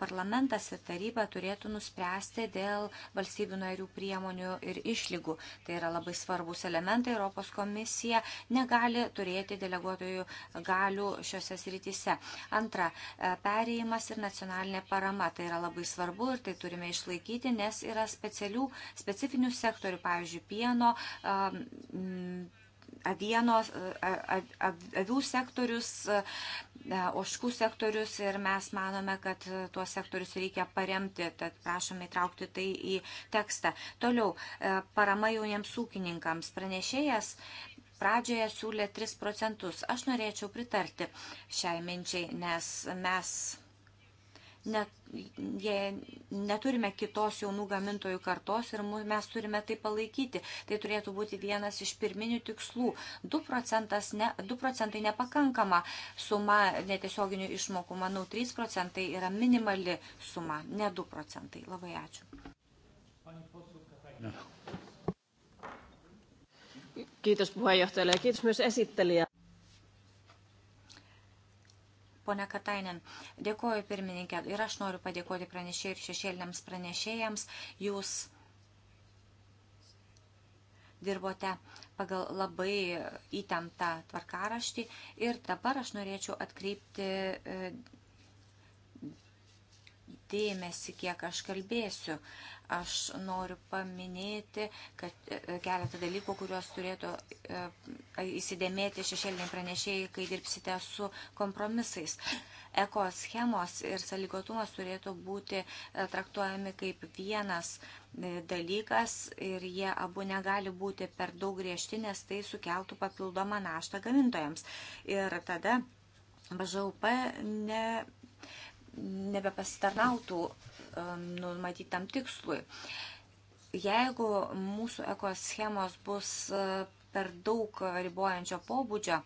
Parlamentas ir taryba turėtų nuspręsti dėl valstybių narių priemonių ir išlygų. Tai yra labai svarbus elementai. Europos komisija negali turėti deleguotojų galių šiuose srityse. Antra, e, perėjimas ir nacionalinė parama. Tai yra labai svarbu ir tai turime išlaikyti, nes yra specialių, specifinių sektorių, pavyzdžiui, pieno. Um, avienos, avių sektorius, oškų sektorius ir mes manome, kad tuos sektorius reikia paremti, tad prašome įtraukti tai į tekstą. Toliau, parama jauniems ūkininkams. Pranešėjas pradžioje siūlė 3 procentus. Aš norėčiau pritarti šiai minčiai, nes mes net, jie, neturime kitos jaunų gamintojų kartos ir mes turime tai palaikyti. Tai turėtų būti vienas iš pirminių tikslų. 2, ne, 2 procentai nepakankama suma netiesioginių išmokų. Manau, 3 procentai yra minimali suma, ne 2 procentai. Labai ačiū. Kiitos puheenjohtajalle ja kiitos myös esittelijä. Pone Katainen, dėkoju pirmininkė ir aš noriu padėkoti pranešėjai ir šešėliniams pranešėjams. Jūs dirbote pagal labai įtemptą tvarkaraštį ir dabar aš norėčiau atkreipti e, dėmesį, kiek aš kalbėsiu. Aš noriu paminėti, kad e, e, keletą dalykų, kuriuos turėtų e, įsidėmėti šešėliniai pranešėjai, kai dirbsite su kompromisais. Ekoschemos ir saligotumas turėtų būti traktuojami kaip vienas dalykas ir jie abu negali būti per daug griežti, nes tai sukeltų papildomą naštą gamintojams. Ir tada BŽUP ne, nebepasitarnautų E, numatytam tikslui. Jeigu mūsų ekoschemos bus e, per daug ribojančio pobūdžio,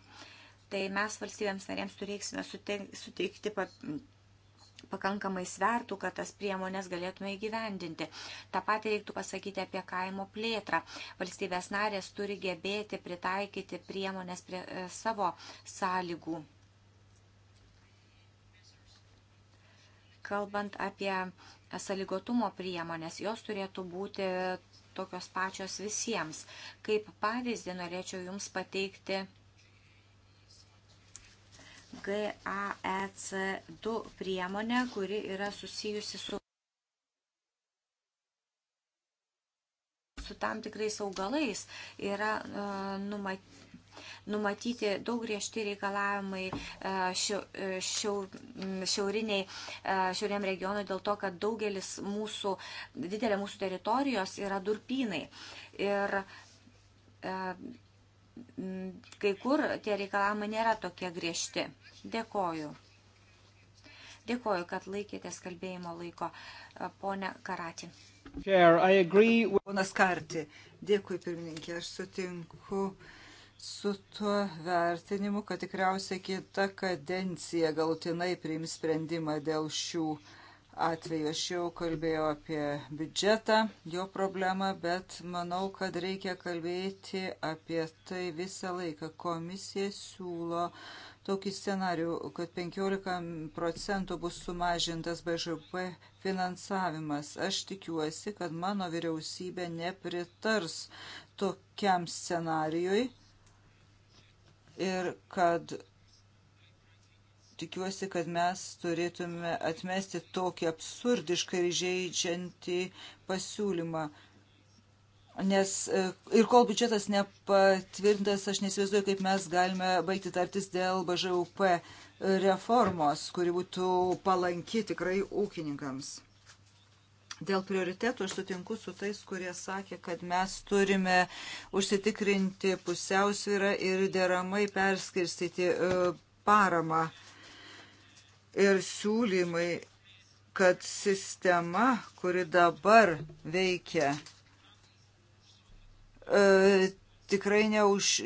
tai mes valstybėms narėms turėsime suteikti pakankamai svertų, kad tas priemonės galėtume įgyvendinti. Ta pati reiktų pasakyti apie kaimo plėtrą. Valstybės narės turi gebėti pritaikyti priemonės prie e, savo sąlygų. kalbant apie saligotumo priemonės, jos turėtų būti tokios pačios visiems. Kaip pavyzdį norėčiau Jums pateikti GAEC2 priemonę, kuri yra susijusi su, su tam tikrais augalais. Yra uh, e, numatyti numatyti daug griežti reikalavimai e, e, šiauriniai, e, šiauriam regionui dėl to, kad daugelis mūsų, didelė mūsų teritorijos yra durpynai. Ir kai kur tie reikalavimai nėra tokie griežti. Dėkoju. Dėkoju, kad laikėtės kalbėjimo laiko, ponė Karati. Ponas Karti, dėkui pirmininkė, aš sutinku. Uh, su tuo vertinimu, kad tikriausiai kita kadencija galutinai priims sprendimą dėl šių atvejų. Aš jau kalbėjau apie biudžetą, jo problemą, bet manau, kad reikia kalbėti apie tai visą laiką. Komisija siūlo tokį scenarių, kad 15 procentų bus sumažintas BŽP finansavimas. Aš tikiuosi, kad mano vyriausybė nepritars tokiam scenarijui ir kad tikiuosi, kad mes turėtume atmesti tokį absurdišką ir žaidžiantį pasiūlymą. Nes e, ir kol biudžetas nepatvirtintas, aš nesivaizduoju, kaip mes galime baigti tartis dėl BŽUP reformos, kuri būtų palanki tikrai ūkininkams. Dėl prioritetų aš sutinku su tais, kurie sakė, kad mes turime užsitikrinti pusiausvyrą ir deramai perskirstyti e, paramą. Ir siūlymai, kad sistema, kuri dabar veikia, e, tikrai neuž. E,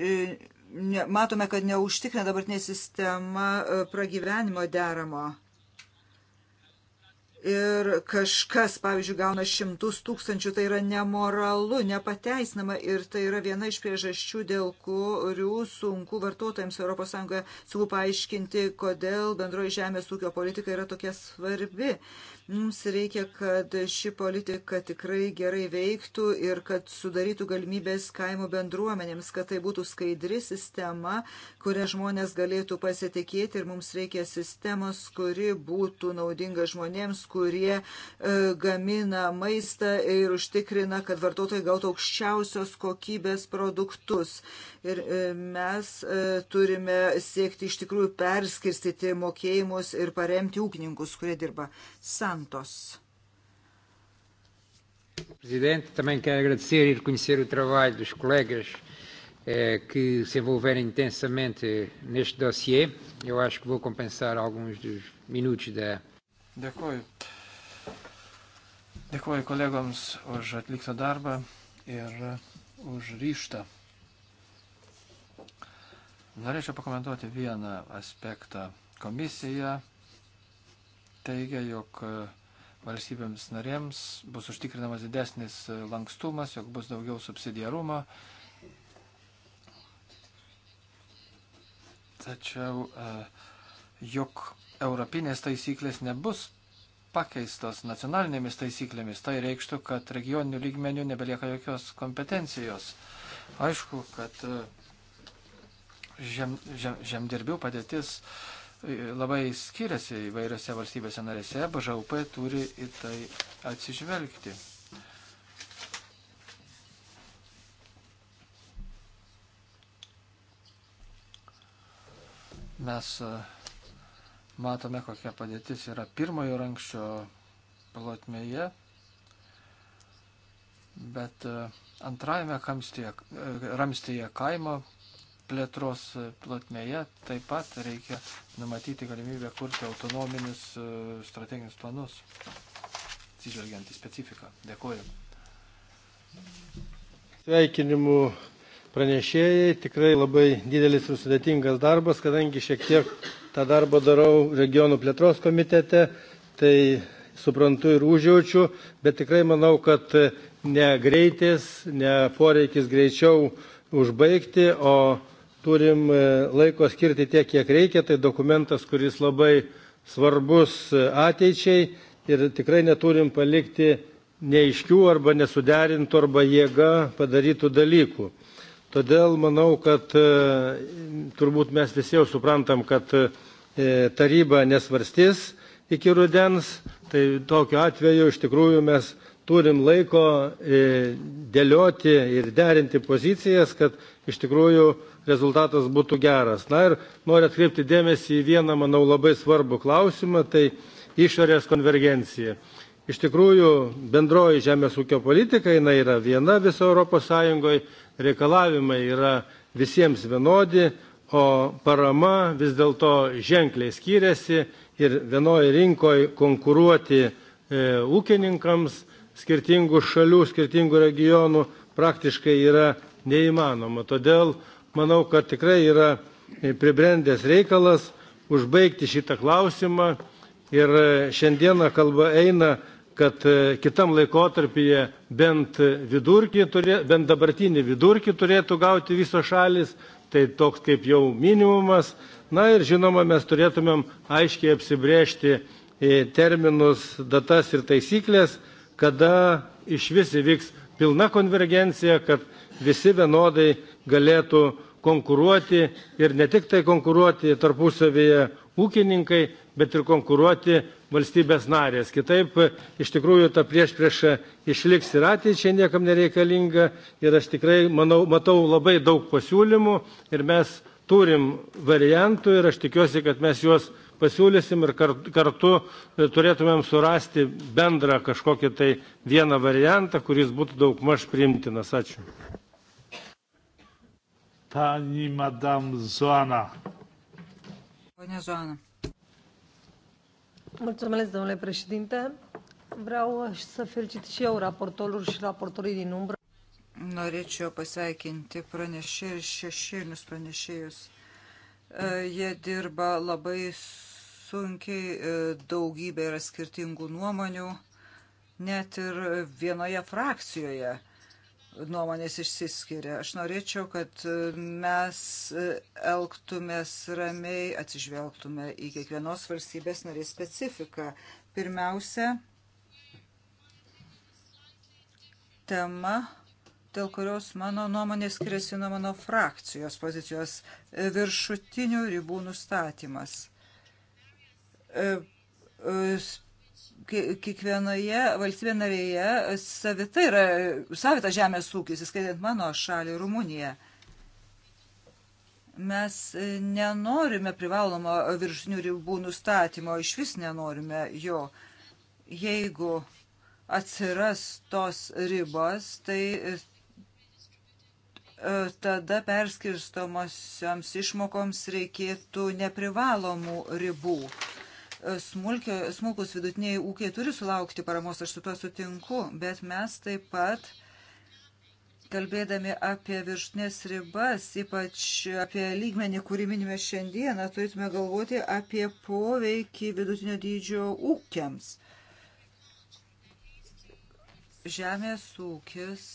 matome, kad neužtikrina dabartinė sistema pragyvenimo deramo ir kažkas, pavyzdžiui, gauna šimtus tūkstančių, tai yra nemoralu, nepateisinama ir tai yra viena iš priežasčių, dėl kurių sunku vartotojams ES sunku paaiškinti, kodėl bendroji žemės ūkio politika yra tokia svarbi. Mums reikia, kad ši politika tikrai gerai veiktų ir kad sudarytų galimybės kaimo bendruomenėms, kad tai būtų skaidri sistema, kurią žmonės galėtų pasitikėti ir mums reikia sistemos, kuri būtų naudinga žmonėms, kurie e, gamina maistą ir užtikrina, kad vartotojai gautų aukščiausios kokybės produktus. Ir e, mes e, turime siekti iš tikrųjų perskirstyti mokėjimus ir paremti ūkininkus, kurie dirba santos. Presidente, também quero agradecer e reconhecer o trabalho dos colegas eh, que se envolveram intensamente neste dossiê. Eu acho que vou compensar alguns dos minutos da. Dėkuoju. Dėkuoju kolegoms už atliktą darbą ir eh, už ryštą Norėčiau pakomentuoti vieną aspektą. Komisija teigia, jog e, valstybėms narėms bus užtikrinamas didesnis e, lankstumas, jog bus daugiau subsidiarumo. Tačiau e, juk europinės taisyklės nebus pakeistos nacionalinėmis taisyklėmis, tai reikštų, kad regioninių lygmenių nebelieka jokios kompetencijos. Aišku, kad žem, žem, žemdirbių padėtis e, labai skiriasi įvairiose valstybėse narėse, BŽUP turi į tai atsižvelgti. Mes e, matome, kokia padėtis yra pirmojo rankščio plotmėje, bet e, antrajame ramstyje kaimo plėtros plotmėje taip pat reikia numatyti galimybę kurti autonominius e, strateginius planus, atsižvelgiant į specifiką. Dėkuoju. Sveikinimų pranešėjai, tikrai labai didelis ir sudėtingas darbas, kadangi šiek tiek tą darbą darau regionų plėtros komitete, tai suprantu ir užjaučiu, bet tikrai manau, kad ne greitis, ne poreikis greičiau užbaigti, o turim e, laiko skirti tiek, kiek reikia. Tai dokumentas, kuris labai svarbus e, ateičiai ir tikrai neturim palikti neiškių arba nesuderintų arba jėga padarytų dalykų. Todėl manau, kad e, turbūt mes visi jau suprantam, kad taryba nesvarstys iki rudens, tai tokiu atveju iš tikrųjų mes turim laiko e, dėlioti ir derinti pozicijas, kad iš tikrųjų rezultatas būtų geras. Na ir noriu atkreipti dėmesį į vieną, manau, labai svarbų klausimą, tai išorės konvergencija. Iš tikrųjų, bendroji žemės ūkio politika, jinai yra viena viso Europos Sąjungoje, reikalavimai yra visiems vienodi, o parama vis dėlto ženkliai skiriasi ir vienoje rinkoje konkuruoti e, ūkininkams skirtingų šalių, skirtingų regionų praktiškai yra neįmanoma. Todėl manau, kad tikrai yra pribrendęs reikalas užbaigti šitą klausimą ir šiandieną kalba eina, kad e, kitam laikotarpyje bent, vidurkį, bent dabartinį vidurkį turėtų gauti visos šalis, tai toks kaip jau minimumas. Na ir žinoma, mes turėtumėm aiškiai apsibriežti e, terminus, datas ir taisyklės, kada išvis įvyks pilna konvergencija, kad visi vienodai galėtų konkuruoti ir ne tik tai konkuruoti tarpusavyje ūkininkai, bet ir konkuruoti valstybės narės. Kitaip iš tikrųjų ta priešprieša išliks ir ateičiai niekam nereikalinga ir aš tikrai manau, matau labai daug pasiūlymų ir mes turim variantų ir aš tikiuosi, kad mes juos pasiūlysim ir kartu e, turėtumėm surasti bendrą kažkokį tai vieną variantą, kuris būtų daugmaž priimtinas. Ačiū. Pani Madam Zoana. Pone Zoana. Mulțumesc, domnule președinte. Vreau să felicit și eu raportorul și raportorii din umbră. Norėčiau pasveikinti pranešėjus, šešėlinius pranešėjus. E, jie dirba labai sunkiai, e, daugybė yra skirtingų nuomonių, net ir vienoje frakcijoje nuomonės išsiskiria. Aš norėčiau, kad mes elgtumės ramiai, atsižvelgtume į kiekvienos valstybės narės specifiką. Pirmiausia, tema dėl kurios mano nuomonė skiriasi nuo mano frakcijos pozicijos e, viršutinių ribų nustatymas. E, e, kiekvienoje valstybė narėje savita yra savita žemės ūkis, įskaitant mano šalį Rumuniją. Mes nenorime privalomo viršinių ribų nustatymo, iš vis nenorime jo. Jeigu atsiras tos ribos, tai e, tada perskirstomosioms išmokoms reikėtų neprivalomų ribų smulkio, smulkus vidutiniai ūkiai turi sulaukti paramos, aš su tuo sutinku, bet mes taip pat kalbėdami apie viršnės ribas, ypač apie lygmenį, kurį minime šiandieną, turėtume galvoti apie poveikį vidutinio dydžio ūkiams. Žemės ūkis,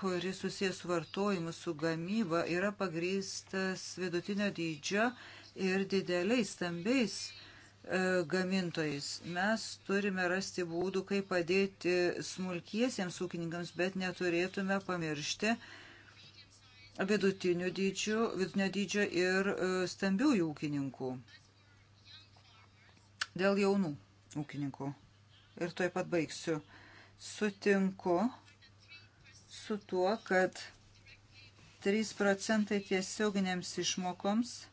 kuris susijęs su vartojimu, su gamyba, yra pagrįstas vidutinio dydžio ir dideliais stambiais E, gamintojais. Mes turime rasti būdų, kaip padėti smulkiesiems ūkininkams, bet neturėtume pamiršti vidutinio dydžio, vidutinio dydžio ir e, stambiųjų ūkininkų. Dėl jaunų ūkininkų. Ir toj pat baigsiu. Sutinku su tuo, kad 3 procentai tiesioginėms išmokoms –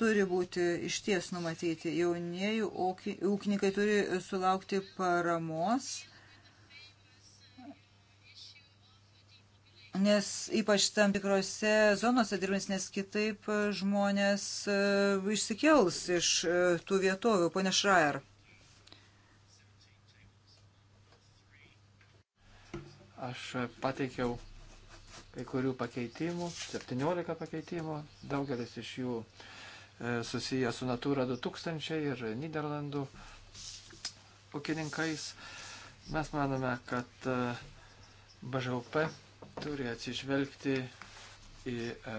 turi būti išties numatyti. Jaunieji ūkininkai turi sulaukti paramos, nes ypač tam tikrose zonose dirbins, nes kitaip žmonės e, išsikels iš e, tų vietovių. Pone Šrajer. Aš pateikiau kai kurių pakeitimų, 17 pakeitimų, daugelis iš jų uh, E, susiję su Natūra 2000 ir Niderlandų ūkininkais. Mes manome, kad e, BŽP turi atsižvelgti į e,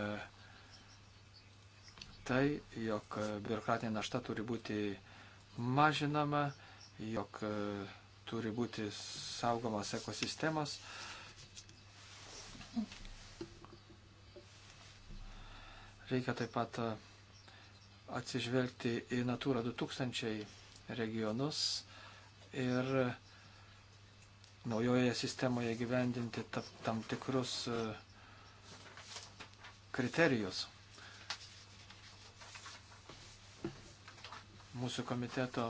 tai, jog biurokratinė našta turi būti mažinama, jog turi būti saugomas ekosistemos. Reikia taip pat atsižvelgti į Natūra 2000 regionus ir naujoje sistemoje gyvendinti tam tikrus e, kriterijus. Mūsų komiteto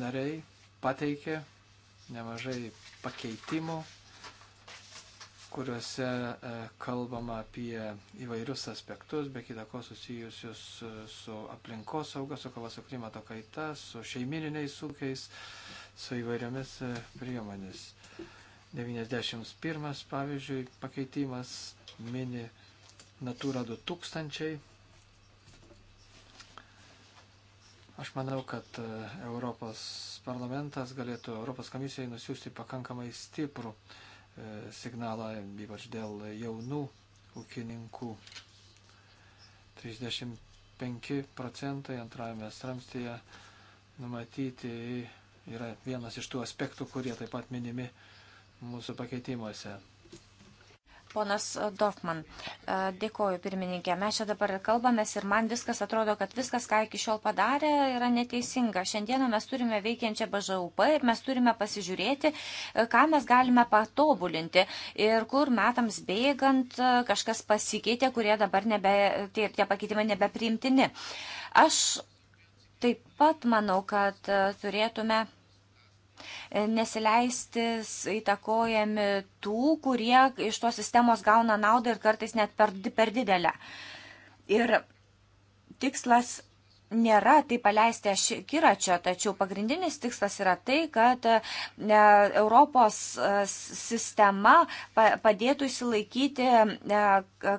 nariai pateikė nemažai pakeitimų kuriuose e, kalbama apie įvairius aspektus, be kitako susijusius e, su aplinkos sauga, su kova su klimato kaita, su šeimininiais ūkiais, su įvairiomis e, priemonės. 91 pavyzdžiui pakeitimas mini Natura 2000. Aš manau, kad Europos parlamentas galėtų Europos komisijai nusiųsti pakankamai stiprų uh, E, signalą, ypač dėl jaunų ūkininkų. 35 procentai antrajame stramstyje numatyti yra vienas iš tų aspektų, kurie taip pat minimi mūsų pakeitimuose. Ponas Dorfman, e, dėkoju pirmininkė. Mes čia dabar kalbamės ir man viskas atrodo, kad viskas, ką iki šiol padarė, yra neteisinga. Šiandieną mes turime veikiančią BŽUP ir mes turime pasižiūrėti, e, ką mes galime patobulinti ir kur metams bėgant e, kažkas pasikeitė, kurie dabar nebe, tie, tie pakeitimai nebepriimtini. Aš taip pat manau, kad turėtume nesileisti įtakojami tų, kurie iš tos sistemos gauna naudą ir kartais net per, per didelę. Ir tikslas nėra tai paleisti aš kiračio, tačiau pagrindinis tikslas yra tai, kad e, Europos e, sistema padėtų įsilaikyti e,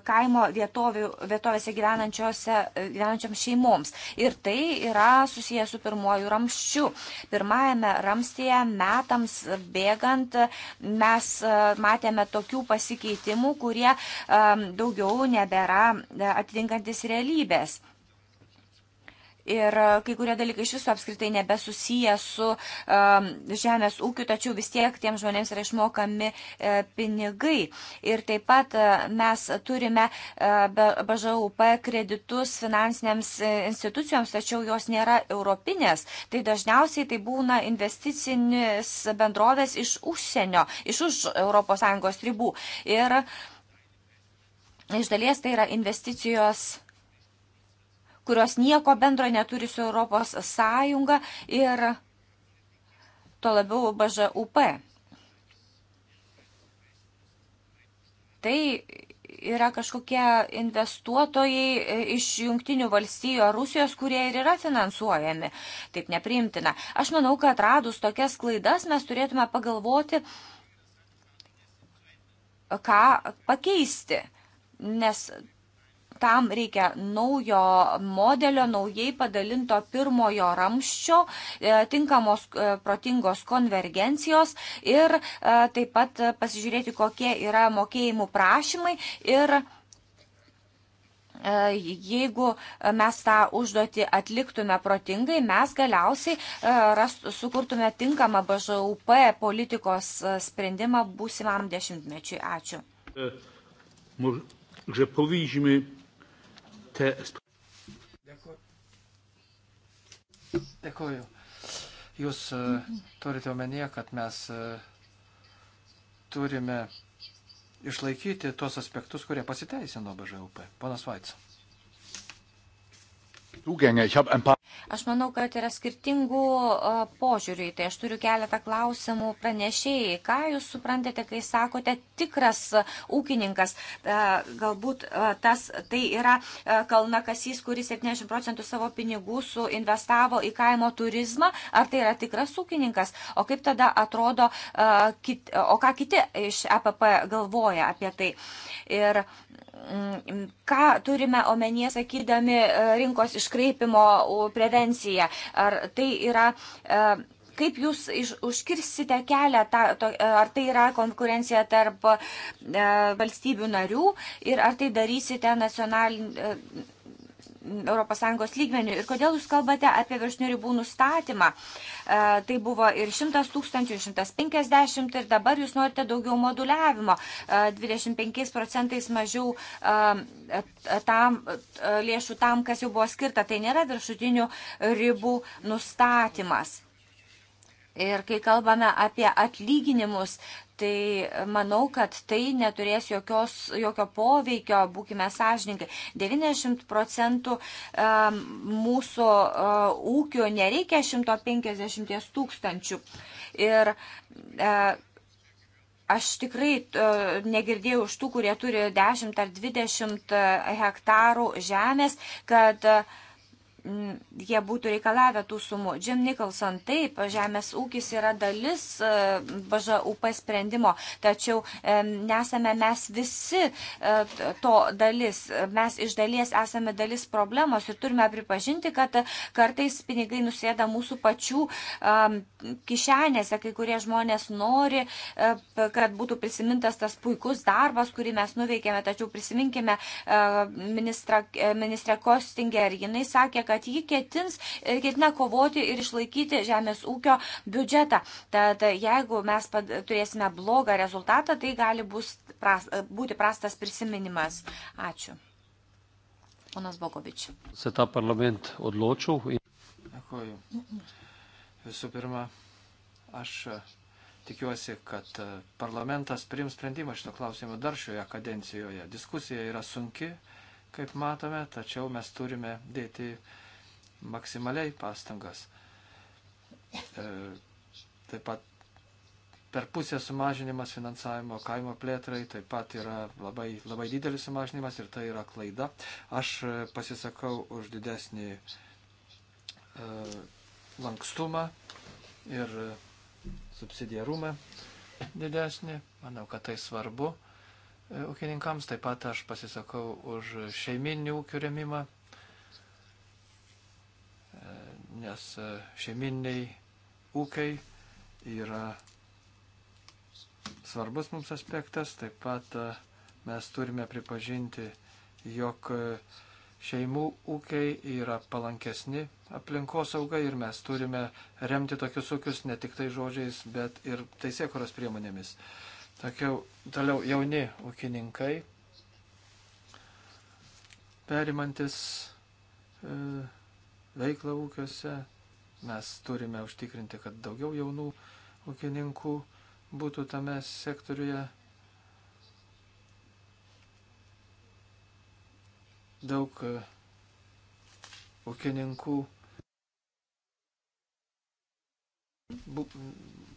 kaimo vietovių, vietovėse gyvenančioms šeimoms. Ir tai yra susijęs su pirmoju ramščiu. Pirmajame ramstėje metams bėgant mes matėme tokių pasikeitimų, kurie daugiau nebėra atitinkantis realybės. Ir e, kai kurie dalykai iš viso apskritai nebesusiję su um, žemės ūkiu, tačiau vis tiek tiems žmonėms yra išmokami e, pinigai. Ir taip pat e, mes turime e, BŽUP kreditus finansinėms e, institucijoms, tačiau jos nėra europinės. Tai dažniausiai tai būna investicinis bendrovės iš užsienio, iš už ES ribų. Ir iš dalies tai yra investicijos kurios nieko bendro neturi su Europos Sąjunga ir tuo labiau BŽUP. Tai yra kažkokie investuotojai iš jungtinių valstijų ar Rusijos, kurie ir yra finansuojami. Taip nepriimtina. Aš manau, kad radus tokias klaidas mes turėtume pagalvoti, ką pakeisti. Nes tam reikia naujo modelio, naujai padalinto pirmojo ramščio, e, tinkamos e, protingos konvergencijos ir e, taip pat pasižiūrėti, kokie yra mokėjimų prašymai ir jeigu mes tą užduotį atliktume protingai, mes galiausiai rast, sukurtume tinkamą BŽUP politikos sprendimą būsimam dešimtmečiui. Ačiū. Že powinniśmy Dėkuoju. Dėkuoju. Jūs e, turite omenyje, kad mes e, turime išlaikyti tuos aspektus, kurie pasiteisino BŽUP. Ponas Vaits. Aš manau, kad yra skirtingų požiūrių į tai. Aš turiu keletą klausimų pranešėjai. Ką jūs suprantate, kai sakote tikras ūkininkas? Galbūt tas, tai yra kalnakasys, kuris 70 procentų savo pinigų suinvestavo į kaimo turizmą. Ar tai yra tikras ūkininkas? O kaip tada atrodo, o ką kiti iš EPP galvoja apie tai? Ir mm, ką turime omenyje, sakydami, rinkos iškreipimo prevenciją? prevencija. Ar tai yra. E, kaip jūs iš, užkirsite kelią, ta, to, e, ar tai yra konkurencija tarp e, valstybių narių ir ar tai darysite nacionalin, e, ES lygmenių. Ir kodėl jūs kalbate apie viršnių ribų nustatymą? E, tai buvo ir 100 tūkstančių, 150 ir dabar jūs norite daugiau moduliavimo. E, 25 procentais mažiau e, e tam, e, lėšų tam, kas jau buvo skirta. Tai nėra viršutinių ribų nustatymas. Ir kai kalbame apie atlyginimus, tai manau, kad tai neturės jokios, jokio poveikio, būkime sąžininkai. 90 procentų mūsų e, ūkių nereikia 150 tūkstančių. Ir e, aš tikrai e, negirdėjau iš tų, kurie turi 10 ar 20 hektarų žemės, kad Mm, jie būtų reikalavę tų sumų. Jim Nicholson, taip, žemės ūkis yra dalis e, BŽUP sprendimo, tačiau e, nesame mes visi e, to dalis. Mes iš dalies esame dalis problemos ir turime pripažinti, kad kartais pinigai nusėda mūsų pačių kišenėse. Kai kurie žmonės nori, kad būtų prisimintas tas puikus darbas, kurį mes nuveikėme, tačiau prisiminkime ministrą, ministrę Kostinger. Jinai sakė, kad kad ji ketins, e, ketina kovoti ir išlaikyti žemės ūkio biudžetą. Tad e, jeigu mes pad, turėsime blogą rezultatą, tai gali bus, pras, e, būti prastas prisiminimas. Ačiū. Ponas Bogovič. Se tą parlament odločil. Dėkuoju. Visų pirma, aš tikiuosi, kad parlamentas priims sprendimą šito klausimo dar šioje kadencijoje. Diskusija yra sunki, kaip matome, tačiau mes turime dėti maksimaliai pastangas. E, taip pat per pusę sumažinimas finansavimo kaimo plėtrai taip pat yra labai, labai didelis sumažinimas ir tai yra klaida. Aš e, pasisakau už didesnį e, lankstumą ir subsidiarumą didesnį. Manau, kad tai svarbu ūkininkams. Taip pat aš pasisakau už šeiminių ūkių remimą. nes e, šeiminiai ūkiai yra svarbus mums aspektas. Taip pat e, mes turime pripažinti, jog e, šeimų ūkiai yra palankesni aplinkosaugai ir mes turime remti tokius ūkius ne tik tai žodžiais, bet ir teisėkuros priemonėmis. Tokiau, toliau jauni ūkininkai perimantis e, veiklą ūkiuose. Mes turime užtikrinti, kad daugiau jaunų ūkininkų būtų tame sektoriuje. Daug e, ūkininkų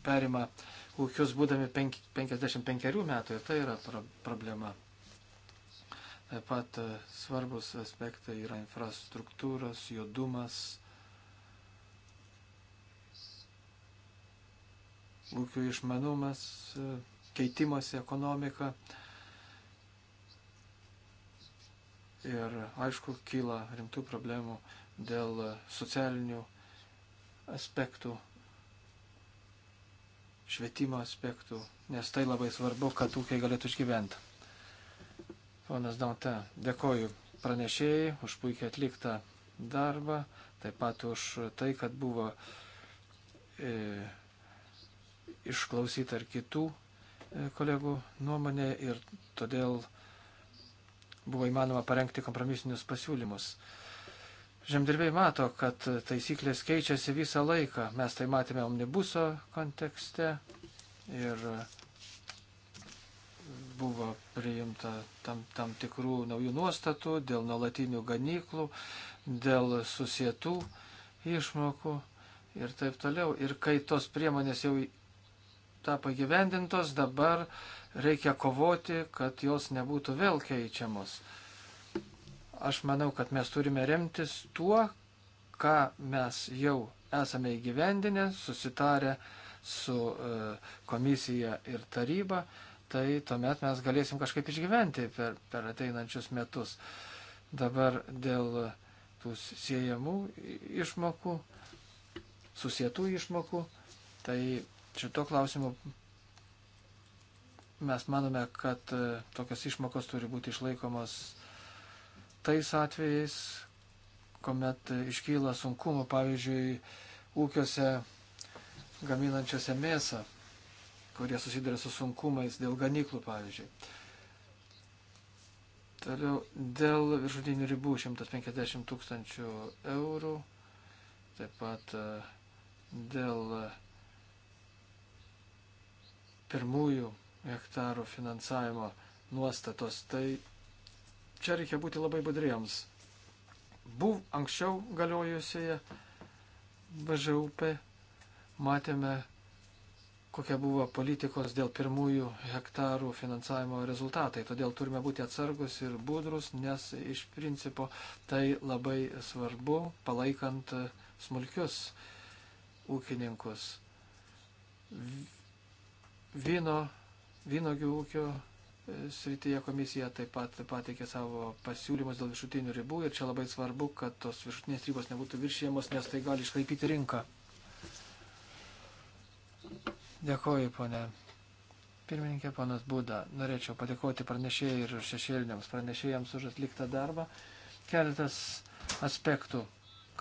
perima ūkius būdami 55 metų ir tai yra problema. Taip pat e, svarbus aspektai yra infrastruktūros, judumas, ūkių išmanumas, e, keitimosi ekonomika. Ir aišku, kyla rimtų problemų dėl e, socialinių aspektų, švietimo aspektų, nes tai labai svarbu, kad ūkiai galėtų išgyventi. Ponas Dauta, dėkoju pranešėjai už puikiai atliktą darbą, taip pat už tai, kad buvo e, išklausyta ir kitų e, kolegų nuomonė ir todėl buvo įmanoma parengti kompromisinius pasiūlymus. Žemdirbiai mato, kad taisyklės keičiasi visą laiką. Mes tai matėme omnibuso kontekste ir buvo priimta tam, tam tikrų naujų nuostatų dėl nuolatinių ganyklų, dėl susietų išmokų ir taip toliau. Ir kai tos priemonės jau tapo gyvendintos, dabar reikia kovoti, kad jos nebūtų vėl keičiamos. Aš manau, kad mes turime remtis tuo, ką mes jau esame įgyvendinę, susitarę su e, komisija ir taryba tai tuomet mes galėsim kažkaip išgyventi per, per ateinančius metus. Dabar dėl tų siejamų išmokų, susietų išmokų, tai šito klausimu mes manome, kad e, tokios išmokos turi būti išlaikomos tais atvejais, kuomet iškyla sunkumų, pavyzdžiui, ūkiuose gaminančiose mėsą kurie susiduria su sunkumais dėl ganyklų, pavyzdžiui. Toliau dėl viršutinių ribų 150 tūkstančių eurų, taip pat e, dėl e, pirmųjų hektarų finansavimo nuostatos. Tai čia reikia būti labai budriems. Buv anksčiau galiojusioje BŽUP matėme kokia buvo politikos dėl pirmųjų hektarų finansavimo rezultatai. Todėl turime būti atsargus ir budrus, nes iš principo tai labai svarbu palaikant smulkius ūkininkus. Vyno, vynogių ūkio e, srityje komisija taip pat pateikė savo pasiūlymus dėl viršutinių ribų ir čia labai svarbu, kad tos viršutinės ribos nebūtų viršėjamos, nes tai gali išlaipyti rinką. Dėkoju, ponė. Pirmininkė, ponas Būda, norėčiau padėkoti pranešėjai ir šešėliniams pranešėjams už atliktą darbą. Keletas aspektų.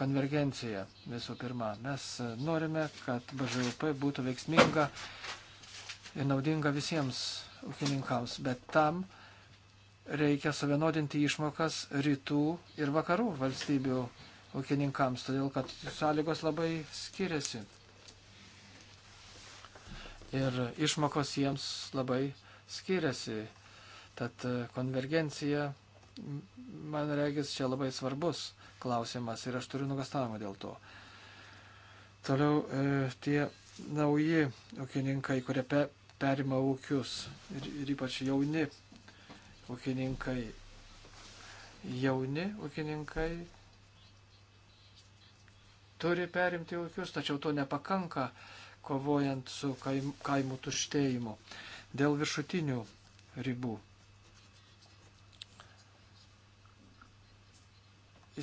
Konvergencija visų pirma. Mes norime, kad BŽUP būtų veiksminga ir naudinga visiems ūkininkams, bet tam reikia suvienodinti išmokas rytų ir vakarų valstybių ūkininkams, todėl kad sąlygos labai skiriasi ir išmokos jiems labai skiriasi. Tad e, konvergencija, man regis, čia labai svarbus klausimas ir aš turiu nugastavimą dėl to. Toliau e, tie nauji ūkininkai, kurie pe, perima ūkius ir, ir ypač jauni ūkininkai. Jauni ūkininkai turi perimti ūkius, tačiau to nepakanka. E, kovojant su kaimų tuštėjimu. Dėl viršutinių ribų.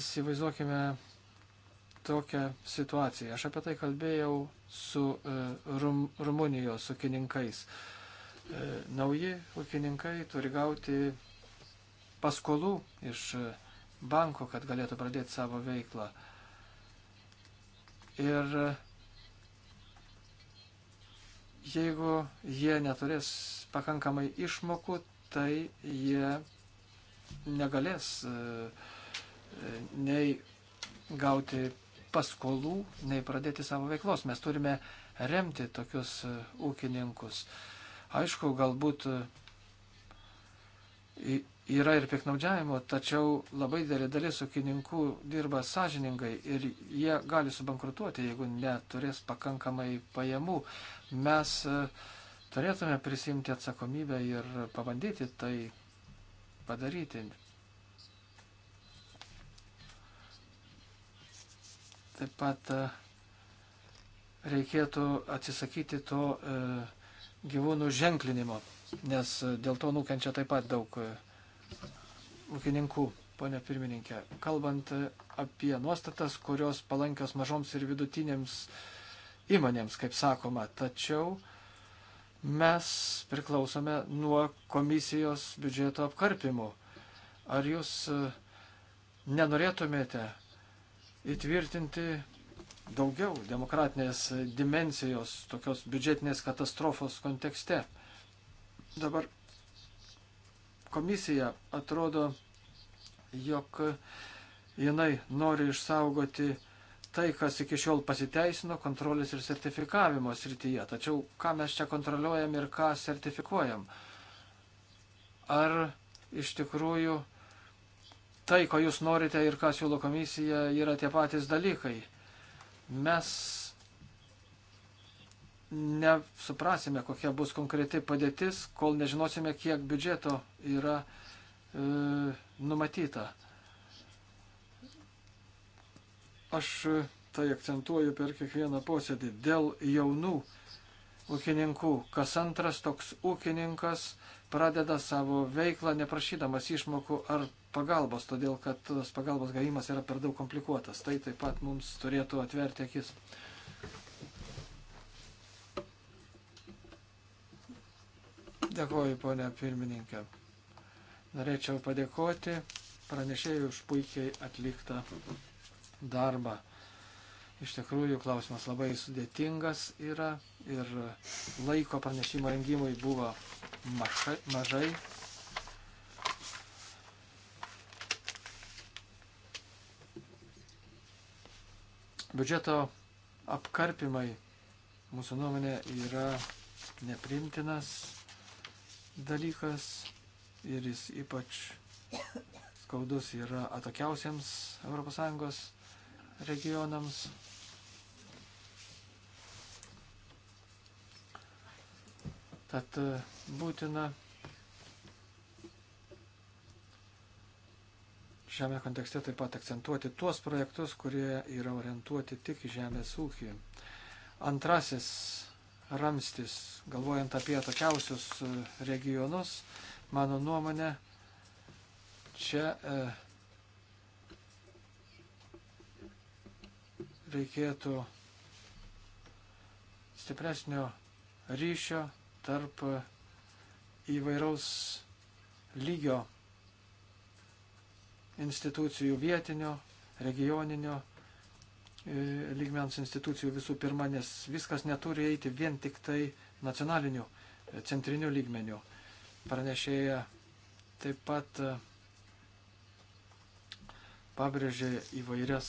Įsivaizduokime tokią situaciją. Aš apie tai kalbėjau su e, rum, Rumunijos ūkininkais. E, nauji ūkininkai turi gauti paskolų iš e, banko, kad galėtų pradėti savo veiklą. Ir Jeigu jie neturės pakankamai išmokų, tai jie negalės e, nei gauti paskolų, nei pradėti savo veiklos. Mes turime remti tokius e, ūkininkus. Aišku, galbūt e, yra ir piknaudžiavimo, tačiau labai didelė dalis ūkininkų dirba sąžiningai ir jie gali subankrutuoti, jeigu neturės pakankamai pajamų. Mes e, turėtume prisimti atsakomybę ir pabandyti tai padaryti. Taip pat e, reikėtų atsisakyti to e, gyvūnų ženklinimo, nes dėl to nukenčia taip pat daug ūkininkų, ponė pirmininkė. Kalbant apie nuostatas, kurios palankios mažoms ir vidutinėms įmonėms, kaip sakoma, tačiau mes priklausome nuo komisijos biudžeto apkarpimų. Ar jūs e, nenorėtumėte įtvirtinti daugiau demokratinės dimensijos tokios biudžetinės katastrofos kontekste? Dabar komisija atrodo, jog jinai nori išsaugoti tai, kas iki šiol pasiteisino kontrolės ir sertifikavimo srityje. Tačiau ką mes čia kontroliuojam ir ką sertifikuojam? Ar iš tikrųjų tai, ko jūs norite ir ką siūlo komisija, yra tie patys dalykai? Mes nesuprasime, kokia bus konkreti padėtis, kol nežinosime, kiek biudžeto yra e, numatyta. Aš e, tai akcentuoju per kiekvieną posėdį. Dėl jaunų ūkininkų, kas antras toks ūkininkas pradeda savo veiklą neprašydamas išmokų ar pagalbos, todėl kad tos pagalbos gavimas yra per daug komplikuotas. Tai taip pat mums turėtų atverti akis. Dėkoju, ponė pirmininkė. Norėčiau padėkoti pranešėjui už puikiai atliktą darbą. Iš tikrųjų, klausimas labai sudėtingas yra ir laiko pranešimo rengimui buvo mažai. mažai. Biudžeto apkarpimai mūsų nuomonė yra neprimtinas dalykas ir jis ypač skaudus yra atokiausiems ES regionams. Tad e, būtina šiame kontekste taip pat akcentuoti tuos projektus, kurie yra orientuoti tik į žemės ūkį. Antrasis ramstis, galvojant apie tokiausius e, regionus, mano nuomonė, čia e, reikėtų stipresnio ryšio tarp įvairaus lygio institucijų vietinio, regioninio E, lygmens institucijų visų pirma, nes viskas neturi eiti vien tik tai nacionaliniu, e, centriniu lygmeniu. Pranešėja taip pat e, pabrėžė įvairias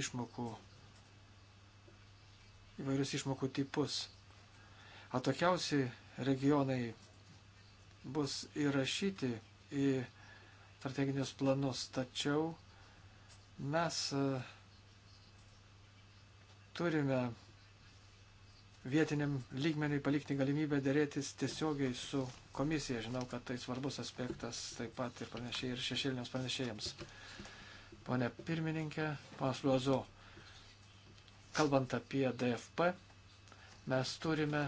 išmokų, įvairius išmokų tipus. Atokiausi regionai bus įrašyti į strateginius planus, tačiau mes turime vietiniam lygmeniui palikti galimybę dėrėtis tiesiogiai su komisija. Žinau, kad tai svarbus aspektas taip pat ir, pranešė, ir šešėliniams pranešėjams. Pone pirmininkė, panas Luozo, kalbant apie DFP, mes turime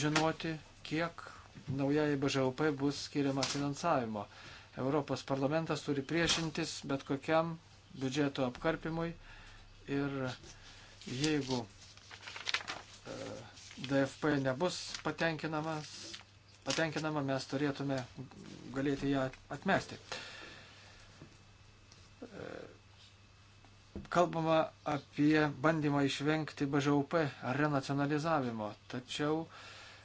žinoti, kiek naujai BŽUP bus skiriama finansavimo. Europos parlamentas turi priešintis bet kokiam biudžeto apkarpimui ir Jeigu e, DFP nebus patenkinamas, patenkinama, mes turėtume galėti ją atmesti. E, kalbama apie bandymą išvengti BŽUP renacionalizavimo, tačiau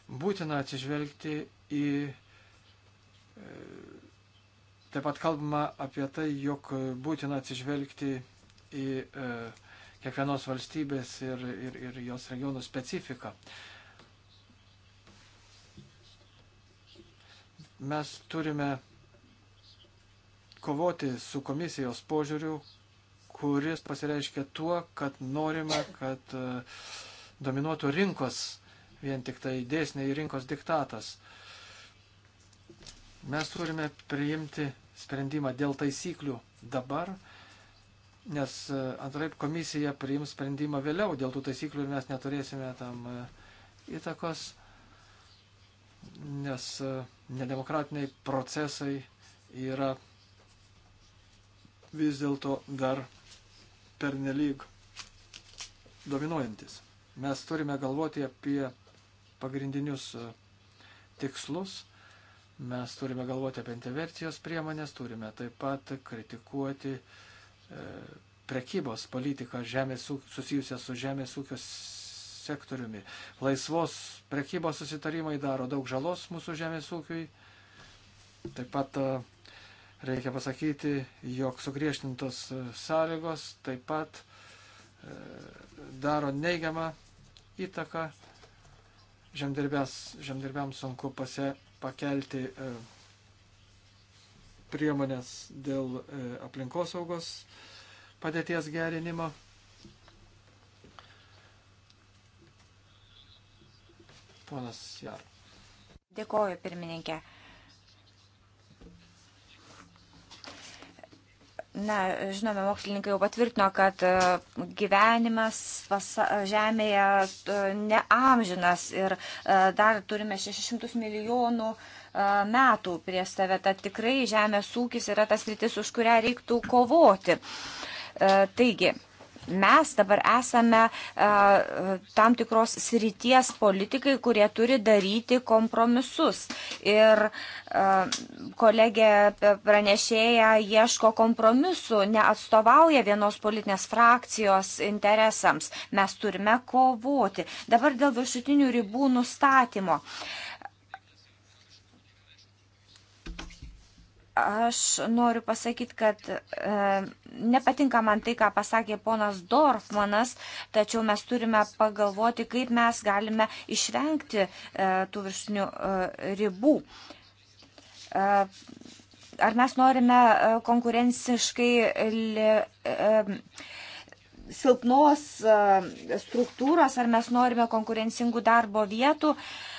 būtina atsižvelgti į e, Taip pat kalbama apie tai, jog būtina atsižvelgti į e, kiekvienos valstybės ir, ir, ir jos regionų specifiką. Mes turime kovoti su komisijos požiūriu, kuris pasireiškia tuo, kad norima, kad e, dominuotų rinkos, vien tik tai dėsniai rinkos diktatas. Mes turime priimti sprendimą dėl taisyklių dabar nes e, antraip komisija priims sprendimą vėliau dėl tų taisyklių ir mes neturėsime tam e, įtakos, nes e, nedemokratiniai procesai yra vis dėlto dar pernelyg dominuojantis. Mes turime galvoti apie pagrindinius tikslus, mes turime galvoti apie intervercijos priemonės, turime taip pat kritikuoti uh, prekybos politiką žemės, susijusią su žemės ūkio sektoriumi. Laisvos prekybos susitarimai daro daug žalos mūsų žemės ūkiui. Taip pat e, reikia pasakyti, jog sugriežtintos e, sąlygos taip pat e, daro neigiamą įtaką. Žemdirbės, žemdirbėms sunku pase, pakelti priemonės dėl e, aplinkosaugos padėties gerinimo. Ponas Jar. Dėkoju, pirmininkė. Na, žinome, mokslininkai jau patvirtino, kad e, gyvenimas pasa, Žemėje e, neamžinas ir dar turime 600 milijonų uh, metų prie save. Tad tikrai žemės ūkis yra tas rytis, už kurią reiktų kovoti. Taigi, mes dabar esame e, tam tikros srities politikai, kurie turi daryti kompromisus. Ir e, kolegė pranešėja ieško kompromisu, neatstovauja vienos politinės frakcijos interesams. Mes turime kovoti. Dabar dėl viršutinių ribų nustatymo. E, Aš noriu pasakyti, kad e, nepatinka man tai, ką pasakė ponas Dorfmanas, tačiau mes turime pagalvoti, kaip mes galime išvengti e, tų viršinių e, ribų. E, ar mes norime e, konkurenciškai. Le, e, silpnos e, struktūros, ar mes norime konkurencingų darbo vietų. E,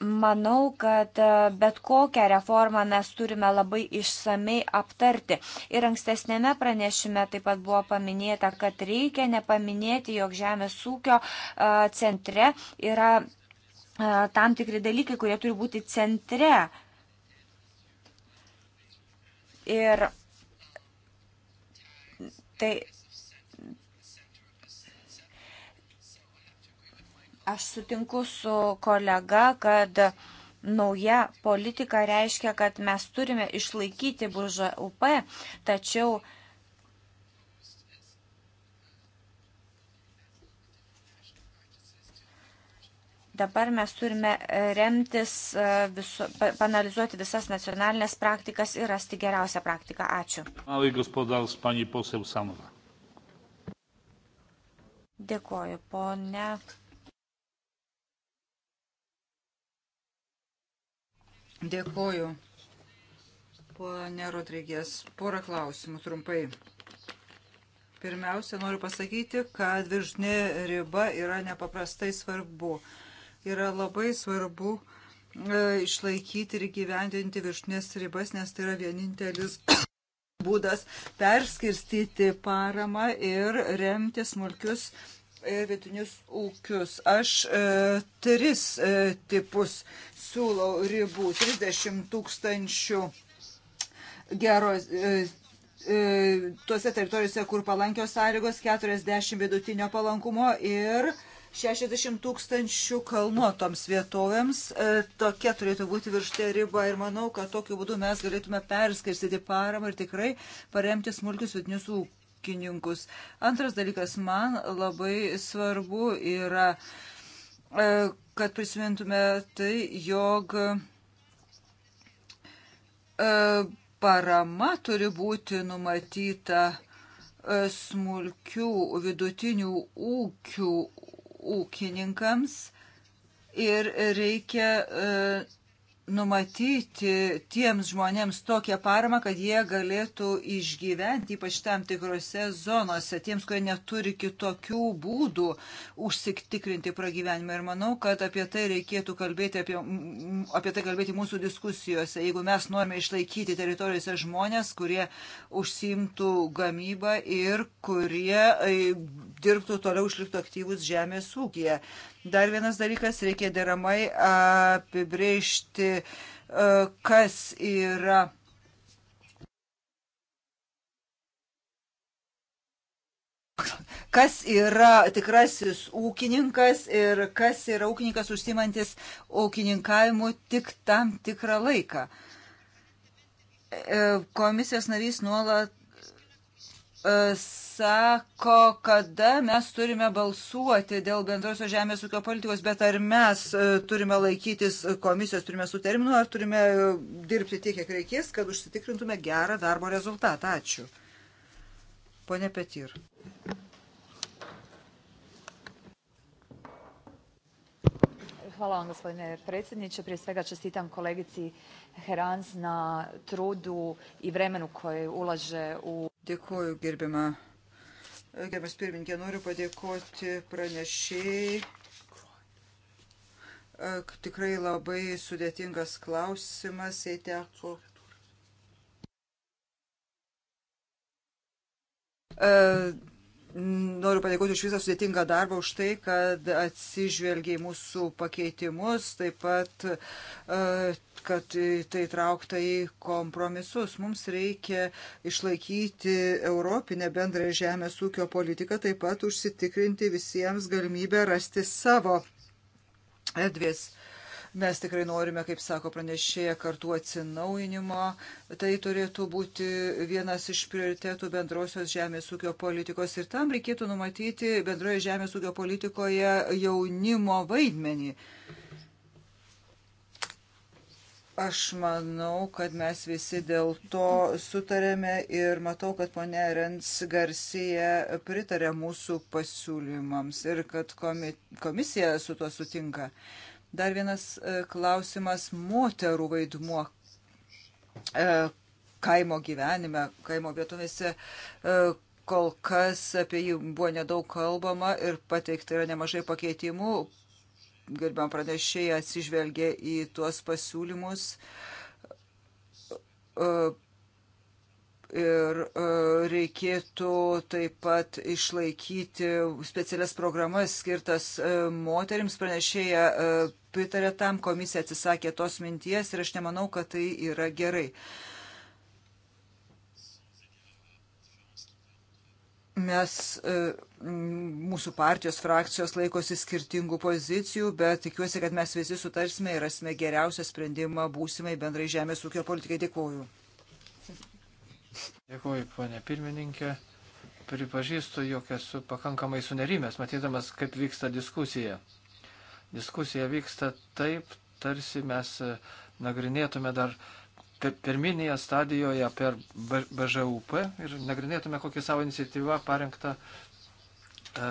Manau, kad e, bet kokią reformą mes turime labai išsamei aptarti. Ir ankstesnėme pranešime taip pat buvo paminėta, kad reikia nepaminėti, jog žemės ūkio e, centre yra e, tam tikri dalykai, kurie turi būti centre. Ir tai Aš sutinku su kolega, kad nauja politika reiškia, kad mes turime išlaikyti BŽUP, tačiau dabar mes turime remtis, e, visu, panalizuoti visas nacionalinės praktikas ir rasti geriausią praktiką. Ačiū. Dėkoju, ponia Dėkoju. Pane Rodrygės, porą klausimų trumpai. Pirmiausia, noriu pasakyti, kad viršnė riba yra nepaprastai svarbu. Yra labai svarbu e, išlaikyti ir gyvendinti viršnės ribas, nes tai yra vienintelis *coughs* būdas perskirstyti paramą ir remti smulkius ir e, vidutinius ūkius. Aš e, tris e, tipus siūlau ribų 30 tūkstančių geros. E, e, tuose teritorijose, kur palankios sąlygos, 40 vidutinio palankumo ir 60 tūkstančių kalnuotoms vietovėms. E, tokia turėtų būti virštė riba ir manau, kad tokiu būdu mes galėtume perskirstyti paramą ir tikrai paremti smulkius vidinius ūkininkus. Antras dalykas man labai svarbu yra e, kad prisimintume tai, jog e, parama turi būti numatyta e, smulkių vidutinių ūkių ūkininkams ir reikia e, numatyti tiems žmonėms tokią paramą, kad jie galėtų išgyventi, ypač tam tikrose zonose, tiems, kurie neturi kitokių būdų užsiktikrinti pragyvenimą. Ir manau, kad apie tai reikėtų kalbėti, apie, apie tai kalbėti mūsų diskusijose, jeigu mes norime išlaikyti teritorijose žmonės, kurie užsimtų gamybą ir kurie e, dirbtų toliau, išliktų aktyvus žemės ūkija. Dar vienas dalykas, reikia deramai apibrėžti, e, kas yra. Kas yra tikrasis ūkininkas ir kas yra ūkininkas užsimantis ūkininkavimu tik tam tikrą laiką. E, komisijos narys nuolat sako, kada mes turime balsuoti dėl bendrosios žemės ūkio politikos, bet ar mes e, turime laikytis komisijos primestų terminų, ar turime e, dirbti tiek, kiek reikės, kad užsitikrintume gerą darbo rezultatą. Ačiū. Pone Petir. Hvala vam gospodine predsjedniče. Prije svega čestitam kolegici Heranz na trudu i vremenu koje ulaže u Dėkuoju, gerbima. Gerbiamas pirmininkė, noriu padėkoti pranešėjai. E, tikrai labai sudėtingas klausimas, jei teko e, Noriu padėkoti už visą sudėtingą darbą, už tai, kad atsižvelgiai mūsų pakeitimus, taip pat, e, kad tai traukta į kompromisus. Mums reikia išlaikyti Europinę bendrąją žemės ūkio politiką, taip pat užsitikrinti visiems galimybę rasti savo erdvės Mes tikrai norime, kaip sako pranešėja, kartu atsinaujinimo. Tai turėtų būti vienas iš prioritetų bendrosios žemės ūkio politikos ir tam reikėtų numatyti bendroje žemės ūkio politikoje jaunimo vaidmenį. Aš manau, kad mes visi dėl to sutarėme ir matau, kad ponė Rens Garcija pritarė mūsų pasiūlymams ir kad komisija su tuo sutinka. Dar vienas e, klausimas - moterų vaidmuo e, kaimo gyvenime, kaimo vietovėse. E, kol kas apie jį buvo nedaug kalbama ir pateikta yra nemažai pakeitimų. Gerbiam pranešėjai atsižvelgia į tuos pasiūlymus ir e, reikėtų taip pat išlaikyti specialias programas skirtas e, moteriams pranešėja. E, pritarė tam, komisija atsisakė tos minties ir aš nemanau, kad tai yra gerai. Mes, mūsų partijos frakcijos laikosi skirtingų pozicijų, bet tikiuosi, kad mes visi sutarsime ir rasime geriausią sprendimą būsimai bendrai žemės ūkio politikai. Dėkuoju. Dėkuoju, ponė pirmininkė. Pripažįstu, jog esu pakankamai sunerimęs, matydamas, kaip vyksta diskusija. Diskusija vyksta taip, tarsi mes e, nagrinėtume dar pirminėje stadijoje per BŽUP ir nagrinėtume kokį savo iniciatyvą parengtą e,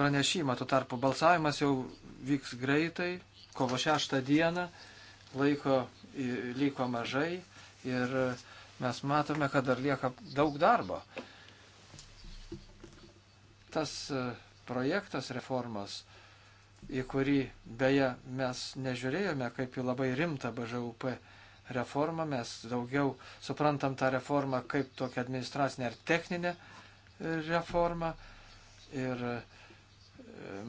pranešimą. Tuo tarpu balsavimas jau vyks greitai, kovo šeštą dieną, laiko liko mažai ir uh, mes matome, kad dar lieka daug darbo. Tas e, projektas reformos, į kurį beje mes nežiūrėjome kaip į labai rimtą BŽUP reformą, mes daugiau suprantam tą reformą kaip tokią administracinę ar techninę e, reformą. Ir e,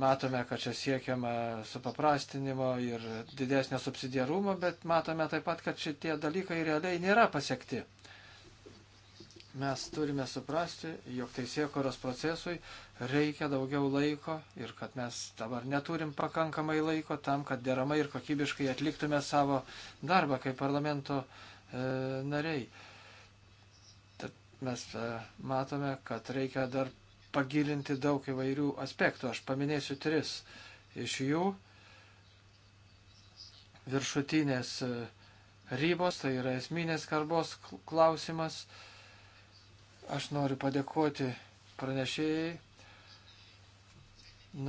matome, kad čia siekiama supaprastinimo ir didesnio subsidiarumo, bet matome taip pat, kad šitie dalykai realiai nėra pasiekti mes turime suprasti, jog teisėkoros procesui reikia daugiau laiko ir kad mes dabar neturim pakankamai laiko tam, kad deramai ir kokybiškai atliktume savo darbą kaip parlamento e, nariai. Tad mes e, matome, kad reikia dar pagilinti daug įvairių aspektų. Aš paminėsiu tris iš jų. Viršutinės e, rybos, tai yra esminės karbos klausimas. E, Aš noriu padėkoti pranešėjai,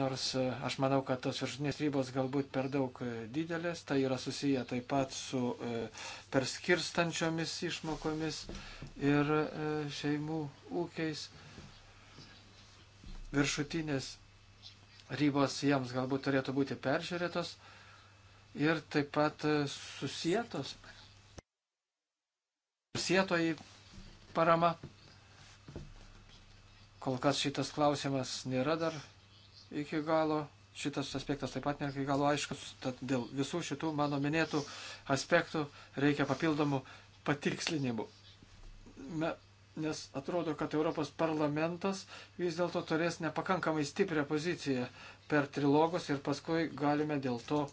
nors e, aš manau, kad tos viršutinės rybos galbūt per daug e, didelės, tai yra susiję taip pat su e, perskirstančiomis išmokomis ir šeimų ūkiais. Viršutinės rybos jiems galbūt turėtų būti peržiūrėtos ir taip pat susijėtos. Susijėtoji parama Kol kas šitas klausimas nėra dar iki galo, šitas aspektas taip pat nėra iki galo aiškus, tad dėl visų šitų mano minėtų aspektų reikia papildomų patikslinimų. Me, nes atrodo, kad Europos parlamentas vis dėlto turės nepakankamai stiprią poziciją per trilogus ir paskui galime dėl to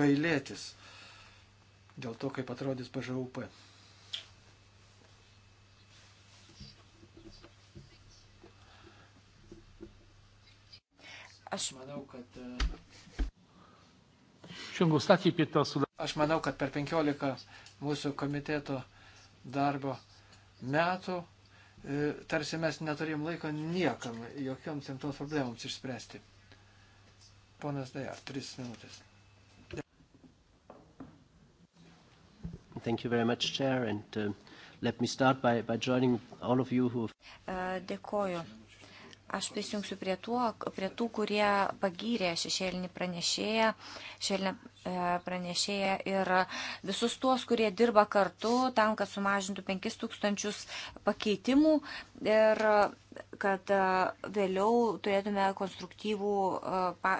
gailėtis, dėl to, kaip atrodys BŽUP. Aš manau, kad. E, aš manau, kad per 15 mūsų komiteto darbo metų e, tarsi mes neturėjom laiko niekam, jokioms rimtoms problemams išspręsti. Ponas Dajar, tris minutės. Thank you very much, Chair, and uh, let me start by, by joining all of you who... Uh, dėkoju. Aš prisijungsiu prie, tuo, prie tų, kurie pagyrė šešėlinį pranešėją, šešėlinę e, pranešėją ir visus tuos, kurie dirba kartu tam, kad sumažintų 5000 pakeitimų. Ir kad e, vėliau turėtume konstruktyvų e,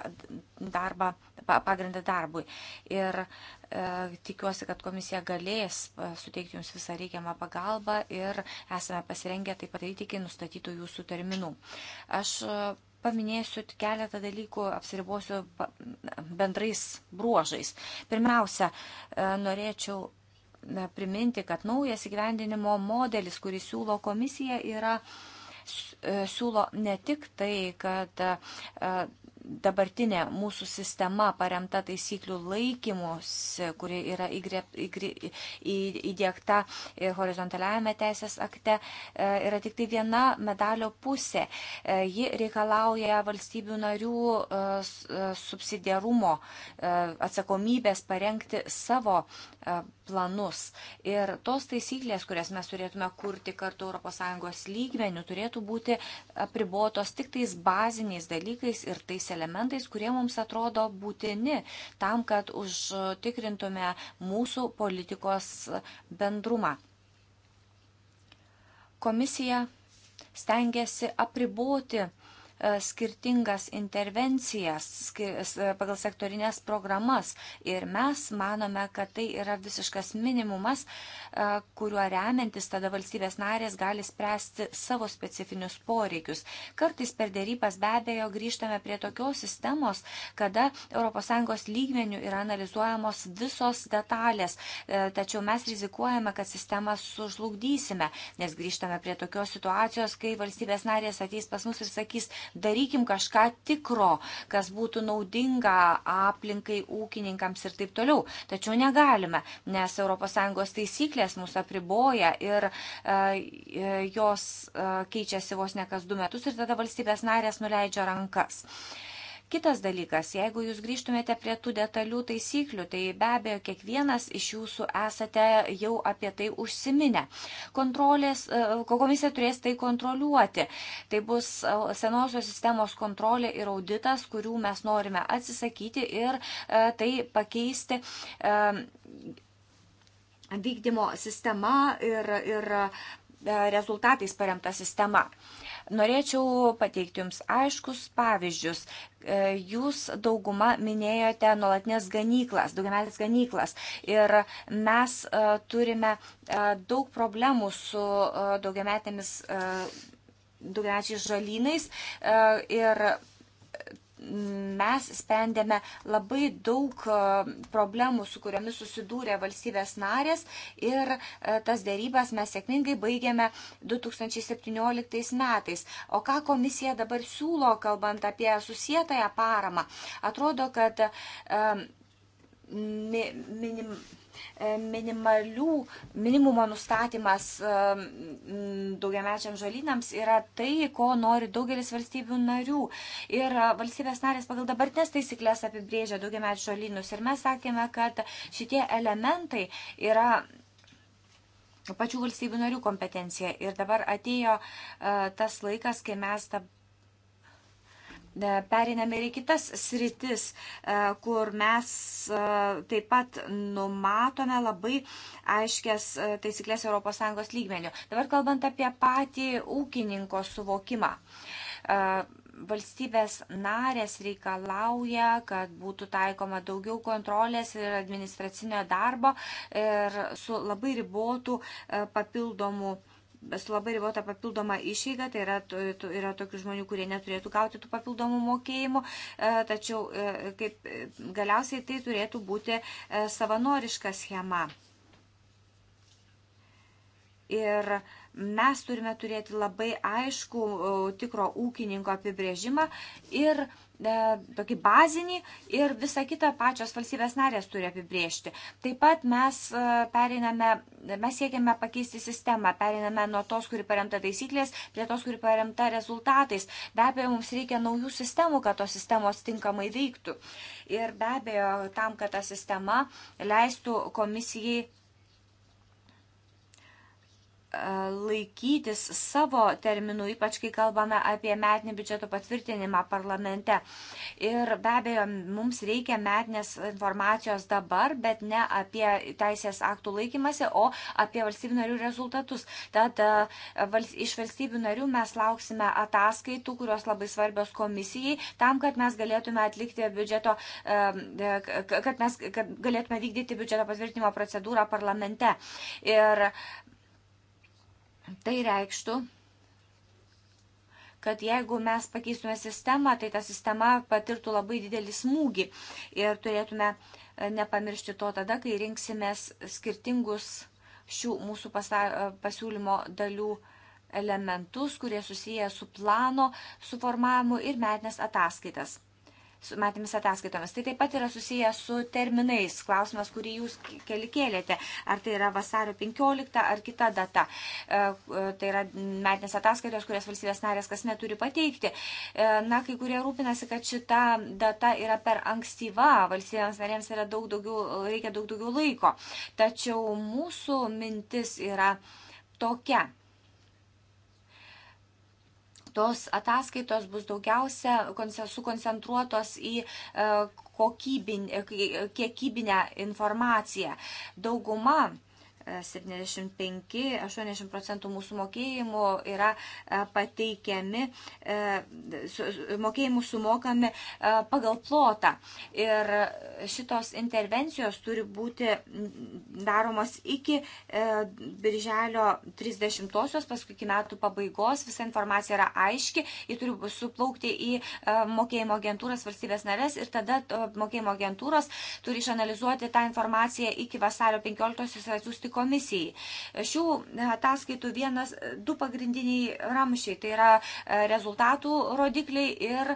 darbą, pagrindą darbui. Ir e, tikiuosi, kad komisija galės suteikti jums visą reikiamą pagalbą ir esame pasirengę tai padaryti iki nustatytų jūsų terminų. Aš paminėsiu keletą dalykų, apsiribosiu bendrais bruožais. Pirmiausia, norėčiau priminti, kad naujas įgyvendinimo modelis, kurį siūlo komisija, yra uh, E, siūlo ne tik tai, kad e, dabartinė mūsų sistema paremta taisyklių laikymus, kuri yra įdėkta e, horizontaliajame teisės akte, e, yra tik tai viena medalio pusė. E, ji reikalauja valstybių narių subsidiarumo atsakomybės parengti savo planus. Ir tos taisyklės, kurias mes turėtume kurti kartu ES lygmenių, turėtų būti apribotos tik tais baziniais dalykais ir tais elementais elementais, kurie mums atrodo būtini tam, kad užtikrintume mūsų politikos bendrumą. Komisija stengiasi apriboti uh, E, skirtingas intervencijas e, pagal sektorinės programas. Ir mes manome, kad tai yra visiškas minimumas, e, kuriuo remiantis tada valstybės narės gali spręsti savo specifinius poreikius. Kartais per dėrybas be abejo grįžtame prie tokios sistemos, kada ES lygmenių yra analizuojamos visos detalės, tačiau mes rizikuojame, kad sistemą sužlugdysime, nes grįžtame prie tokios situacijos, kai valstybės narės ateis pas mus ir sakys, darykim kažką tikro, kas būtų naudinga aplinkai, ūkininkams ir taip toliau. Tačiau negalime, nes ES taisyklės mus apriboja ir e, e jos e, keičiasi vos ne kas du metus ir tada valstybės narės nuleidžia rankas. E, Kitas dalykas, jeigu jūs grįžtumėte prie tų detalių taisyklių, tai be abejo, kiekvienas iš jūsų esate jau apie tai užsiminę. Kontrolės, e, komisija turės tai kontroliuoti. Tai bus e, senosios sistemos kontrolė ir auditas, kurių mes norime atsisakyti ir e, tai pakeisti vykdymo sistema ir, ir rezultatais paremta sistema. Uh, Norėčiau pateikti Jums aiškus pavyzdžius. E, Jūs dauguma minėjote nuolatinės ganyklas, daugiametės ganyklas. Ir mes e, turime e, daug problemų su daugiametėmis daugiamečiais žalynais ir mes sprendėme labai daug e, problemų, su kuriomis susidūrė valstybės narės ir e, tas dėrybas mes sėkmingai baigėme 2017 metais. O ką komisija dabar siūlo, kalbant apie susietąją paramą? Atrodo, kad e, minim. Um, E, minimalių, minimumo nustatymas e, daugiamečiam žalynams yra tai, ko nori daugelis valstybių narių. Ir e, valstybės narės pagal dabartinės taisyklės apibrėžia daugiamečių žalynus. Ir mes sakėme, kad šitie elementai yra pačių valstybių narių kompetencija. Ir dabar atėjo tas laikas, kai mes dabar E, Periname ir į kitas sritis, e, kur mes e, taip pat numatome labai aiškias taisyklės ES lygmenių. Dabar kalbant apie patį ūkininko suvokimą valstybės narės reikalauja, kad būtų taikoma daugiau kontrolės ir administracinio darbo ir su labai ribotų papildomų su labai ribota papildoma išeiga, tai yra, yra tokių žmonių, kurie neturėtų gauti tų papildomų mokėjimų, e, tačiau e, kaip e, galiausiai tai turėtų būti savanoriška schema. Ir mes turime turėti labai aišku tikro ūkininko apibrėžimą ir apibrėžimą E, tokį bazinį ir visą kitą pačios valstybės narės turi apibriežti. Taip pat mes e, pereiname, mes siekiame pakeisti sistemą, pereiname nuo tos, kuri paremta taisyklės, prie tos, kuri paremta rezultatais. Be abejo, mums reikia naujų sistemų, kad tos sistemos tinkamai veiktų. Ir be abejo, tam, kad ta sistema leistų komisijai laikytis savo terminų, ypač kai kalbame apie metinį biudžeto patvirtinimą parlamente. Ir be abejo, mums reikia metinės informacijos dabar, bet ne apie teisės aktų laikymasi, o apie valstybių narių rezultatus. Tad e, iš valstybių narių mes lauksime ataskaitų, kurios labai svarbios komisijai, tam, kad mes galėtume atlikti biudžeto, e, e, kad mes kad galėtume vykdyti biudžeto patvirtinimo procedūrą parlamente. Ir Tai reikštų, kad jeigu mes pakeistume sistemą, tai ta sistema patirtų labai didelį smūgį ir turėtume e, nepamiršti to tada, kai rinksimės skirtingus šių mūsų e, pasiūlymo dalių elementus, kurie susiję su plano suformavimu ir metinės ataskaitas su matėmis ataskaitomis. Tai taip pat yra susiję su terminais. Klausimas, kurį jūs keli kėlėte, ar tai yra vasario 15 ar kita data. E, e, tai yra metinės ataskaitos, kurias valstybės narės kas neturi pateikti. E, na, kai kurie rūpinasi, kad šita data yra per ankstyva, valstybėms narėms yra daug daugiau, reikia daug daugiau laiko. Tačiau mūsų mintis yra tokia Tos ataskaitos bus daugiausia sukoncentruotos į e, kokybin, e, kiekybinę informaciją. Dauguma 75-80 procentų mūsų mokėjimų yra e, pateikiami, e, mokėjimų sumokami e, pagal plotą. Ir šitos intervencijos turi būti daromos iki birželio 30-osios, paskui iki metų pabaigos. Visa informacija yra aiški, ji turi suplaukti į mokėjimo agentūras valstybės narės ir tada mokėjimo agentūros turi išanalizuoti tą informaciją iki vasario 15-osios ir atsiųsti komisijai. Šių ataskaitų vienas, du pagrindiniai ramšiai, tai yra e, rezultatų rodikliai ir e,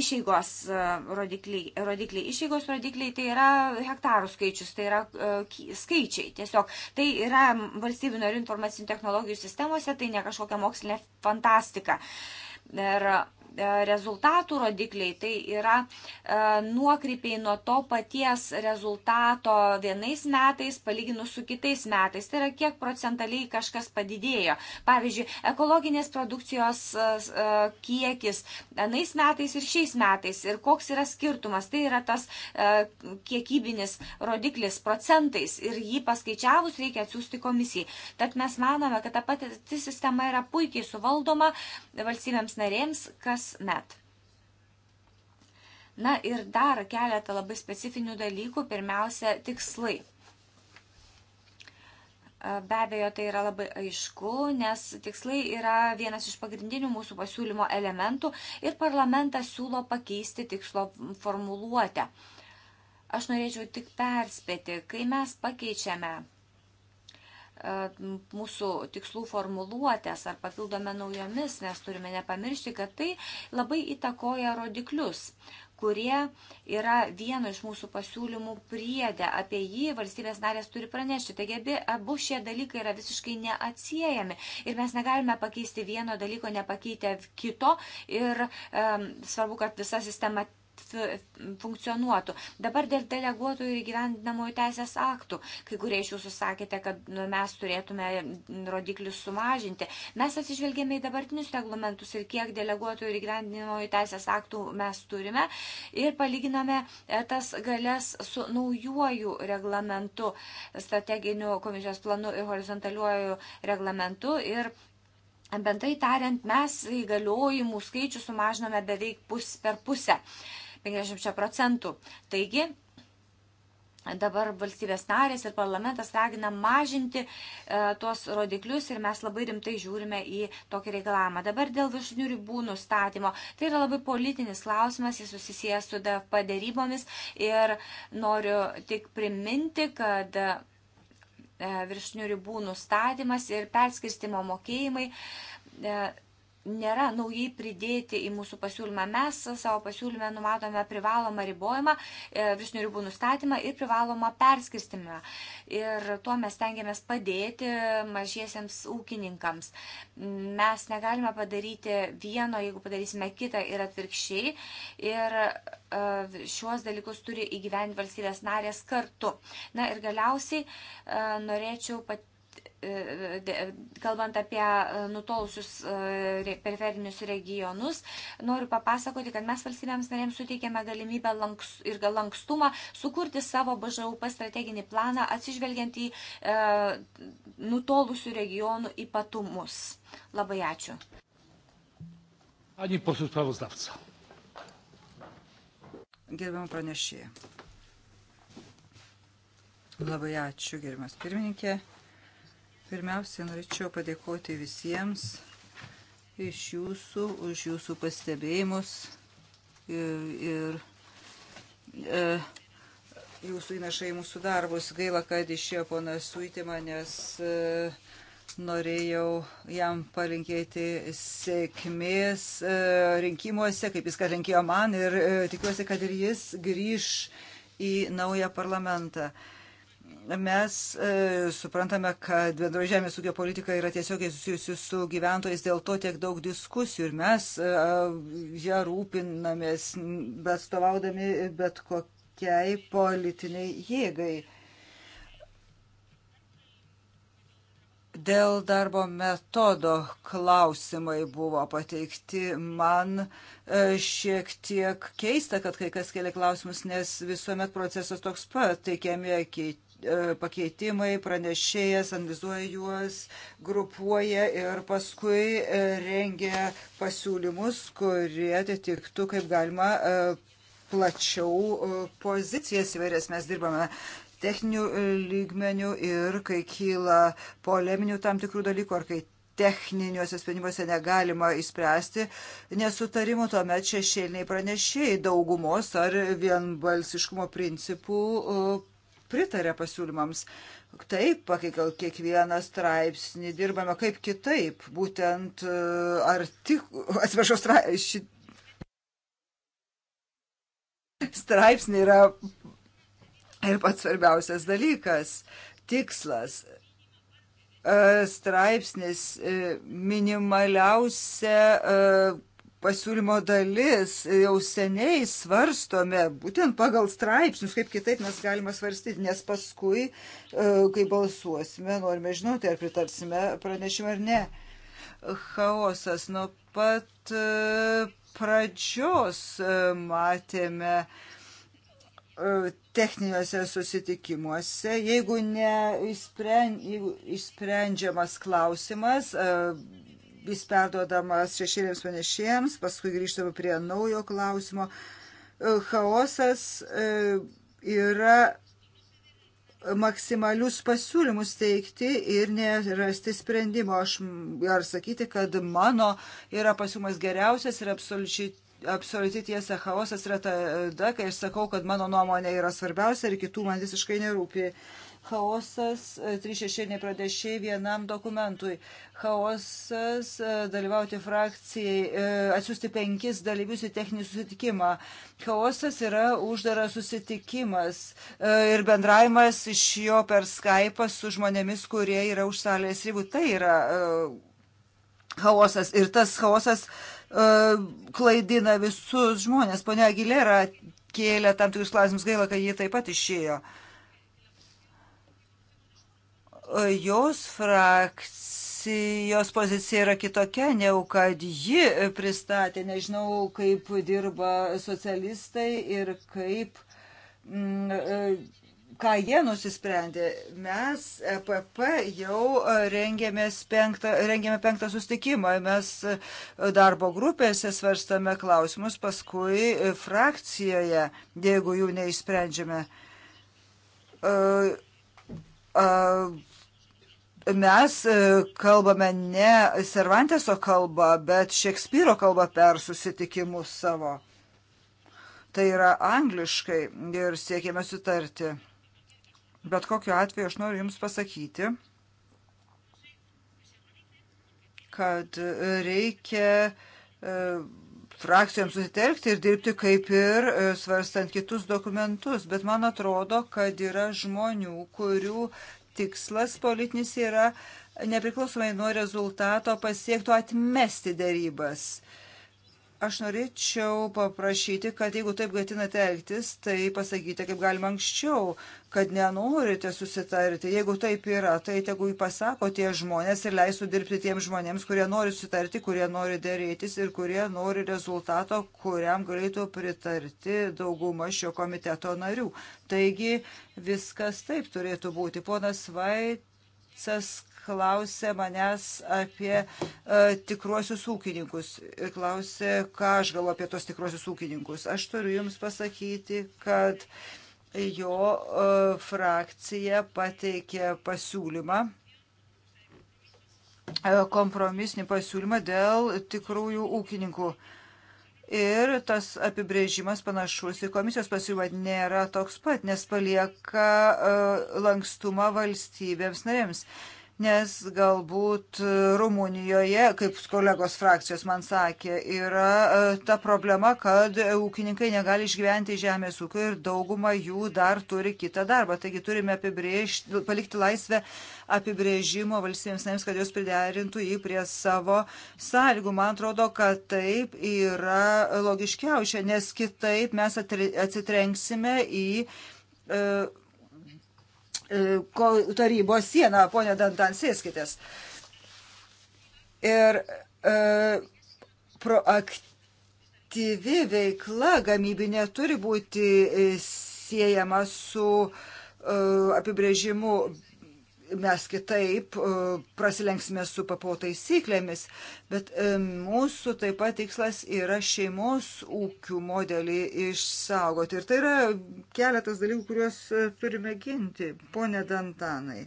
išeigos e, rodikliai, rodikliai. Išeigos rodikliai tai yra hektarų skaičius, tai yra skaičiai. Tiesiog tai yra valstybių narių informacinių technologijų sistemose, tai ne kažkokia mokslinė fantastika. Ir E, rezultatų rodikliai, tai yra e, nuokrypiai nuo to paties rezultato vienais metais palyginus su kitais metais. Tai yra kiek procentaliai kažkas padidėjo. Pavyzdžiui, ekologinės produkcijos e, kiekis anais metais ir šiais metais ir koks yra skirtumas. Tai yra tas kiekybinis rodiklis procentais ir jį paskaičiavus reikia atsiųsti komisijai. Tad mes manome, kad ta pati sistema yra puikiai suvaldoma valstybėms narėms, kas kasmet. Na ir dar keletą labai specifinių dalykų. Pirmiausia, tikslai. Be abejo, tai yra labai aišku, nes tikslai yra vienas iš pagrindinių mūsų pasiūlymo elementų ir parlamentas siūlo pakeisti tikslo formuluotę. Aš norėčiau tik perspėti, kai mes pakeičiame E, mūsų tikslų formuluotės ar papildome naujomis, nes turime nepamiršti, kad tai labai įtakoja rodiklius kurie yra vieno iš mūsų pasiūlymų priedę. Apie jį valstybės narės turi pranešti. Taigi abi, abu šie dalykai yra visiškai neatsiejami. Ir mes negalime pakeisti vieno dalyko, nepakeitę kito. Ir um, svarbu, kad visa sistema funkcionuotų. Dabar dėl deleguotų ir gyvendinamųjų teisės aktų, kai kurie iš jūsų sakėte, kad nu, mes turėtume rodiklius sumažinti. Mes atsižvelgėme į dabartinius reglamentus ir kiek deleguotų ir gyvendinamųjų teisės aktų mes turime ir palyginame e, tas galės su naujuoju reglamentu, strateginiu komisijos planu ir horizontaliuoju reglamentu. Ir Bendrai tariant, mes įgaliojimų skaičių sumažinome beveik pus per pusę. Uh, 50 procentų. Taigi, dabar valstybės narės ir parlamentas ragina mažinti e, tuos rodiklius ir mes labai rimtai žiūrime į tokį reikalavimą. Dabar dėl viršutinių ribų nustatymo. Tai yra labai politinis klausimas, jis susijęs su DFP dėrybomis ir noriu tik priminti, kad e, viršutinių ribų nustatymas ir perskirstimo mokėjimai. E, nėra naujai pridėti į mūsų pasiūlymą. Mes savo pasiūlymę numatome privalomą ribojimą, e, viršinių ribų nustatymą ir privalomą perskirstimą. Ir tuo mes tengiamės padėti mažiesiems ūkininkams. Mes negalime padaryti vieno, jeigu padarysime kitą ir atvirkščiai. Ir e, šiuos dalykus turi įgyventi valstybės narės kartu. Na ir galiausiai e, norėčiau pat E, e, kalbant apie e, nutolusius periferinius regionus, noriu papasakoti, kad mes valstybėms narėms suteikėme galimybę lanks, ir lankstumą sukurti savo BŽUP strateginį planą, atsižvelgiant į e, nutolusių regionų ypatumus. Labai ačiū. Ani posūs pravozdavca. Gerbiam pranešėjai. Labai ačiū, gerbiamas pirmininkė. Pirmiausia, norėčiau padėkoti visiems iš jūsų už jūsų pastebėjimus ir, ir e, jūsų įnašai mūsų darbus. Gaila, kad išėjo ponas Suitima, nes e, norėjau jam palinkėti sėkmės e, rinkimuose, kaip jis ką linkėjo man ir e, tikiuosi, kad ir jis grįž į naują parlamentą. E, mes e, suprantame, kad bendro žemės ūkio politika yra tiesiogiai susijusi su gyventojais, dėl to tiek daug diskusijų ir mes e, ją rūpinamės, bet stovaudami bet kokiai politiniai jėgai. Dėl darbo metodo klausimai buvo pateikti. Man e, šiek tiek keista, kad kai kas kelia klausimus, nes visuomet procesas toks pat, teikiami kiti E, pakeitimai, pranešėjas analizuoja juos, grupuoja ir paskui e, rengia pasiūlymus, kurie atitiktų kaip galima e, plačiau pozicijas įvairias. Mes dirbame techninių lygmenių ir kai kyla poleminių tam tikrų dalykų ar kai techniniuose sprendimuose negalima įspręsti nesutarimų, tuomet šešėliniai pranešėjai daugumos ar vienbalsiškumo principų pritarė pasiūlymams. Taip, pakeikiau kiekvieną straipsnį, dirbame kaip kitaip, būtent e, ar tik, atsiprašau, straipsnį. Straipsnė yra ir pats svarbiausias dalykas - tikslas e, straipsnis e, minimaliausia pasiūlymo dalis jau seniai svarstome, būtent pagal straipsnius, kaip kitaip mes galime svarstyti, nes paskui, e, kai balsuosime, norime žinoti, ar pritarsime pranešimą ar ne. Chaosas nuo pat e, pradžios e, matėme techniniuose susitikimuose, jeigu ne išsprendžiamas klausimas, jis perduodamas šešėlėms panešėjams, paskui grįžtame prie naujo klausimo. E, chaosas e, yra maksimalius pasiūlymus teikti ir nerasti sprendimo. Aš ar sakyti, kad mano yra pasiūlymas geriausias ir absoliučiai. Absoliuti tiesa, chaosas yra tada, kai aš sakau, kad mano nuomonė yra svarbiausia ir kitų man visiškai nerūpi. Uh, chaosas, e, trys šešėliniai pradėšiai vienam dokumentui, chaosas e, dalyvauti frakcijai, e, atsiųsti penkis dalyvius į techninį susitikimą. Chaosas yra uždaras susitikimas ir bendravimas iš jo per Skype su žmonėmis, kurie yra už salės ribų. Tai yra chaosas ir tas chaosas klaidina visus žmonės. Pone Agilera kėlė tam tikrus klausimus, gaila, kad jie taip pat išėjo. Uh, jos frakcijos pozicija yra kitokia, negu kad ji pristatė. Nežinau, kaip dirba socialistai ir kaip, mm, e, ką jie nusisprendė. Mes, EPP, jau penktą, rengėme penktą sustikimą. Mes darbo grupėse svarstame klausimus, paskui frakcijoje, jeigu jų neišsprendžiame. Uh, uh, mes e, kalbame ne Cervanteso kalba, bet Šekspyro kalba per susitikimus savo. Tai yra angliškai ir siekėme sutarti. Bet kokiu atveju aš noriu Jums pasakyti, kad reikia e, frakcijoms susitelkti ir dirbti kaip ir e, svarstant kitus dokumentus. Bet man atrodo, kad yra žmonių, kurių tikslas politinis yra nepriklausomai nuo rezultato pasiektų atmesti darybas. Uh, Aš norėčiau paprašyti, kad jeigu taip gatinate elgtis, tai pasakykite kaip galima anksčiau, kad nenorite susitarti. Jeigu taip yra, tai tegu jį pasako tie žmonės ir leistų dirbti tiems žmonėms, kurie nori susitarti, kurie nori dėrėtis ir kurie nori rezultato, kuriam galėtų pritarti dauguma šio komiteto narių. Taigi viskas taip turėtų būti. Ponas Vait. Sas klausė manęs apie e, tikruosius ūkininkus ir klausė, ką aš galvoju apie tos tikruosius ūkininkus. Aš turiu Jums pasakyti, kad jo e, frakcija pateikė pasiūlymą e, kompromisinį pasiūlymą dėl tikrųjų ūkininkų. Ir tas apibrėžimas panašus į komisijos pasiūlymą nėra toks pat, nes palieka e, lankstumą valstybėms narėms nes galbūt e, Rumunijoje, kaip kolegos frakcijos man sakė, yra e, ta problema, kad e, ūkininkai negali išgyventi žemės ūkio ir dauguma jų dar turi kitą darbą. Taigi turime apibrėžti, palikti laisvę apibrėžimo valstybėms naims, kad jos priderintų jį prie savo sąlygų. Man atrodo, kad taip yra logiškiausia, nes kitaip mes atsitrenksime į. Uh, e, E, tarybos sieną. Pone Dantan, sėskitės. Ir e, proaktyvi veikla gamybinė turi būti e, siejama su e, apibrėžimu mes kitaip e, prasilenksime su papo taisyklėmis, bet e, mūsų taip pat tikslas yra šeimos ūkių modelį išsaugoti. Ir tai yra keletas dalykų, kuriuos e, turime ginti, ponė Dantanai.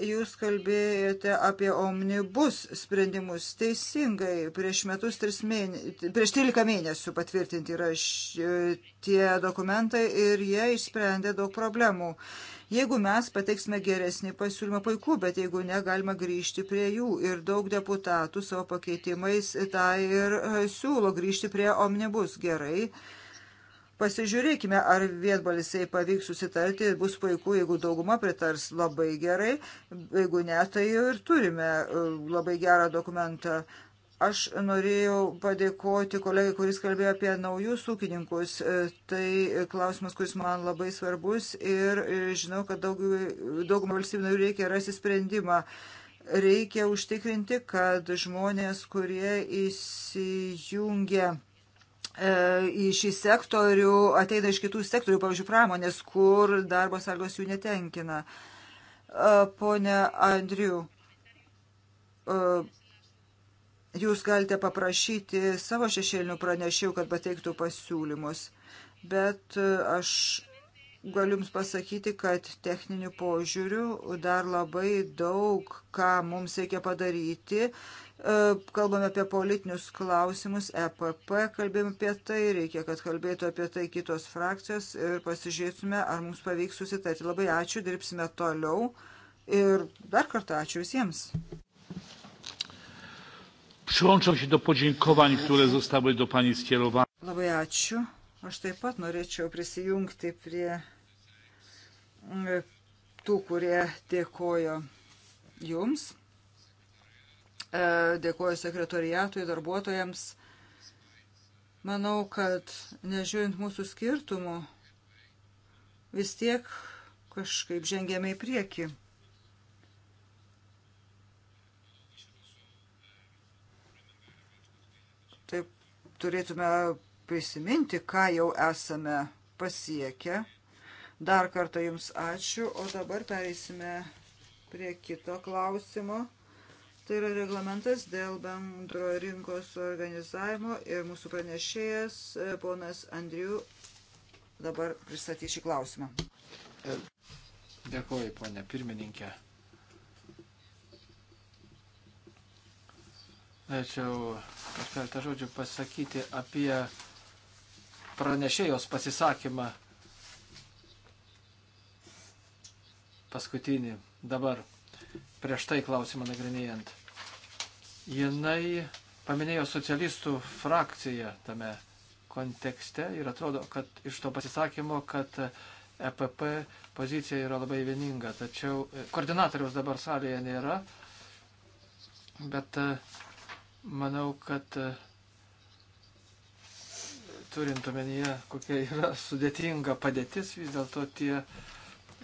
Jūs kalbėjote apie omnibus sprendimus teisingai. Prieš metus, mėne... prieš 13 mėnesių patvirtinti yra š... tie dokumentai ir jie išsprendė daug problemų. Jeigu mes pateiksime geresnį pasiūlymą, puiku, bet jeigu ne, galima grįžti prie jų. Ir daug deputatų savo pakeitimais tą ir e, siūlo grįžti prie omnibus gerai. Pasižiūrėkime, ar vienbalsiai pavyks susitarti, bus puiku, jeigu dauguma pritars labai gerai, jeigu ne, tai ir turime e, labai gerą dokumentą. Aš norėjau padėkoti kolegai, kuris kalbėjo apie naujus ūkininkus. E, tai klausimas, kuris man labai svarbus ir e, žinau, kad daugumą valstybių narių reikia rasti sprendimą. Reikia užtikrinti, kad žmonės, kurie įsijungia e, į šį sektorių, ateina iš kitų sektorių, pavyzdžiui, pramonės, kur darbo sargos jų netenkina. Pone Andriu, Jūs galite paprašyti savo šešėlinių pranešėjų, kad pateiktų pasiūlymus, bet e, aš galiu Jums pasakyti, kad techninių požiūrių dar labai daug, ką mums reikia padaryti. E, kalbame apie politinius klausimus, EPP kalbėjome apie tai, reikia, kad kalbėtų apie tai kitos frakcijos ir pasižiūrėtume, ar mums pavyks susitarti. Labai ačiū, dirbsime toliau ir dar kartą ačiū visiems. Przyłączam się do podziękowań, które zostały do Pani skierowane. Labai ačiū. Aš taip pat norėčiau prisijungti prie e, tų, kurie dėkojo Jums. E, Dėkoju sekretoriatui, darbuotojams. Manau, kad nežiūrint mūsų skirtumų, vis tiek kažkaip žengėme į priekį. turėtume prisiminti, ką jau esame pasiekę. Dar kartą Jums ačiū, o dabar pereisime prie kito klausimo. Tai yra reglamentas dėl bendro rinkos organizavimo ir mūsų pranešėjas e, ponas Andriu dabar pristatys šį klausimą. Dėkuoju, ponė pirmininkė. Norėčiau aš keletą žodžių pasakyti apie pranešėjos pasisakymą paskutinį dabar, prieš tai klausimą nagrinėjant. Jinai paminėjo socialistų frakciją tame kontekste ir atrodo, kad iš to pasisakymo, kad EPP pozicija yra labai vieninga, tačiau e, koordinatoriaus dabar salėje nėra, bet e, Manau, kad e, turint omenyje, kokia yra sudėtinga padėtis, vis dėlto tie,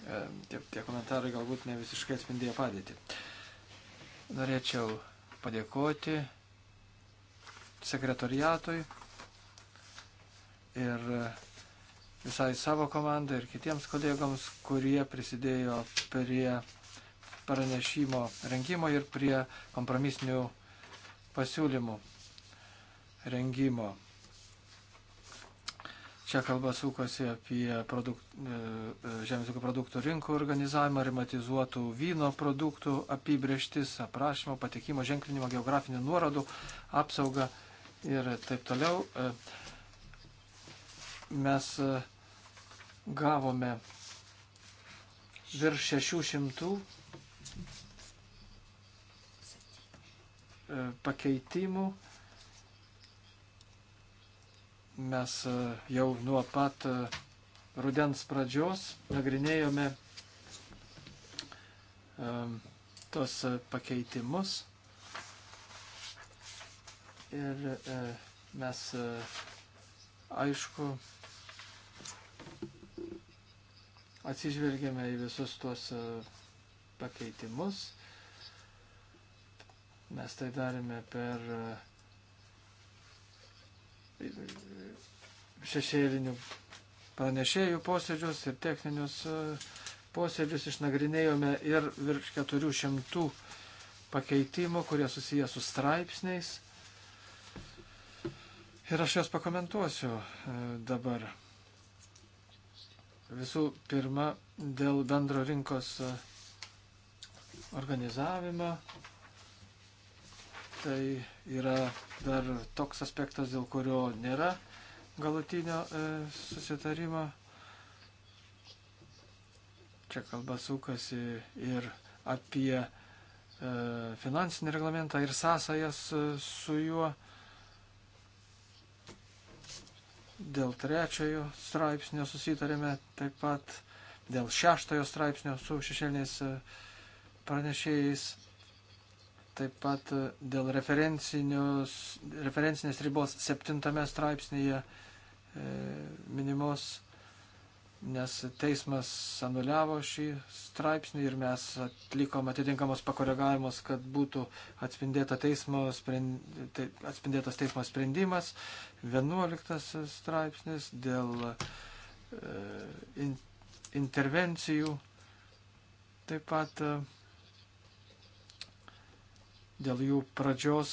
e, tie, tie komentarai galbūt ne visiškai atspindėjo padėtį. Norėčiau padėkoti sekretoriatui ir e, visai savo komandai ir kitiems kolegoms, kurie prisidėjo prie pranešimo rengimo ir prie kompromisinių pasiūlymų rengimo. Čia kalba sukosi apie produkt, e, e, žemės ūkio produktų rinkų organizavimą, rimatizuotų vyno produktų apibrieštis, aprašymo, patikimo, ženklinimo, geografinių nuorodų, apsaugą ir taip toliau. E, mes gavome virš 600 E, pakeitimų. Mes e, jau nuo pat e, rudens pradžios nagrinėjome tos pakeitimus ir mes aišku atsižvelgėme į visus tuos pakeitimus Mes tai darėme per e, šešėlinių pranešėjų posėdžius ir techninius e, posėdžius išnagrinėjome ir virš 400 pakeitimų, kurie susiję su straipsniais. Ir aš juos pakomentuosiu e, dabar. Visų pirma, dėl bendro rinkos organizavimo tai yra dar toks aspektas, dėl kurio nėra galutinio e, susitarimo. Čia kalba sukasi ir apie e, finansinį reglamentą ir sąsajas e, su juo dėl trečiojo straipsnio susitarėme taip pat, dėl šeštojo straipsnio su šešėliniais e, pranešėjais Taip pat e, dėl referencinės ribos septintame straipsnėje e, minimos, nes teismas anuliavo šį straipsnį ir mes atlikom atitinkamos pakoregavimus, kad būtų atspindėta teismo sprend, te, atspindėtas teismo sprendimas. Vienuoliktas straipsnis dėl e, in, intervencijų. Taip pat e, dėl jų pradžios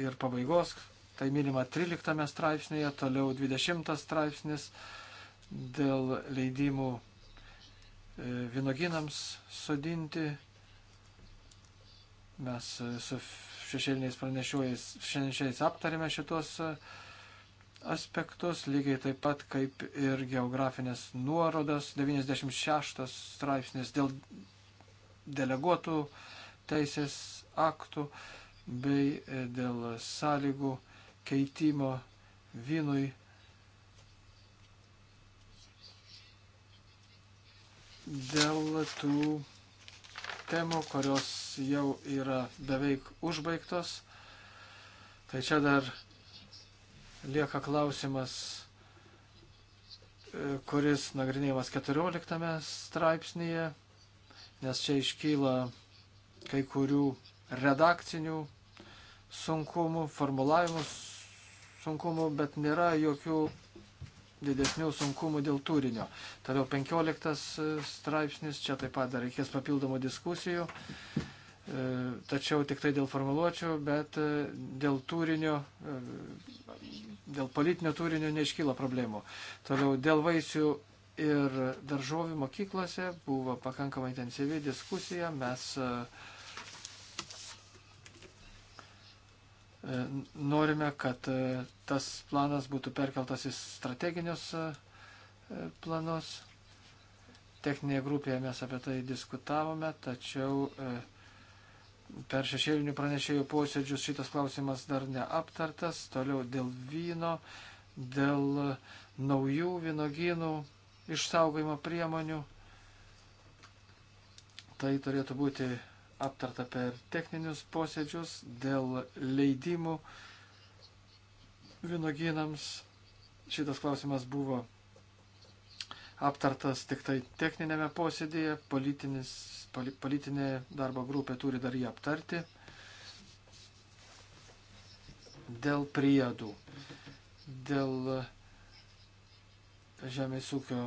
ir pabaigos. Tai minima 13 straipsnėje, toliau 20 straipsnis dėl leidimų e, vynoginams sodinti. Mes su šešėliniais pranešiais aptarėme šitos e, aspektus, lygiai taip pat kaip ir geografinės nuorodas, 96 straipsnis dėl deleguotų teisės aktų bei e, dėl sąlygų keitimo vynui. Dėl tų temų, kurios jau yra beveik užbaigtos, tai čia dar lieka klausimas, e, kuris nagrinėjimas 14 straipsnėje, nes čia iškyla kai kurių redakcinių sunkumų, formulavimų sunkumų, bet nėra jokių didesnių sunkumų dėl turinio. Toliau 15 e, straipsnis, čia taip pat dar reikės papildomų diskusijų, e, tačiau tik tai dėl formuluočių, bet e, dėl turinio, dėl politinio turinio neiškyla problemų. Toliau dėl vaisių ir daržovių mokyklose buvo pakankamai intensyvi diskusija, mes uh, E, norime, kad e, tas planas būtų perkeltas į strateginius e, planus. Techninėje grupėje mes apie tai diskutavome, tačiau per šešėlinių pranešėjų posėdžius šitas klausimas dar neaptartas. Toliau dėl vyno, dėl naujų vynogynų išsaugojimo priemonių. Tai turėtų būti aptarta per techninius posėdžius dėl leidimų vynogynams. Šitas klausimas buvo aptartas tik tai techninėme posėdėje, politinis, poli, politinė darbo grupė turi dar jį aptarti dėl priedų, dėl žemės ūkio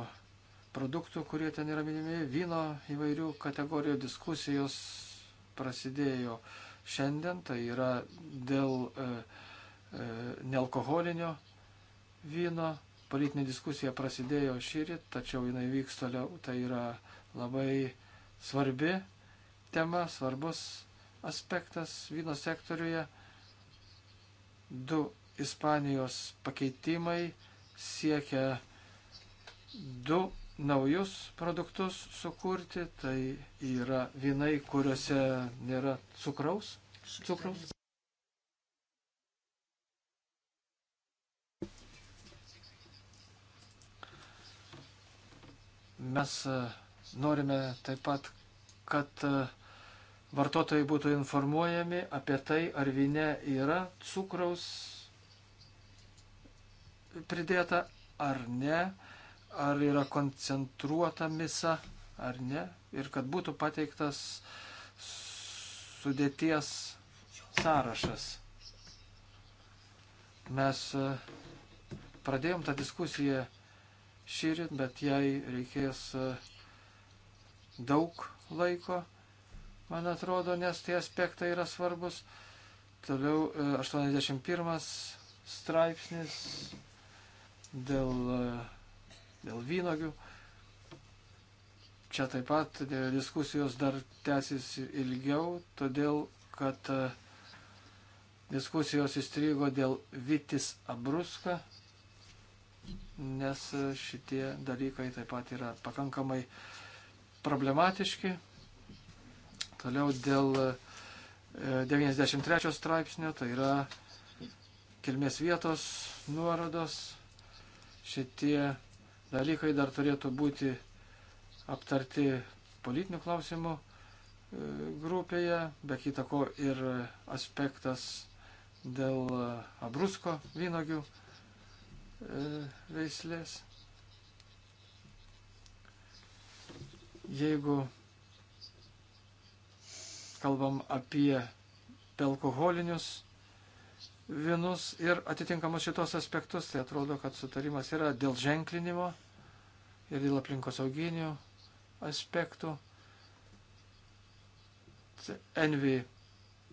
produktų, kurie ten yra minimi, vyno įvairių kategorijų diskusijos prasidėjo šiandien, tai yra dėl e, e, nealkoholinio vyno. Politinė diskusija prasidėjo šyrit, tačiau jinai vyks toliau. Tai yra labai svarbi tema, svarbus aspektas vyno sektoriuje. Du Ispanijos pakeitimai siekia 2 naujus produktus sukurti, tai yra vynai, kuriuose nėra cukraus. cukraus. Mes e, norime taip pat, kad e, vartotojai būtų informuojami apie tai, ar vyne yra cukraus pridėta ar ne ar yra koncentruota misa ar ne, ir kad būtų pateiktas sudėties sąrašas. Mes e, pradėjom tą diskusiją šyrit, bet jai reikės e, daug laiko, man atrodo, nes tie aspektai yra svarbus. Toliau 81 e, straipsnis dėl dėl vynogių. Čia taip pat e, diskusijos dar tęsis ilgiau, todėl kad e, diskusijos įstrigo dėl Vitis Abruska, nes e, šitie dalykai taip pat yra pakankamai problematiški. Toliau dėl 93 straipsnio, tai yra kilmės vietos nuorodos. Šitie dalykai dar turėtų būti aptarti politinių klausimų e, grupėje, be kitako ir aspektas dėl e, abrusko vynogių e, veislės. Jeigu kalbam apie pelkoholinius vienus ir atitinkamus šitos aspektus, tai atrodo, kad sutarimas yra dėl ženklinimo ir dėl aplinkosauginių aspektų. Envy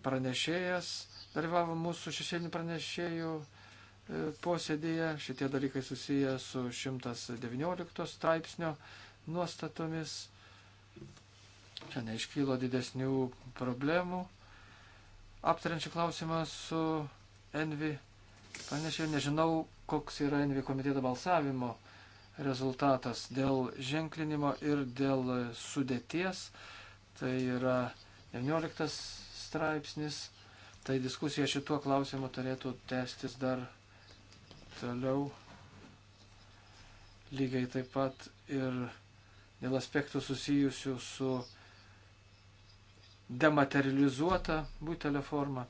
pranešėjas dalyvavo mūsų šešėlinių pranešėjų e, posėdėje. Šitie dalykai susiję su 119 straipsnio nuostatomis. Čia neiškylo didesnių problemų. Aptariančių klausimą su Envi pranešė, nežinau, koks yra Envi komiteto balsavimo rezultatas dėl ženklinimo ir dėl sudėties. Tai yra 19 straipsnis. Tai diskusija šituo klausimu turėtų tęstis dar toliau. Lygiai taip pat ir dėl aspektų susijusių su dematerializuota būtelio forma.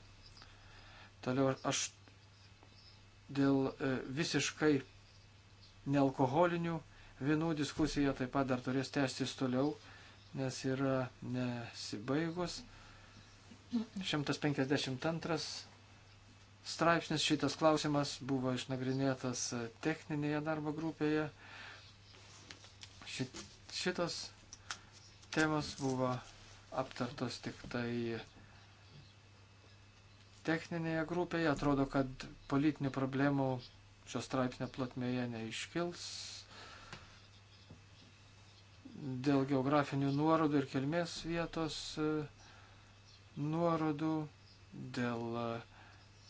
Toliau aš dėl e, visiškai nealkoholinių vinų diskusija taip pat dar turės tęstis toliau, nes yra nesibaigus. 152 straipsnis šitas klausimas buvo išnagrinėtas e, techninėje darbo grupėje. Šit, šitos temos buvo aptartos tik tai techninėje grupėje. Atrodo, kad politinių problemų šios straipsnio platmėje neiškils. Dėl geografinių nuorodų ir kilmės vietos e, nuorodų, dėl e,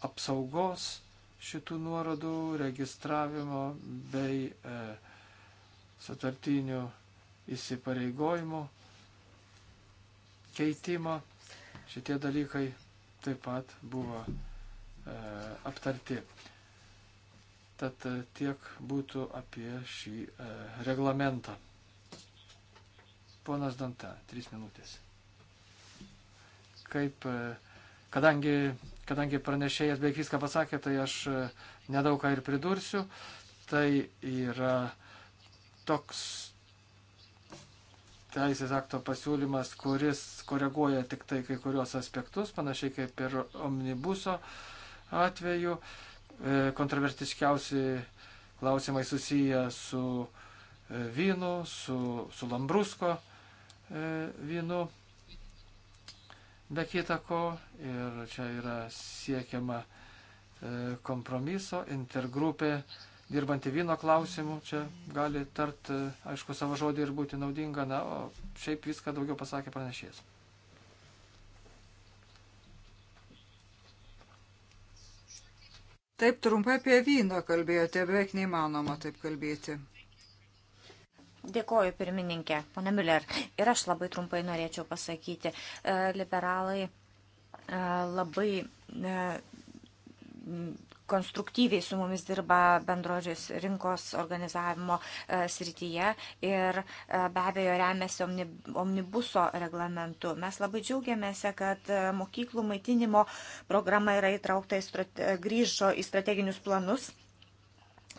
apsaugos šitų nuorodų, registravimo bei e, sutartinių įsipareigojimų keitimo. Šitie dalykai taip pat buvo e, aptarti. Tad e, tiek būtų apie šį e, reglamentą. Ponas Danta, trys minutės. Kaip, e, kadangi, kadangi pranešėjas beveik viską pasakė, tai aš e, nedaug ką ir pridursiu. Tai yra toks teisės akto pasiūlymas, kuris koreguoja tik tai kai kurios aspektus, panašiai kaip ir omnibuso atveju. E, Kontrovertiškiausi klausimai susiję su e, vynu, su, su lambrusko e, vynu, be kitako. Ir čia yra siekiama kompromiso intergrupė dirbanti vyno klausimų, čia gali tart, e, aišku, savo žodį ir būti naudinga, na, o šiaip viską daugiau pasakė pranešėjas. Taip trumpai apie vyną kalbėjote, beveik neįmanoma taip kalbėti. Dėkoju, pirmininkė, pana Miller. Ir aš labai trumpai norėčiau pasakyti, e, liberalai e, labai konstruktyviai su mumis dirba bendrožios rinkos organizavimo e, srityje ir e, be abejo remiasi omnibuso reglamentu. Mes labai džiaugiamės, kad e, mokyklų maitinimo programa yra įtraukta į, grįžo į strateginius planus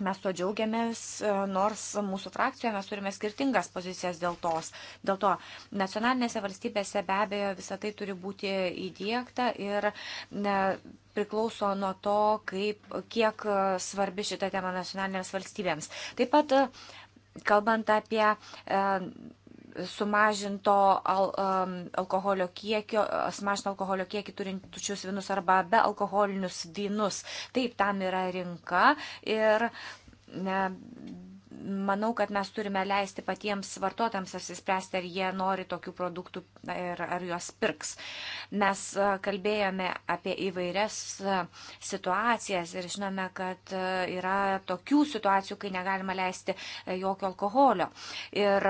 mes to džiaugiamės, e, nors mūsų frakcijoje mes turime skirtingas pozicijas dėl, tos. dėl to. Nacionalinėse valstybėse be abejo visą tai turi būti įdėkta ir ne, priklauso nuo to, kaip, kiek svarbi šita tema nacionalinėms valstybėms. Taip pat, kalbant apie. E, sumažinto al, um, alkoholio kiekio, sumažinto alkoholio kiekį turinčius vinus arba be alkoholinius vynus. Taip, tam yra rinka ir ne, manau, kad mes turime leisti patiems vartotams apsispręsti, ar jie nori tokių produktų ir ar juos pirks. Mes e, kalbėjome apie įvairias e, situacijas ir žinome, kad e, yra tokių situacijų, kai negalima leisti jokio alkoholio. Ir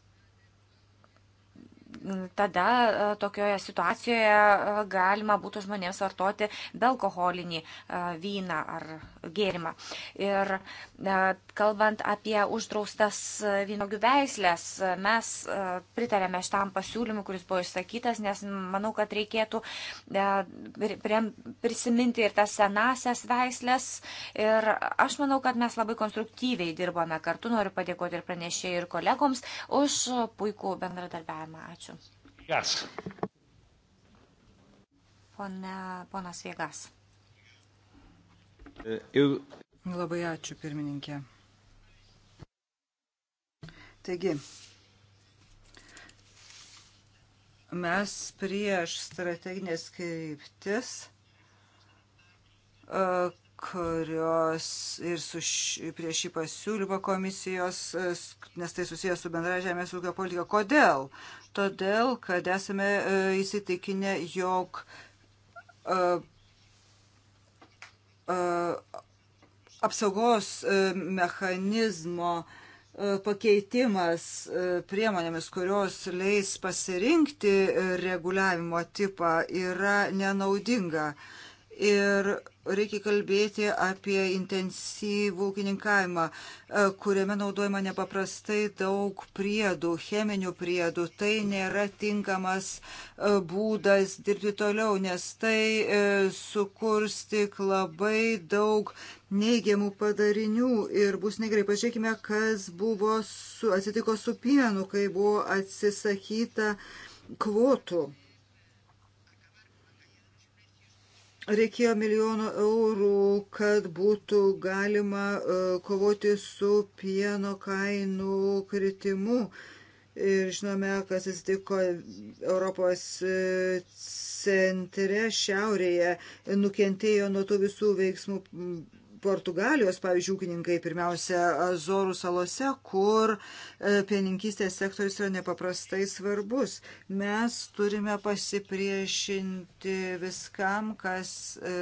tada e, tokioje situacijoje e, galima būtų žmonėms vartoti belkoholinį e, vyną ar gėrimą. Ir kalbant apie uždraustas vynogių veislės, mes pritarėme šitam pasiūlymui, kuris buvo išsakytas, nes manau, kad reikėtų prisiminti ir tas senasias veislės. Ir aš manau, kad mes labai konstruktyviai dirbame kartu. Noriu padėkoti ir pranešėjai, ir kolegoms už puikų bendradarbiavimą. Ačiū. Gas. Pone, ponas Viegas. Jau. E, Labai ačiū, pirmininkė. Taigi, mes prieš strateginės kryptis, e, kurios ir su š, prie šį pasiūlymą komisijos, e, nes tai susijęs su bendra žemės ūkio politika. Kodėl todėl kad esame e, įsitikinę, jog e, e, apsaugos mechanizmo pakeitimas priemonėmis, kurios leis pasirinkti reguliavimo tipą, yra nenaudinga. Ir reikia kalbėti apie intensyvų ūkininkavimą, e, kuriame naudojama nepaprastai daug priedų, cheminių priedų. Tai nėra tinkamas e, būdas dirbti toliau, nes tai e, sukurs tik labai daug neigiamų padarinių ir bus negrai. Pažiūrėkime, kas buvo su, atsitiko su pienu, kai buvo atsisakyta kvotų reikėjo milijono eurų, kad būtų galima e, kovoti su pieno kainų kritimu. Ir žinome, kas atsitiko Europos e, centre, šiaurėje, nukentėjo nuo tų visų veiksmų Portugalijos, pavyzdžiui, ūkininkai pirmiausia Azorų salose, kur e, pieninkystės sektorius yra nepaprastai svarbus. Mes turime pasipriešinti viskam, kas e,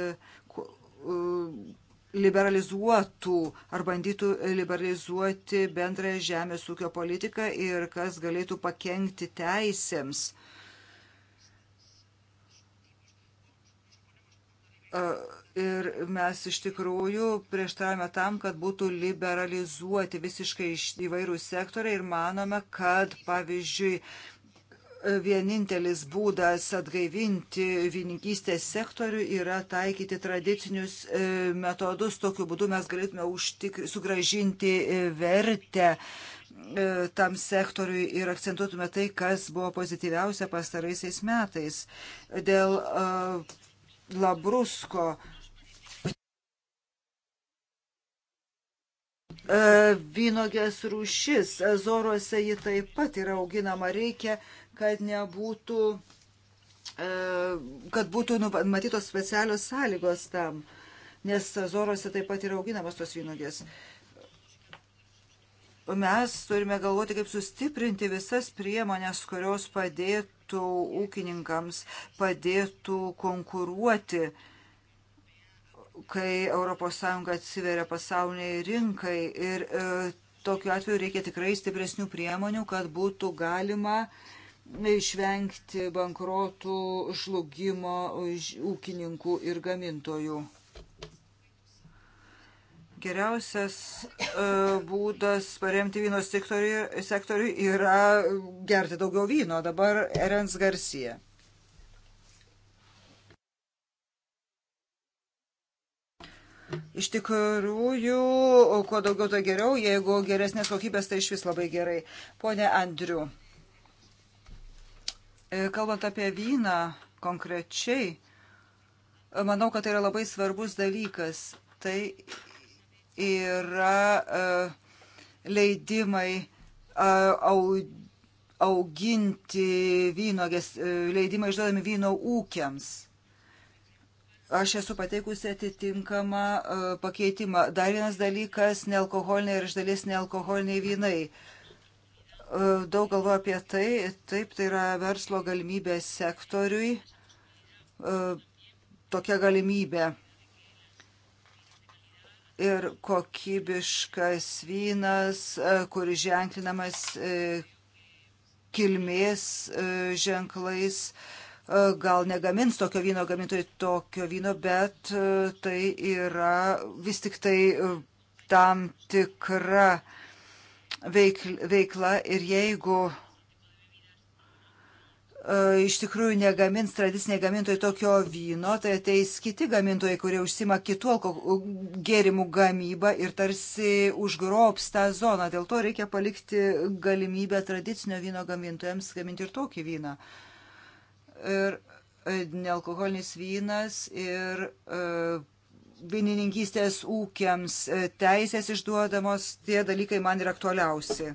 liberalizuotų ar bandytų liberalizuoti bendrąją žemės ūkio politiką ir kas galėtų pakengti teisėms. Uh, Ir mes iš tikrųjų prieštaravome tam, kad būtų liberalizuoti visiškai įvairių sektoriai ir manome, kad pavyzdžiui vienintelis būdas atgaivinti vyningystės sektorių yra taikyti tradicinius e, metodus. Tokiu būdu mes galėtume užtikri, sugražinti e, vertę e, tam sektoriui ir akcentuotume tai, kas buvo pozityviausia pastaraisiais metais. Dėl Labrusko uh, E, vynogės rūšis. Azoruose e, ji taip pat yra auginama. Reikia, kad nebūtų, e, kad būtų numatytos specialios sąlygos tam, nes Azoruose taip pat yra auginamas tos vynogės. Mes turime galvoti, kaip sustiprinti visas priemonės, kurios padėtų ūkininkams, padėtų konkuruoti uh, kai ES atsiveria pasauliniai rinkai ir e, tokiu atveju reikia tikrai stipresnių priemonių, kad būtų galima išvengti bankrotų, žlugimo ūkininkų ir gamintojų. Geriausias e, būdas paremti vyno sektoriui yra gerti daugiau vyno. Dabar Erens Garcia. Iš tikrųjų, kuo daugiau, to geriau. Jeigu geresnės kokybės, tai iš vis labai gerai. Pone Andriu, e, kalbant apie vyną konkrečiai, manau, kad tai yra labai svarbus dalykas. Tai yra e, leidimai e, auginti vynogės, leidimai išduodami vyno ūkiams Aš esu pateikusi atitinkamą e, pakeitimą. Dar vienas dalykas - nealkoholiniai ir iš dalies nealkoholiniai vynai. E, daug galvo apie tai, taip tai yra verslo galimybė sektoriui, e, tokia galimybė. Ir kokybiškas vynas, kuris ženklinamas kilmės ženklais, gal negamins tokio vyno gamintojai tokio vyno, bet e, tai yra vis tik tai e, tam tikra veikla ir jeigu e, iš tikrųjų negamins tradiciniai gamintojai tokio vyno, tai ateis kiti gamintojai, kurie užsima kitų gėrimų gamybą ir tarsi užgrobs tą zoną. Dėl to reikia palikti galimybę tradicinio vyno gamintojams gaminti ir tokį vyną. Uh, ir e, nealkoholinis vynas ir e, vynininkystės ūkiams e, teisės išduodamos, tie dalykai man yra aktualiausi.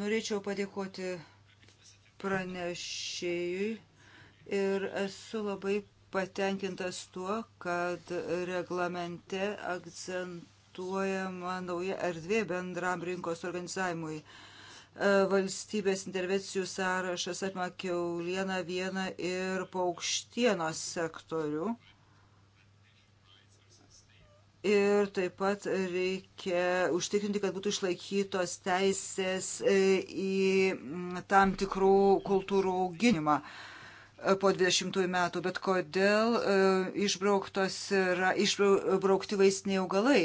Norėčiau padėkoti pranešėjui ir esu labai patenkintas tuo, kad reglamente akcentuojama nauja erdvė bendram rinkos organizavimui. Uh, E, valstybės intervencijų sąrašas apima keulieną vieną ir paukštienos sektorių. Ir taip pat reikia užtikrinti, kad būtų išlaikytos teisės e, į tam tikrų kultūrų auginimą e, po 20 metų. Bet kodėl išbraukti vaistiniai augalai?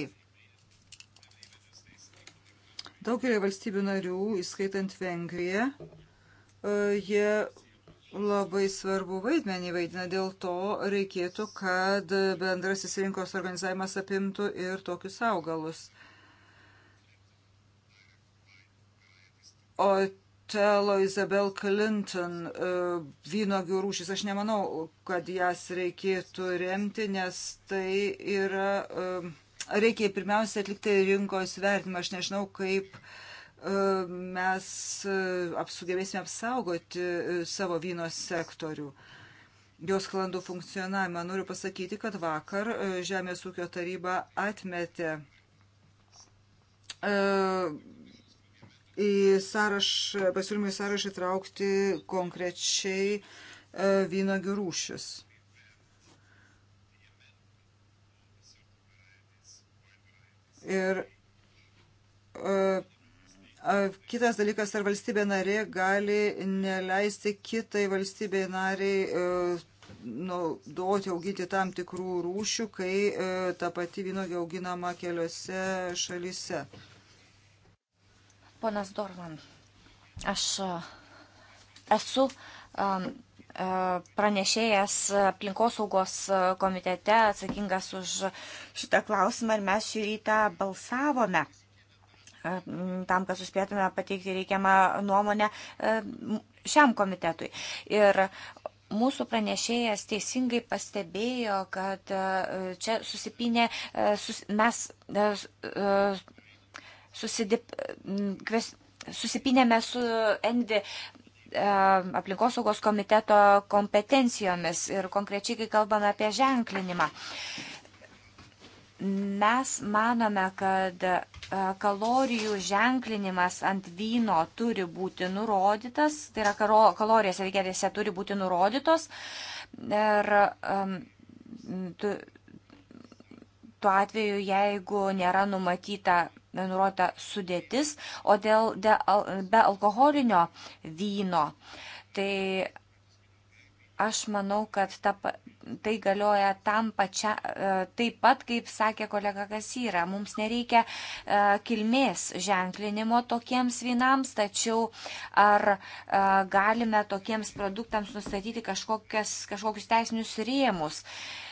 Daugelį valstybių narių, įskaitant Vengriją, e, jie labai svarbu vaidmenį vaidina. Dėl to reikėtų, kad bendrasis rinkos organizavimas apimtų ir tokius augalus. O Telo Isabel Clinton e, vynogių rūšis. Aš nemanau, kad jas reikėtų remti, nes tai yra e, reikia pirmiausia atlikti rinkos vertimą. Aš nežinau, kaip e, mes e, apsugebėsime apsaugoti e, savo vyno sektorių. Jos klandų funkcionavimą noriu pasakyti, kad vakar Žemės ūkio taryba atmetė į sąrašą, pasiūlymą į sąrašą įtraukti konkrečiai vynogių rūšius. Ir uh, Kitas dalykas, ar valstybė narė gali neleisti kitai valstybei nariai e, naudoti, auginti tam tikrų rūšių, kai e, ta pati vynogė auginama keliose šalyse. Ponas Dorman, aš esu um, pranešėjas aplinkosaugos komitete atsakingas už šitą klausimą ir mes šį rytą balsavome e, tam, kad suspėtume pateikti reikiamą nuomonę e, šiam komitetui. Ir mūsų pranešėjas teisingai pastebėjo, kad e, čia susipinė, sus, mes susidip, kves, susipinėme su Endi E, aplinkosaugos komiteto kompetencijomis ir konkrečiai, kai kalbame apie ženklinimą. Mes manome, kad e, kalorijų ženklinimas ant vyno turi būti nurodytas, tai yra kalorijos etiketėse turi būti nurodytos ir um, tu, tuo atveju, jeigu nėra numatyta, nurodyta sudėtis, o dėl de, be alkoholinio vyno. Tai aš manau, kad ta, tai galioja tam pačia, e, taip pat, kaip sakė kolega Kasyra, mums nereikia e, kilmės ženklinimo tokiems vynams, tačiau ar e, galime tokiems produktams nustatyti kažkokius teisinius rėmus. Uh,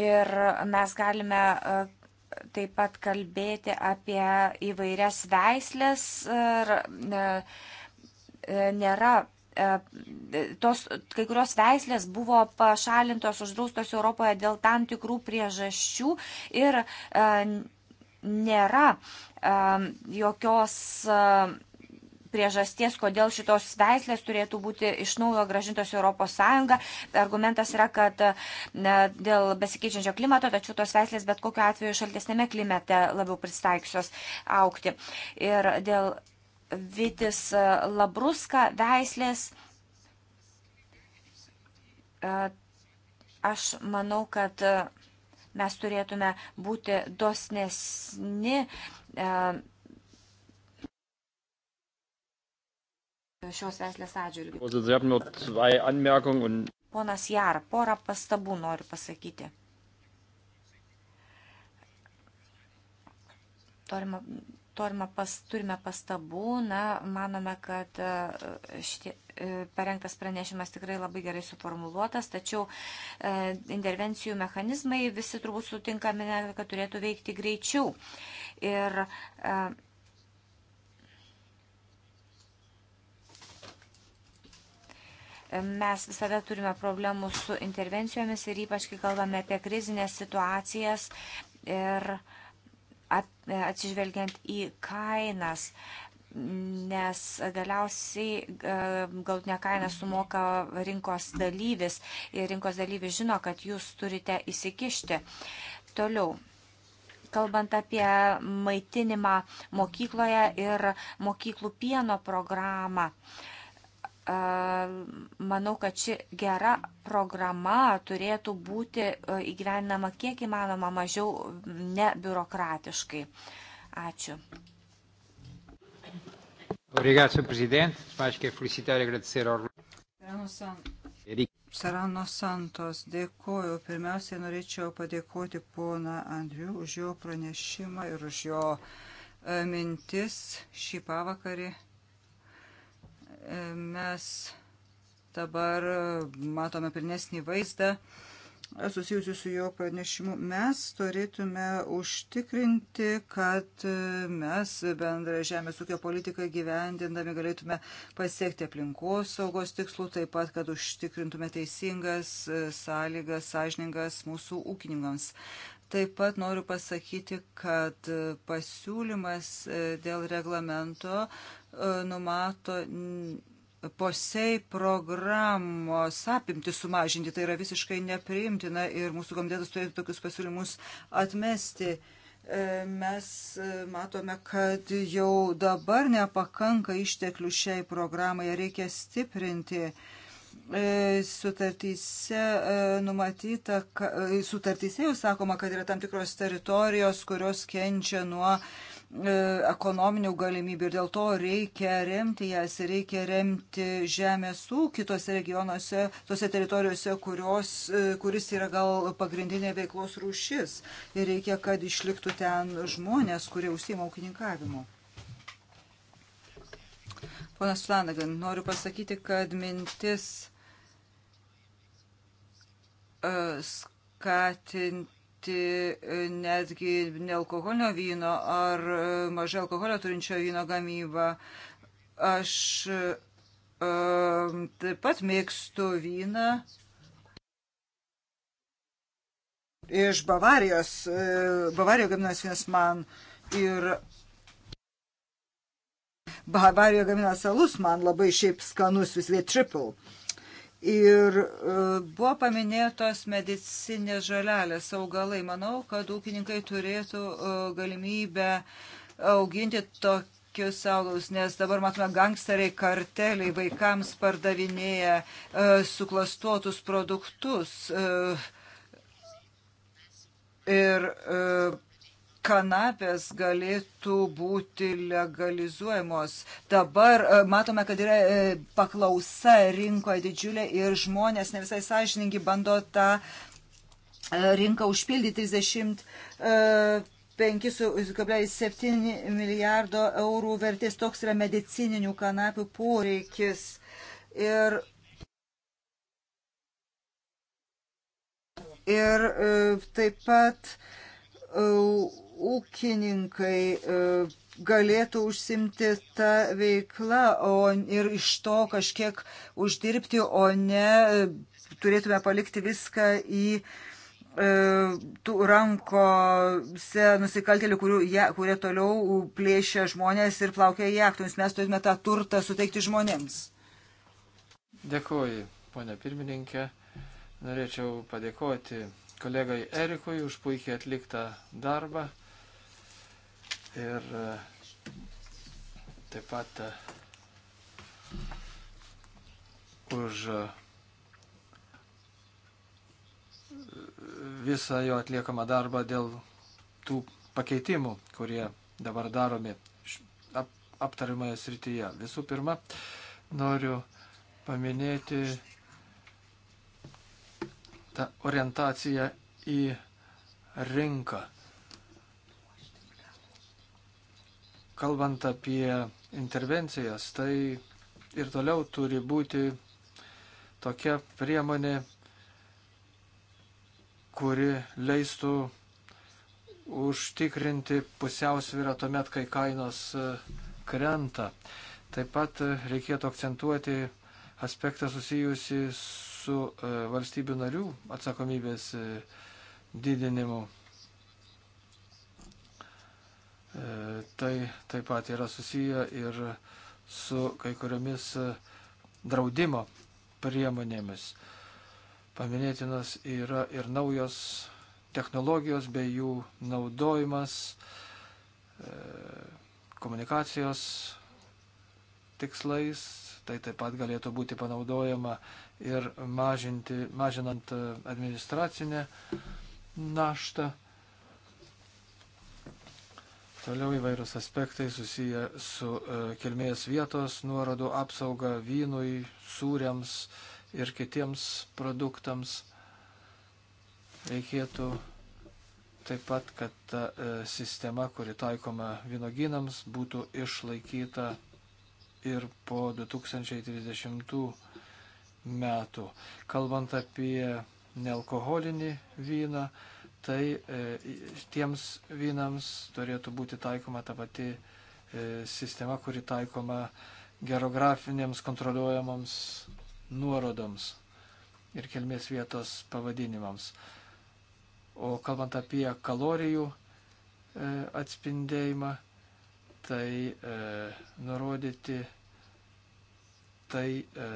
Ir mes galime e, taip pat kalbėti apie įvairias veislės ir e, e, nėra. Tos kai kurios veislės buvo pašalintos, uždraustos Europoje dėl tam tikrų priežasčių ir nėra jokios priežasties, kodėl šitos veislės turėtų būti iš naujo gražintos Europos Sąjungą. Argumentas yra, kad e, dėl besikeičiančio klimato, tačiau tos veislės bet kokiu atveju šaltesnėme klimate labiau pristaiksios aukti. Ir dėl Vitis Labruska veislės. E, aš manau, kad e, mes turėtume būti dosnesni šios veslės atžvilgių. Ponas Jar, porą pastabų noriu pasakyti. Torima, torima pas, turime pastabų, na, manome, kad e, šitie, e, parengtas pranešimas tikrai labai gerai suformuluotas, tačiau e, intervencijų mechanizmai visi turbūt sutinkame, kad turėtų veikti greičiau. Ir e, Mes visada turime problemų su intervencijomis ir ypač, kai kalbame apie krizinės situacijas ir atsižvelgiant į kainas, nes galiausiai e, galtinę kainą sumoka rinkos dalyvis ir rinkos dalyvis žino, kad jūs turite įsikišti. Toliau kalbant apie maitinimą mokykloje ir mokyklų pieno programą. Uh, E, manau, kad ši gera programa turėtų būti e, įgyvendinama kiek įmanoma mažiau nebiurokratiškai. Ačiū. Obrigado, Sr. Presidente. Mais que felicitar e agradecer ao Sarano Santos, dėkoju. Pirmiausiai norėčiau padėkoti pona Andriu už jo pranešimą ir už jo e, mintis šį pavakarį. Mes dabar matome pilnesnį vaizdą susijusių su jo pranešimu. Mes turėtume užtikrinti, kad mes bendrą žemės ūkio politiką gyvendindami galėtume pasiekti aplinkos saugos tikslų, taip pat, kad užtikrintume teisingas sąlygas, sąžiningas mūsų ūkininkams. Taip pat noriu pasakyti, kad pasiūlymas e, dėl reglamento e, numato posei programos apimti sumažinti. Tai yra visiškai nepriimtina ir mūsų komitetas turėtų tokius pasiūlymus atmesti. E, mes matome, kad jau dabar nepakanka išteklių šiai programai, reikia stiprinti. E, sutartyse e, numatyta, e, sutartyse jau sakoma, kad yra tam tikros teritorijos, kurios kenčia nuo ekonominių galimybių ir dėl to reikia remti jas ir reikia remti žemės ūkį tose regionuose, tose teritorijose, kurios, kuris yra gal pagrindinė veiklos rūšis. Ir reikia, kad išliktų ten žmonės, kurie užsima ūkininkavimu. Ponas Flanagan, noriu pasakyti, kad mintis e, skatinti e, netgi nealkoholinio vyno ar e, mažai alkoholio turinčio vyno gamybą. Aš taip pat mėgstu vyną. Iš Bavarijos, Bavarijoje gaminamas vynas man ir Bavarijoje gamina salus, man labai šiaip skanus vis vien triple. Ir e, buvo paminėtos medicinės žalelės augalai. Manau, kad ūkininkai turėtų e, galimybę auginti tokius augalus, nes dabar matome gangsteriai, karteliai vaikams pardavinėja e, suklastuotus produktus. Ir kanapės galėtų būti legalizuojamos. Dabar e, matome, kad yra e, paklausa rinkoje didžiulė ir žmonės ne visai sąžiningi bando tą e, rinką užpildyti 30. 5,7 milijardo eurų vertės toks yra medicininių kanapių poreikis. Ir Ir taip pat ūkininkai e, galėtų užsimti tą veiklą o, ir iš to kažkiek uždirbti, o ne e, turėtume palikti viską į e, tų rankose nusikaltėlių, ja, kurie toliau plėšia žmonės ir plaukia į jaktus. Mes turime tą turtą suteikti žmonėms. Dėkuoju, ponia pirmininkė. Norėčiau padėkoti kolegai Erikui už puikiai atliktą darbą. Ir e, taip pat e, už e, visą jo atliekamą darbą dėl tų pakeitimų, kurie dabar daromi aptariamoje srityje. Visų pirma, noriu paminėti tą orientaciją į rinką. kalbant apie intervencijas, tai ir toliau turi būti tokia priemonė, kuri leistų užtikrinti pusiausvyrą tuomet, kai kainos e, krenta. Taip pat e, reikėtų akcentuoti aspektą susijusi su e, valstybių narių atsakomybės didinimu. E, tai taip pat yra susiję ir su kai kuriomis e, draudimo priemonėmis. Paminėtinas yra ir naujos technologijos bei jų naudojimas e, komunikacijos tikslais. Tai taip pat galėtų būti panaudojama ir mažinti, mažinant administracinę naštą. Toliau įvairūs aspektai susiję su e, kilmės vietos nuorodų apsauga vynui, sūriams ir kitiems produktams. Reikėtų taip pat, kad ta e, sistema, kuri taikoma vynoginams, būtų išlaikyta ir po 2030 metų. Kalbant apie nealkoholinį vyną, tai e, tiems vynams turėtų būti taikoma ta pati e, sistema, kuri taikoma geografinėms kontroliuojamoms nuorodoms ir kilmės vietos pavadinimams. O kalbant apie kalorijų e, atspindėjimą, tai e, nurodyti, tai e,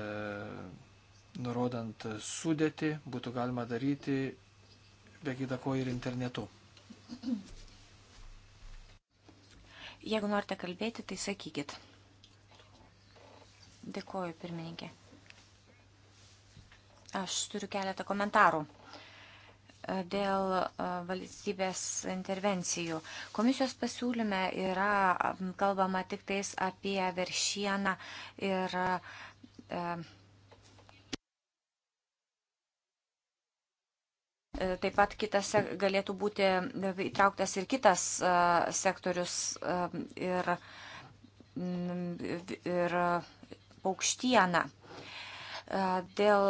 nurodant sudėti būtų galima daryti be kita ko ir internetu. Jeigu norite kalbėti, tai sakykit. Dėkuoju, pirmininkė. Aš turiu keletą komentarų e, dėl e, valstybės intervencijų. Komisijos pasiūlyme yra kalbama tik tais apie veršieną ir e, E, taip pat kitas galėtų būti įtrauktas ir kitas e, sektorius e, ir, ir paukštiena. Dėl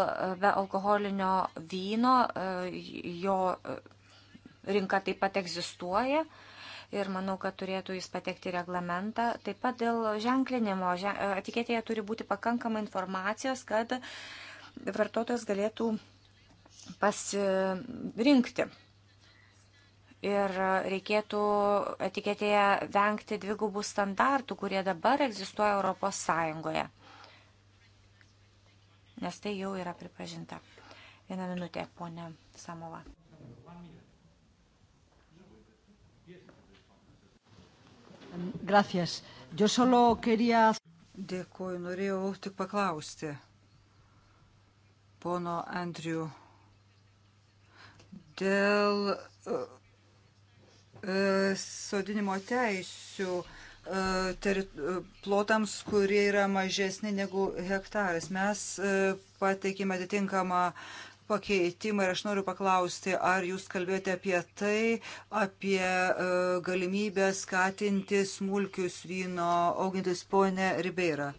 alkoholinio vyno jo rinka taip pat egzistuoja ir manau, kad turėtų jis patekti reglamentą. Taip pat dėl ženklinimo etiketėje turi būti pakankamai informacijos, kad vartotojas galėtų pasirinkti. Ir reikėtų etiketėje vengti dvigubų standartų, kurie dabar egzistuoja Europos Sąjungoje. Nes tai jau yra pripažinta. Vieną minutę, ponė Samova. Gracias. Yo solo quería... Dėkuoju, norėjau tik paklausti pono Andriu dėl e, e, sodinimo teisių e, plotams, kurie yra mažesni negu hektaras. Mes pateikėme atitinkamą pakeitimą ir aš noriu paklausti, ar jūs kalbėjote apie tai, apie galimybę skatinti smulkius vyno augintis ponę Ribeirą.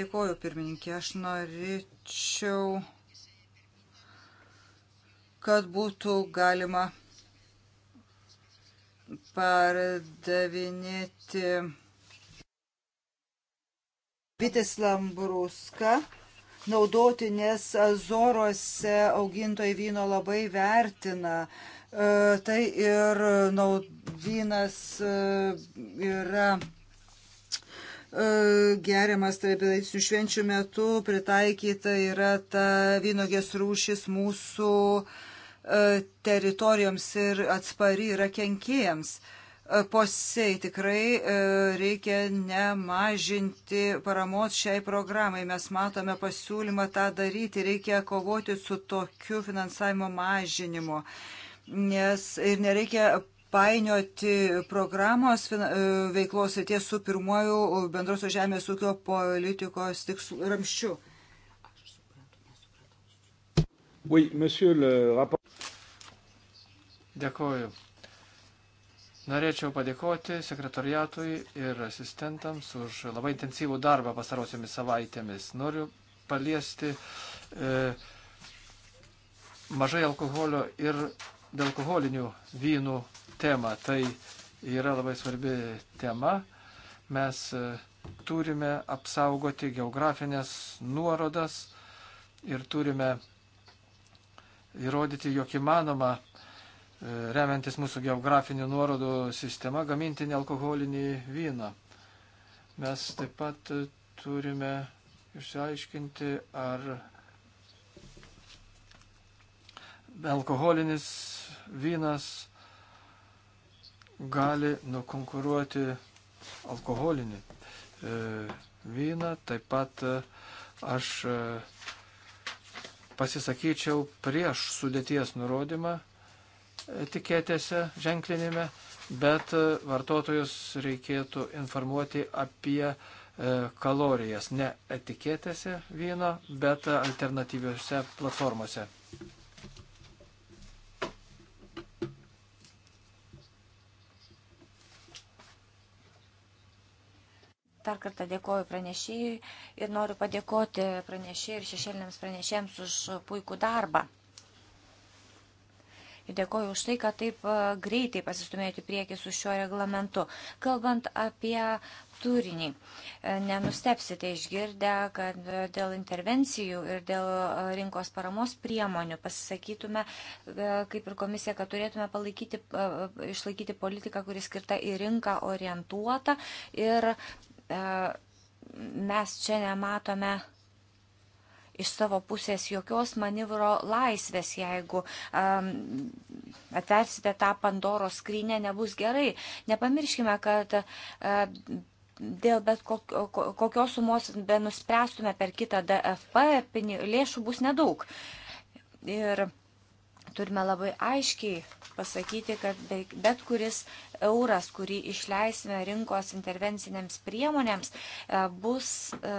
Dėkoju, pirmininkė, aš norėčiau kad būtų galima pardavinėti bitės lambruską, naudoti, nes Azoruose augintojai vyno labai vertina. E, tai ir naud, vynas e, yra e, geriamas tradicinių švenčių metu, pritaikyta yra ta vynogės rūšis mūsų uh, E, teritorijoms ir atspari yra kenkėjams. E, Posei tikrai e, reikia nemažinti paramos šiai programai. Mes matome pasiūlymą tą daryti, reikia kovoti su tokiu finansavimo mažinimu. Nes ir nereikia painioti programos veiklos ir ties su pirmuoju bendrosios žemės ūkio politikos tikslu ramščiu. Oui, monsieur le rapport. Dėkoju. Norėčiau padėkoti sekretariatui ir asistentams už labai intensyvų darbą pasarosiomis savaitėmis. Noriu paliesti e, mažai alkoholio ir alkoholinių vynų temą. Tai yra labai svarbi tema. Mes e, turime apsaugoti geografinės nuorodas ir turime įrodyti, jog įmanoma remiantis mūsų geografinių nuorodų sistema, gaminti nealkoholinį vyną. Mes taip pat turime išsiaiškinti, ar alkoholinis vynas gali nukonkuruoti alkoholinį e, vyną. Taip pat e, aš e, pasisakyčiau prieš sudėties nurodymą etiketėse, ženklinime, bet e, vartotojus reikėtų informuoti apie e, kalorijas ne etiketėse vyno, bet alternatyviuose platformose. Dar kartą dėkoju pranešėjui ir noriu padėkoti pranešėjui ir šešėliniams pranešėjams už puikų darbą. Ir dėkoju už tai, kad taip e, greitai pasistumėjote prieki su šiuo reglamentu. Kalbant apie turinį, e, nenustepsite išgirdę, kad e, dėl intervencijų ir dėl rinkos paramos priemonių pasisakytume, kaip ir komisija, kad turėtume palaikyti, išlaikyti politiką, kuri skirta į rinką orientuota. Ir mes čia nematome iš savo pusės jokios manivro laisvės, jeigu um, atversite tą Pandoros skrynę, nebus gerai. Nepamirškime, kad um, dėl bet kokios sumos be nuspręstume per kitą DFP, lėšų bus nedaug. Ir turime labai aiškiai pasakyti, kad bet kuris euras, kurį išleisime rinkos intervencinėms priemonėms, e, bus e,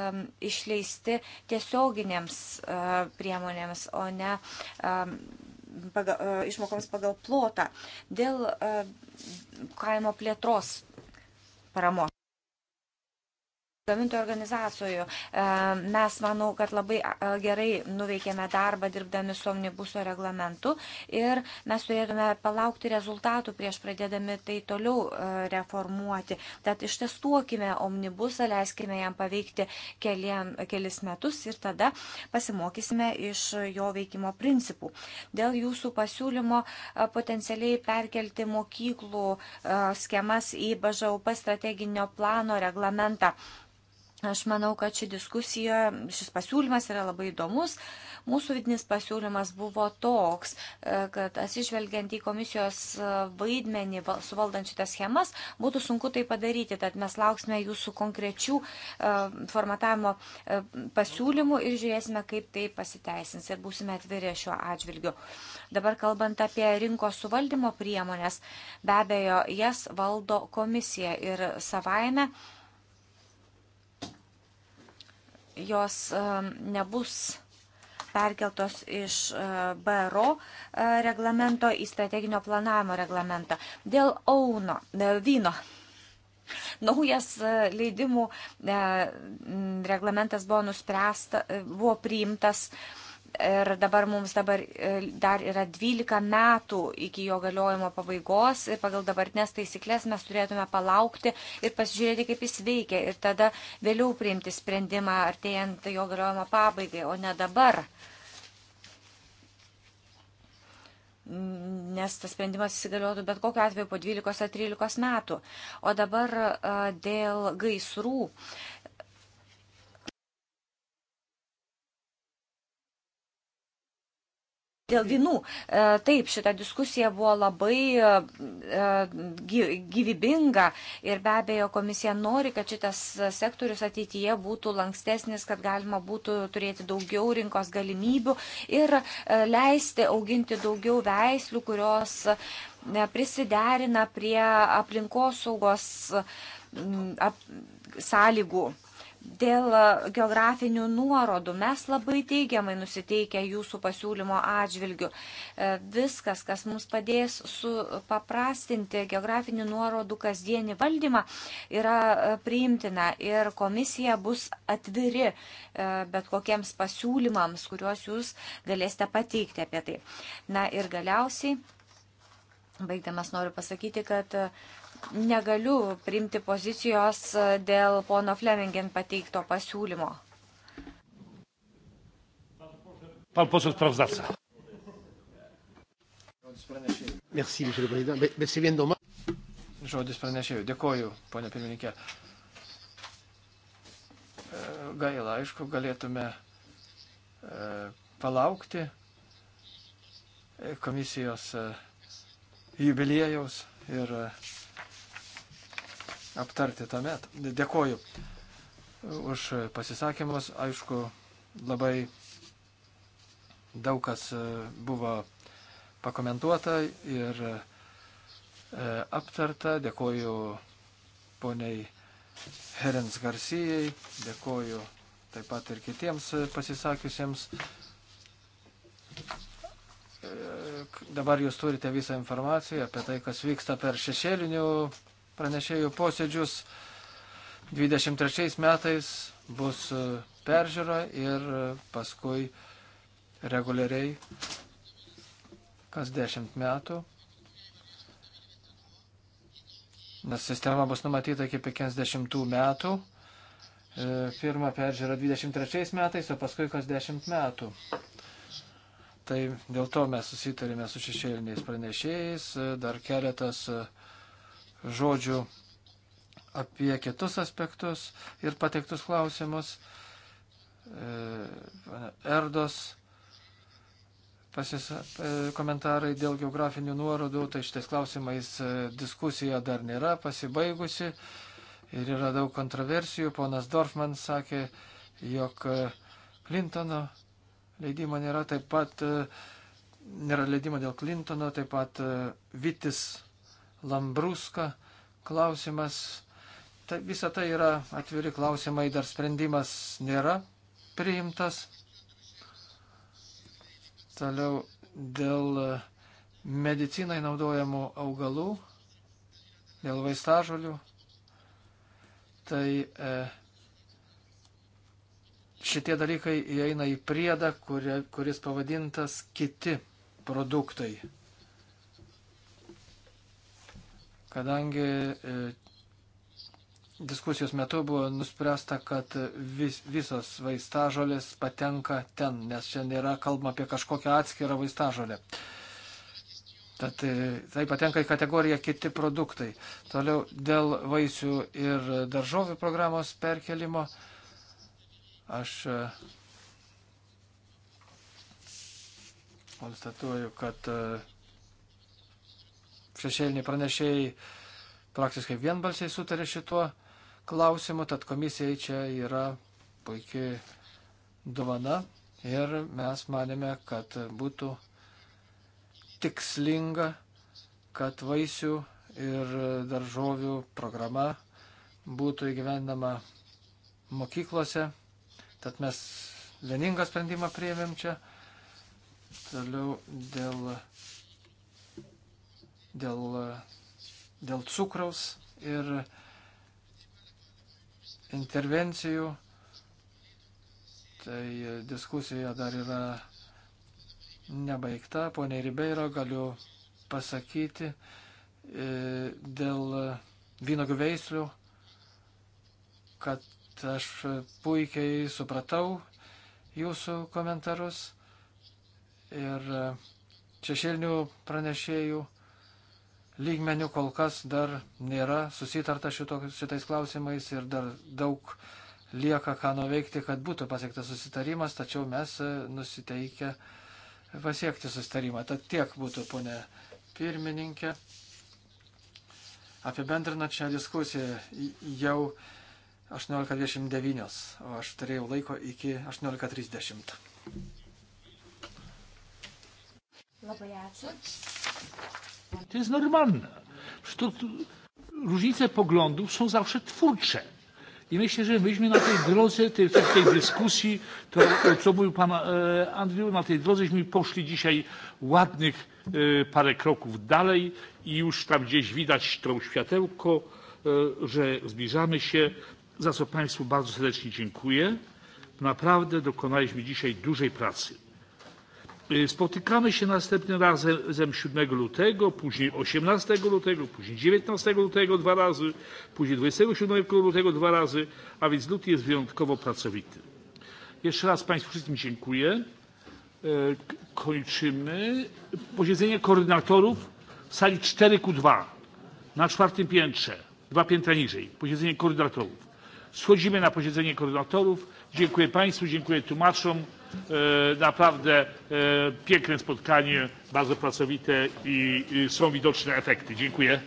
išleisti tiesioginėms e, priemonėms, o ne pagal, išmokoms pagal plotą dėl kaimo plėtros paramos gamintojų organizacijų. E, mes manau, kad labai gerai nuveikėme darbą dirbdami su omnibuso reglamentu ir mes turėtume palaukti rezultatų prieš pradėdami tai toliau e, reformuoti. Tad ištestuokime omnibusą, leiskime jam paveikti kelien, kelis metus ir tada pasimokysime iš jo veikimo principų. Dėl jūsų pasiūlymo e, potencialiai perkelti mokyklų schemas į BŽUP strateginio plano reglamentą. Aš manau, kad ši diskusija, šis pasiūlymas yra labai įdomus. Mūsų vidinis pasiūlymas buvo toks, e, kad atsižvelgiant į komisijos e, vaidmenį suvaldant šitas schemas, būtų sunku tai padaryti. Tad mes lauksime jūsų konkrečių e, formatavimo pasiūlymų ir žiūrėsime, kaip tai pasiteisins ir būsime atviri šiuo atžvilgiu. Dabar kalbant apie rinkos suvaldymo priemonės, be abejo, jas valdo komisija ir savaime jos nebus perkeltos iš e, BRO e, reglamento į strateginio planavimo reglamentą. Dėl auno, e, vyno. *laughs* Naujas leidimų reglamentas buvo nuspręsta, buvo priimtas Ir dabar mums dabar e, dar yra 12 metų iki jo galiojimo pabaigos ir pagal dabartinės taisyklės mes turėtume palaukti ir pasižiūrėti, kaip jis veikia ir tada vėliau priimti sprendimą artėjant jo galiojimo pabaigai, o ne dabar. Nes tas sprendimas įsigaliotų bet kokiu atveju po 12 ar 13 metų. O dabar e, dėl gaisrų Dėl vynų. E, taip, šita diskusija buvo labai e, e, gyvybinga ir be abejo komisija nori, kad šitas sektorius ateityje būtų lankstesnis, kad galima būtų turėti daugiau rinkos galimybių ir leisti auginti daugiau veislių, kurios prisiderina prie aplinkosaugos ap, sąlygų. Dėl e, geografinių nuorodų mes labai teigiamai nusiteikę jūsų pasiūlymo atžvilgių. E, viskas, kas mums padės supaprastinti geografinių nuorodų kasdienį valdymą, yra e, priimtina ir komisija bus atviri bet kokiems pasiūlymams, kuriuos jūs galėsite pateikti apie tai. Na ir galiausiai. Baigdamas noriu pasakyti, kad negaliu priimti pozicijos e, dėl pono Flemingen pateikto pasiūlymo. Pan posėdis pravzdaca. Žodis pranešėjų. Dėkoju, ponė pirmininkė. E, gaila, aišku, galėtume e, palaukti komisijos jubiliejaus ir aptarti tuomet. Dėkoju už pasisakymus. Aišku, labai daug kas e, buvo pakomentuota ir e, aptarta. Dėkoju poniai Herens Garcijai, dėkoju taip pat ir kitiems pasisakiusiems. E, dabar jūs turite visą informaciją apie tai, kas vyksta per šešėlinių pranešėjų posėdžius. 23 metais bus e, peržiūra ir e, paskui reguliariai kas 10 metų. Nes sistema bus numatyta iki 50 metų. Pirma e, peržiūra 23 metais, o paskui kas 10 metų. Tai dėl to mes susitarėme su šešėliniais pranešėjais, dar keletas uh, žodžių apie kitus aspektus ir pateiktus klausimus. E, Erdos pasisa, e, komentarai dėl geografinių nuorodų, tai šitais klausimais e, diskusija dar nėra pasibaigusi ir yra daug kontroversijų. Ponas Dorfman sakė, jog Clintono leidimo nėra, taip pat nėra leidimo dėl Clintono, taip pat Vitis Lambruska klausimas. Ta, visa tai yra atviri klausimai, dar sprendimas nėra priimtas. Toliau dėl medicinai naudojamų augalų, dėl vaistažolių. Tai e, šitie dalykai įeina į priedą, kurie, kuris pavadintas kiti produktai. kadangi e, diskusijos metu buvo nuspręsta, kad vis, visos vaistažolės patenka ten, nes čia nėra kalbama apie kažkokią atskirą vaistažolę. Tad e, tai patenka į kategoriją kiti produktai. Toliau dėl vaisių ir daržovių programos perkelimo aš e, konstatuoju, kad uh, šešėliniai pranešėjai praktiškai vienbalsiai sutarė šituo klausimu, tad komisijai čia yra puikiai dovana ir mes manėme, kad būtų tikslinga, kad vaisių ir daržovių programa būtų įgyvendama mokyklose. Tad mes vieningą sprendimą prieimėm čia. Toliau dėl dėl, dėl cukraus ir intervencijų. Tai diskusija dar yra nebaigta. Pone Ribeiro, galiu pasakyti e, dėl vynogių veislių, kad aš puikiai supratau jūsų komentarus ir šešėlinių pranešėjų lygmenių kol kas dar nėra susitarta šito, šitais klausimais ir dar daug lieka ką nuveikti, kad būtų pasiektas susitarimas, tačiau mes e, nusiteikę pasiekti susitarimą. Tad tiek būtų, ponė pirmininkė. Apibendrinant šią diskusiją jau 18.29, o aš turėjau laiko iki 18.30. Labai ačiū. To jest normalne. To, różnice poglądów są zawsze twórcze. I myślę, że myśmy na tej drodze, tej, tej dyskusji, to co mówił pan e, Andrew, na tej drodześmy poszli dzisiaj ładnych e, parę kroków dalej i już tam gdzieś widać to światełko, e, że zbliżamy się, za co państwu bardzo serdecznie dziękuję. Naprawdę dokonaliśmy dzisiaj dużej pracy. Spotykamy się następnym razem 7 lutego, później 18 lutego, później 19 lutego dwa razy, później 27 lutego dwa razy, a więc luty jest wyjątkowo pracowity. Jeszcze raz Państwu wszystkim dziękuję. E, kończymy posiedzenie koordynatorów w sali 4Q2 na czwartym piętrze, dwa piętra niżej, posiedzenie koordynatorów. Schodzimy na posiedzenie koordynatorów. Dziękuję Państwu, dziękuję tłumaczom. E, naprawdę e, piękne spotkanie, bardzo pracowite i są widoczne efekty. Dziękuję.